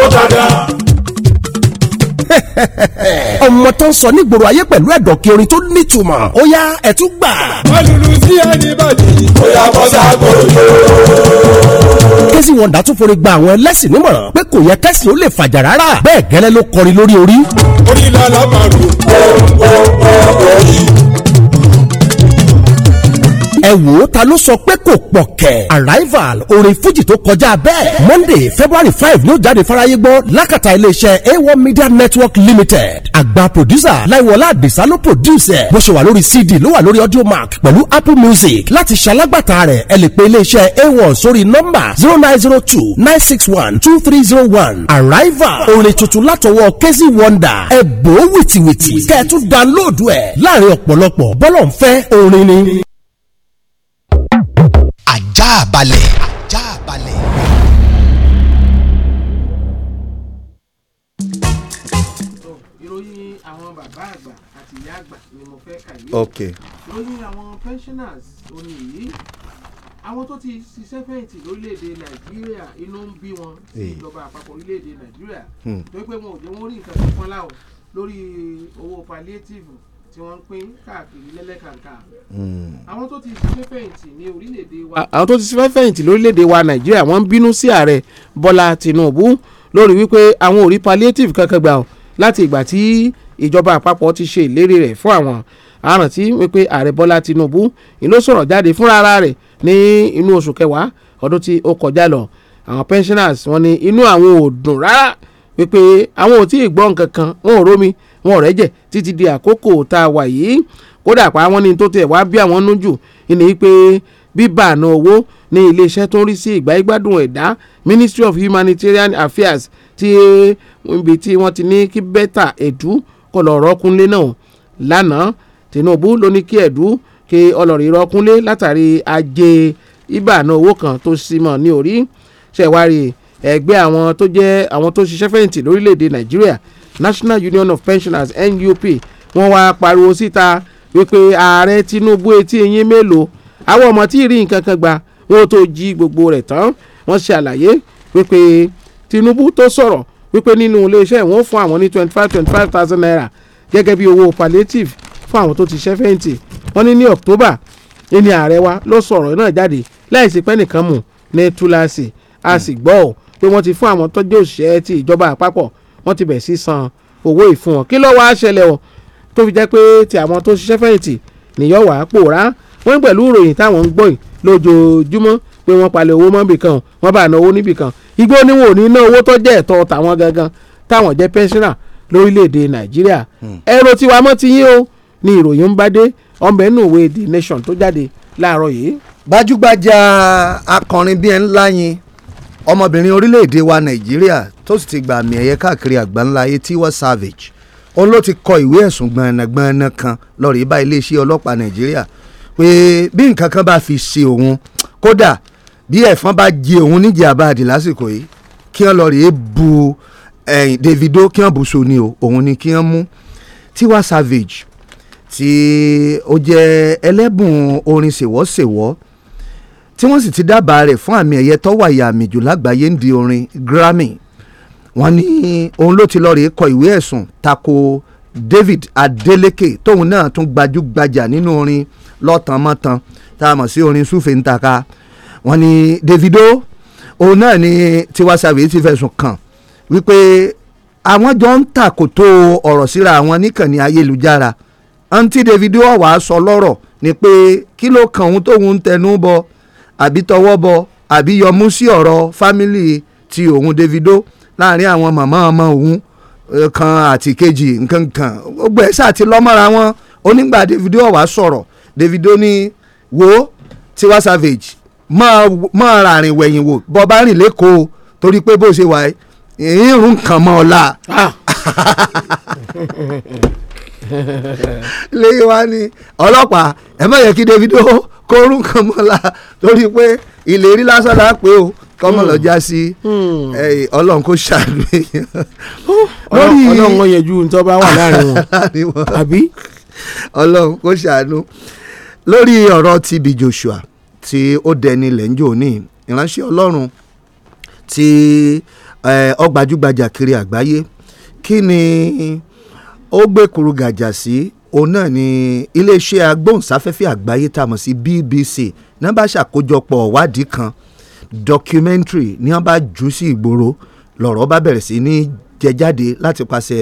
ó padà ọmọ tó ń sọ nígboro ayé pẹ̀lú ẹ̀dọ̀ kiri tó nítumọ̀ ó yá ẹ̀ tún gbà. wọ́n lulu sí ẹni bàjẹ́ ó yá bọ́sà gbòòrò yòó. kẹ́sì wọ̀ndà tún forí gba àwọn ẹlẹ́sìn nímọ̀ràn pé kò yẹ kẹ́sì ó lè fàjà rárá bẹ́ẹ̀ gẹ́lẹ́ ló kọrin lórí orí. orí làlá màrún ó ó ẹ wò ó ta ló sọ pé kò pọ̀ kẹ̀. arrival orin fújì tó kọjá bẹ́ẹ̀. monday february five ló jáde fáráyé gbọ́ lákàtà iléeṣẹ́ a one media network limited. àgbà producer láìwọlá àdìsá ló produce ẹ̀. bó ṣe wà lórí cd ló wà lórí audio mark pẹ̀lú apple music láti ṣalágbàtà rẹ̀ ẹ lè pe iléeṣẹ́ a one sórí nọ́mbà zero nine zero two nine six one two three zero one arrival orin tuntun látọwọ́ kezi wonder ẹ bò ó wìtìwìtì kẹ́ẹ̀ tún download ẹ̀ láàrin ọ̀pọ̀lọpọ̀ bọ́lọ̀ ń fẹ́ orin ni ajá balẹ̀. ok. ìròyìn àwọn pensioners òní yìí àwọn tó ti ṣiṣẹ́ fẹ̀yìntì lórílẹ̀‐èdè nàìjíríà inú ń bí wọn sí ìjọba àpapọ̀ orílẹ̀‐èdè nàìjíríà hmm. tó pé wọn ò jẹ́ wọn rí nǹkan kan láwọn lórí owó palliative tí wọ́n ń pín káàkiri lẹ́lẹ́kàǹkà. Hmm. àwọn tó ti ṣiṣẹ́ fẹ̀yìntì ní orílẹ̀-èdè wa. àwọn tó ti ṣiṣẹ́ fẹ̀yìntì lórílẹ̀-èdè wa nàìjíríà wọ́n ń bínú sí ààrẹ bọ́lá tìǹbù lórí wípé àwọn ò rí palliative kankan gbà láti ìgbà tí ìjọba àpapọ̀ ti ṣe ìlérí rẹ̀ fún àwọn àrántí wípé ààrẹ bọ́lá tìǹbù ìlú sọ̀rọ̀ jáde fúnra rẹ̀ ní inú oṣù kẹwàá ọdún tí ó kọjá lọ àwọn pensioners wọ́n ní inú àwọn ò dùn rárá wípé àwọn ò tí ì gbọ́ nǹkan kan wọn ò rómi wọn ò rẹ́jẹ̀ títí di àkókò tá a wà yìí kódà pa wọ́n ní tó tẹ̀ wá bí àwọn nú jù ní pé bíbàánà owó ní iléeṣẹ́ tó ń rí sí ìgbáyégbádùn ẹ̀dá Ministry of Humanitarian Affairs tí ibi tí wọ́n ti ní kí bẹ́tà ẹ̀dú kọ́ lọ rọ́kúnlé náà lánàá Tinubu ló ní kí ẹ̀dú kí ọlọ́rí rọ́kúnlé látàrí ajé ìbàánà owó kan tó sì mọ̀ ní orí ṣẹ̀wárí ẹgbẹ́ àwọn tó jẹ́ àwọn tó ṣiṣẹ́ fẹ̀yìntì lórílẹ̀‐èdè Nàìjíríà National Union of Pensioners NUP wọ́n wá pariwo síta wípé ààrẹ Tinubu etí eyín mélòó àwọn ọmọ tí ì rí nǹkan kan gbà wọn ò tó jí gbogbo rẹ̀ tán wọ́n ṣe wípé Tinubu tó sọ̀rọ̀ wípé nínú iléeṣẹ́ ìwọ̀n fún àwọn ní twenty five twenty five thousand naira gẹ́gẹ́ bí owó palliative fún àwọn tó ti ṣẹ́ fẹ̀yìntì wọ́n ní ní October ní ààrẹ wa ló sọ̀rọ̀ náà jáde láìsí pẹ́ nìkan mú ní túláàsì a sì gbọ́ ọ pé wọ́n ti fún àwọn tọ́jú òṣìṣẹ́ ti ìjọba àpapọ̀ wọ́n ti bẹ̀rẹ̀ sí san owó ìfún wọn kí ló wá ṣẹlẹ̀ o tó fi jẹ́ pé ti àwọn tó ṣiṣẹ́ fẹ̀yìntì nìyọ́ wàá pòórá wọ́n ń pẹ̀lú ìròyìn táwọn ń gbọ́ yìí lójoojúmọ́ pé wọ́n palẹ̀ owó mọ́ bìkan wọ́n bá ná owó níbìkan igbó ni wọn ò ní ná owó tó jẹ́ ẹ̀tọ́ tàwọn gangan táwọn jẹ́ pẹ́ńsínà lórílẹ̀‐èdè nàìjíríà hmm. ẹ̀rọ tiwa mọ́ ti yín o ni ìròyìn ń bá dé ọmọ ẹnu ìwé the nation tó jáde láàárọ̀ yìí. gbajúgbajà akọrin bíi ẹ̀ ńlá yín ọmọbìnrin orílẹ̀-èdè wa nàìjíríà tó sì ti gba àmì ẹ̀yẹ káàkiri àgbáńlá ayé Tiwa Savage òun ló ti kọ ìwé ẹ̀sùn gbọ̀nàgbọ̀nà kan lọ́ọ̀rì bá iléeṣẹ́ ọlọ́pàá nàìjíríà pé bí nǹkan kan bá fi ṣe òun kódà bí ẹ̀fọn bá jẹ òun níjẹ àbáàdì lásìkò yìí kí wọ́n lọ́ọ̀rì bu Davido kí wọ́n bu so o òun ni kí wọ́n mú Tiwa Savage tí ó jẹ́ ẹlẹ́bùn orin ṣèwọ́ṣèwọ́ tí wọ́n sì ti dábàá rẹ̀ fún àmì ẹ̀yẹ tó wàyà àmì jù lágbàáyé ń di orin Grammy wọ́n ní òun ló ti lọ rèé kọ ìwé ẹ̀sùn tako David Adeleke tóun náà tún gbajúgbajà nínú orin lọ́tànmọ́tàn tá a mọ̀ sí orin súfè ń taka wọ́n ní Davido òun náà ni Tiwa Savage ti fẹ̀sùn kàn wípé àwọn jọ ń tàkòtò ọ̀rọ̀ síra àwọn níkànnì ayélujára àǹtí Davido ọ̀wá sọ lọ́rọ̀ ni pé kí ló kàn òun tóun tẹnu bọ̀ àbí tọwọ́ bọ àbí yọmú sí ọ̀rọ̀ fámìlì ti òun Davido láàrin àwọn màmá ọmọ òun eh, kan àti kejì nǹkan kan gbogbo ẹ̀ sáà ti lọ́mọ́ra wọn onígbà Davido ọ̀wá sọ̀rọ̀ Davido ni wo Tiwa Savage máa ràrìn wẹ̀yìn wò bọ́ bá rìn lẹ́kọ̀ọ́ torí pé bó ṣe wà ìrún kan mọ́ ọ la ah! <laughs> lẹ́yìn wá ní ọlọ́pàá ẹ má yẹ kí Davido kórún kan mọ́la torí pé ìlérí lásán la pé o kọ́mọ lọ hmm. já sí hmm. ọlọ́run kò ṣàánú èèyàn. lórí ọlọ́run wọn yẹn ju nítorí bá wà láàrin wọn <laughs> àbí. ọlọ́run kò ṣàánú lórí ọ̀rọ̀ TB Joshua tí ó dẹni lẹ́njọ́ ní ìránṣẹ́ ọlọ́run tí ó gbajúgbajà kiri àgbáyé kí ni ó gbé kuru gàjà sí òun náà ni iléeṣẹ́ agbóhùnsáfẹ́fẹ́ àgbáyé tá a mọ̀ sí BBC náà bá ṣàkójọpọ̀ ìwádìí kan documentary ni wọ́n bá jù sí ìgboro lọ̀rọ̀ bá bẹ̀rẹ̀ sí ní jẹjáde láti pàṣẹ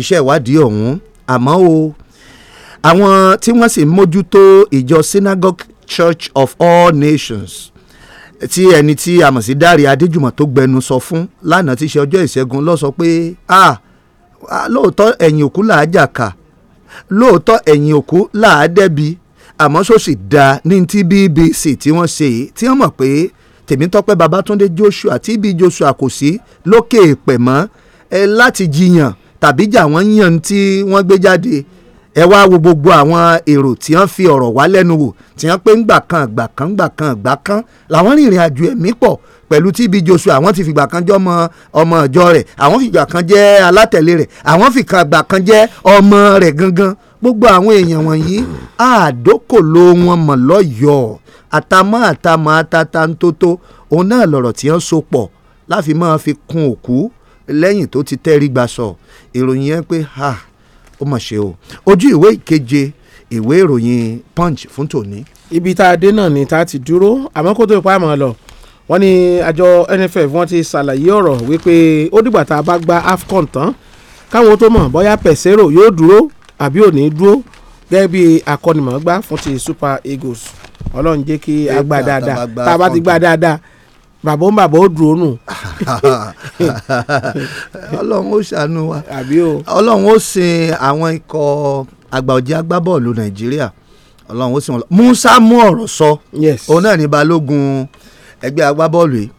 iṣẹ́ ìwádìí ọ̀hún àmọ́ o àwọn tí wọ́n sì mójútó ìjọ synagogue church of all nations tí ẹni tí a mọ̀ sí Dáre Adéjùmọ̀ tó gbẹnu sọ fún lánàá tí ṣe ọjọ́ ìṣẹ́gun ló pé ah lóòótọ́ ẹ̀yìn òkú làájà kà lóòótọ́ ẹ̀yìn òkú láàdẹ́bi àmọ́ sọ́sì da ní ti BBC tí wọ́n ṣe yìí tí wọ́n mọ̀ pé Tèmítọ́pẹ́ Babátúndé Joshua tí ibi Joshua kò sí lókè èèpẹ̀ mọ́ ẹ láti jiyàn tàbí jà wọ́n yàn tí wọ́n gbé jáde ẹ wá wo gbogbo àwọn èrò tí wọ́n fi ọ̀rọ̀ wá lẹ́nu wò tí wọ́n pé ńgbà kan ìgbà kan ìgbà kan ìgbà kan làwọn rìnrìn àjò ẹ̀mí pọ̀ pẹ̀lú TB Joshua àwọn ti fìgbà kan jẹ́ ọmọ ọmọ ìjọ rẹ̀ àwọn fìgbà kan jẹ́ alátẹ̀lé rẹ̀ àwọn fìgbà kan jẹ́ ọmọ rẹ̀ gangan gbogbo àwọn èèyàn wọ̀nyí àdókòló wọn mọ̀ lọ́yọ̀ọ́ àtàmọ́ àtàmọ́ àtàtàntótó òun náà lọ̀rọ̀ tí wọ́n so pọ̀ láfi máa fi kun òkú lẹ́yìn tó ti tẹ́rí gbà sọ ìròyìn yẹn pé ó mọ̀ ṣe o ojú ìwé ìkeje ìwé ìròyìn punch fún tòní. ibi tá a dé náà ni tá a ti dúró àmọ́ kó tó ipa àmọ́ lọ wọ́n ní àjọ NFF wọ́n ti ṣàlàyé ọ̀rọ̀ wípé ó dìgbà tá a bá gba AFCON tán káwọn tó mọ̀ bóyá pẹ̀sẹ́rò yóò dúró àbí ò ní dúró gẹ́gẹ́ bí akọ́nimọ̀ọ́gbá fún ti Super Eagles ọlọ́run jẹ́ kí a gbà dáadáa tá a bá ti gbà dáadáa bàbá ń bàbá ó dúró nù. <laughs> ọlọ́run ó ṣàánú wa ọlọ́run ó sin àwọn ikọ̀ àgbà ọ̀jẹ̀ agbábọ́ọ̀lù nàìjíríà ọlọ́run ó sin wọn lọ musa mú ọ̀rọ̀ sọ òun náà ní balógun ẹgbẹ́ agbábọ́ọ̀lù yìí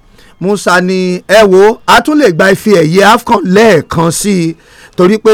musa ní ẹ wo a tún lè gba ife ẹ̀yẹ afcon lẹ́ẹ̀kan sí i torí pé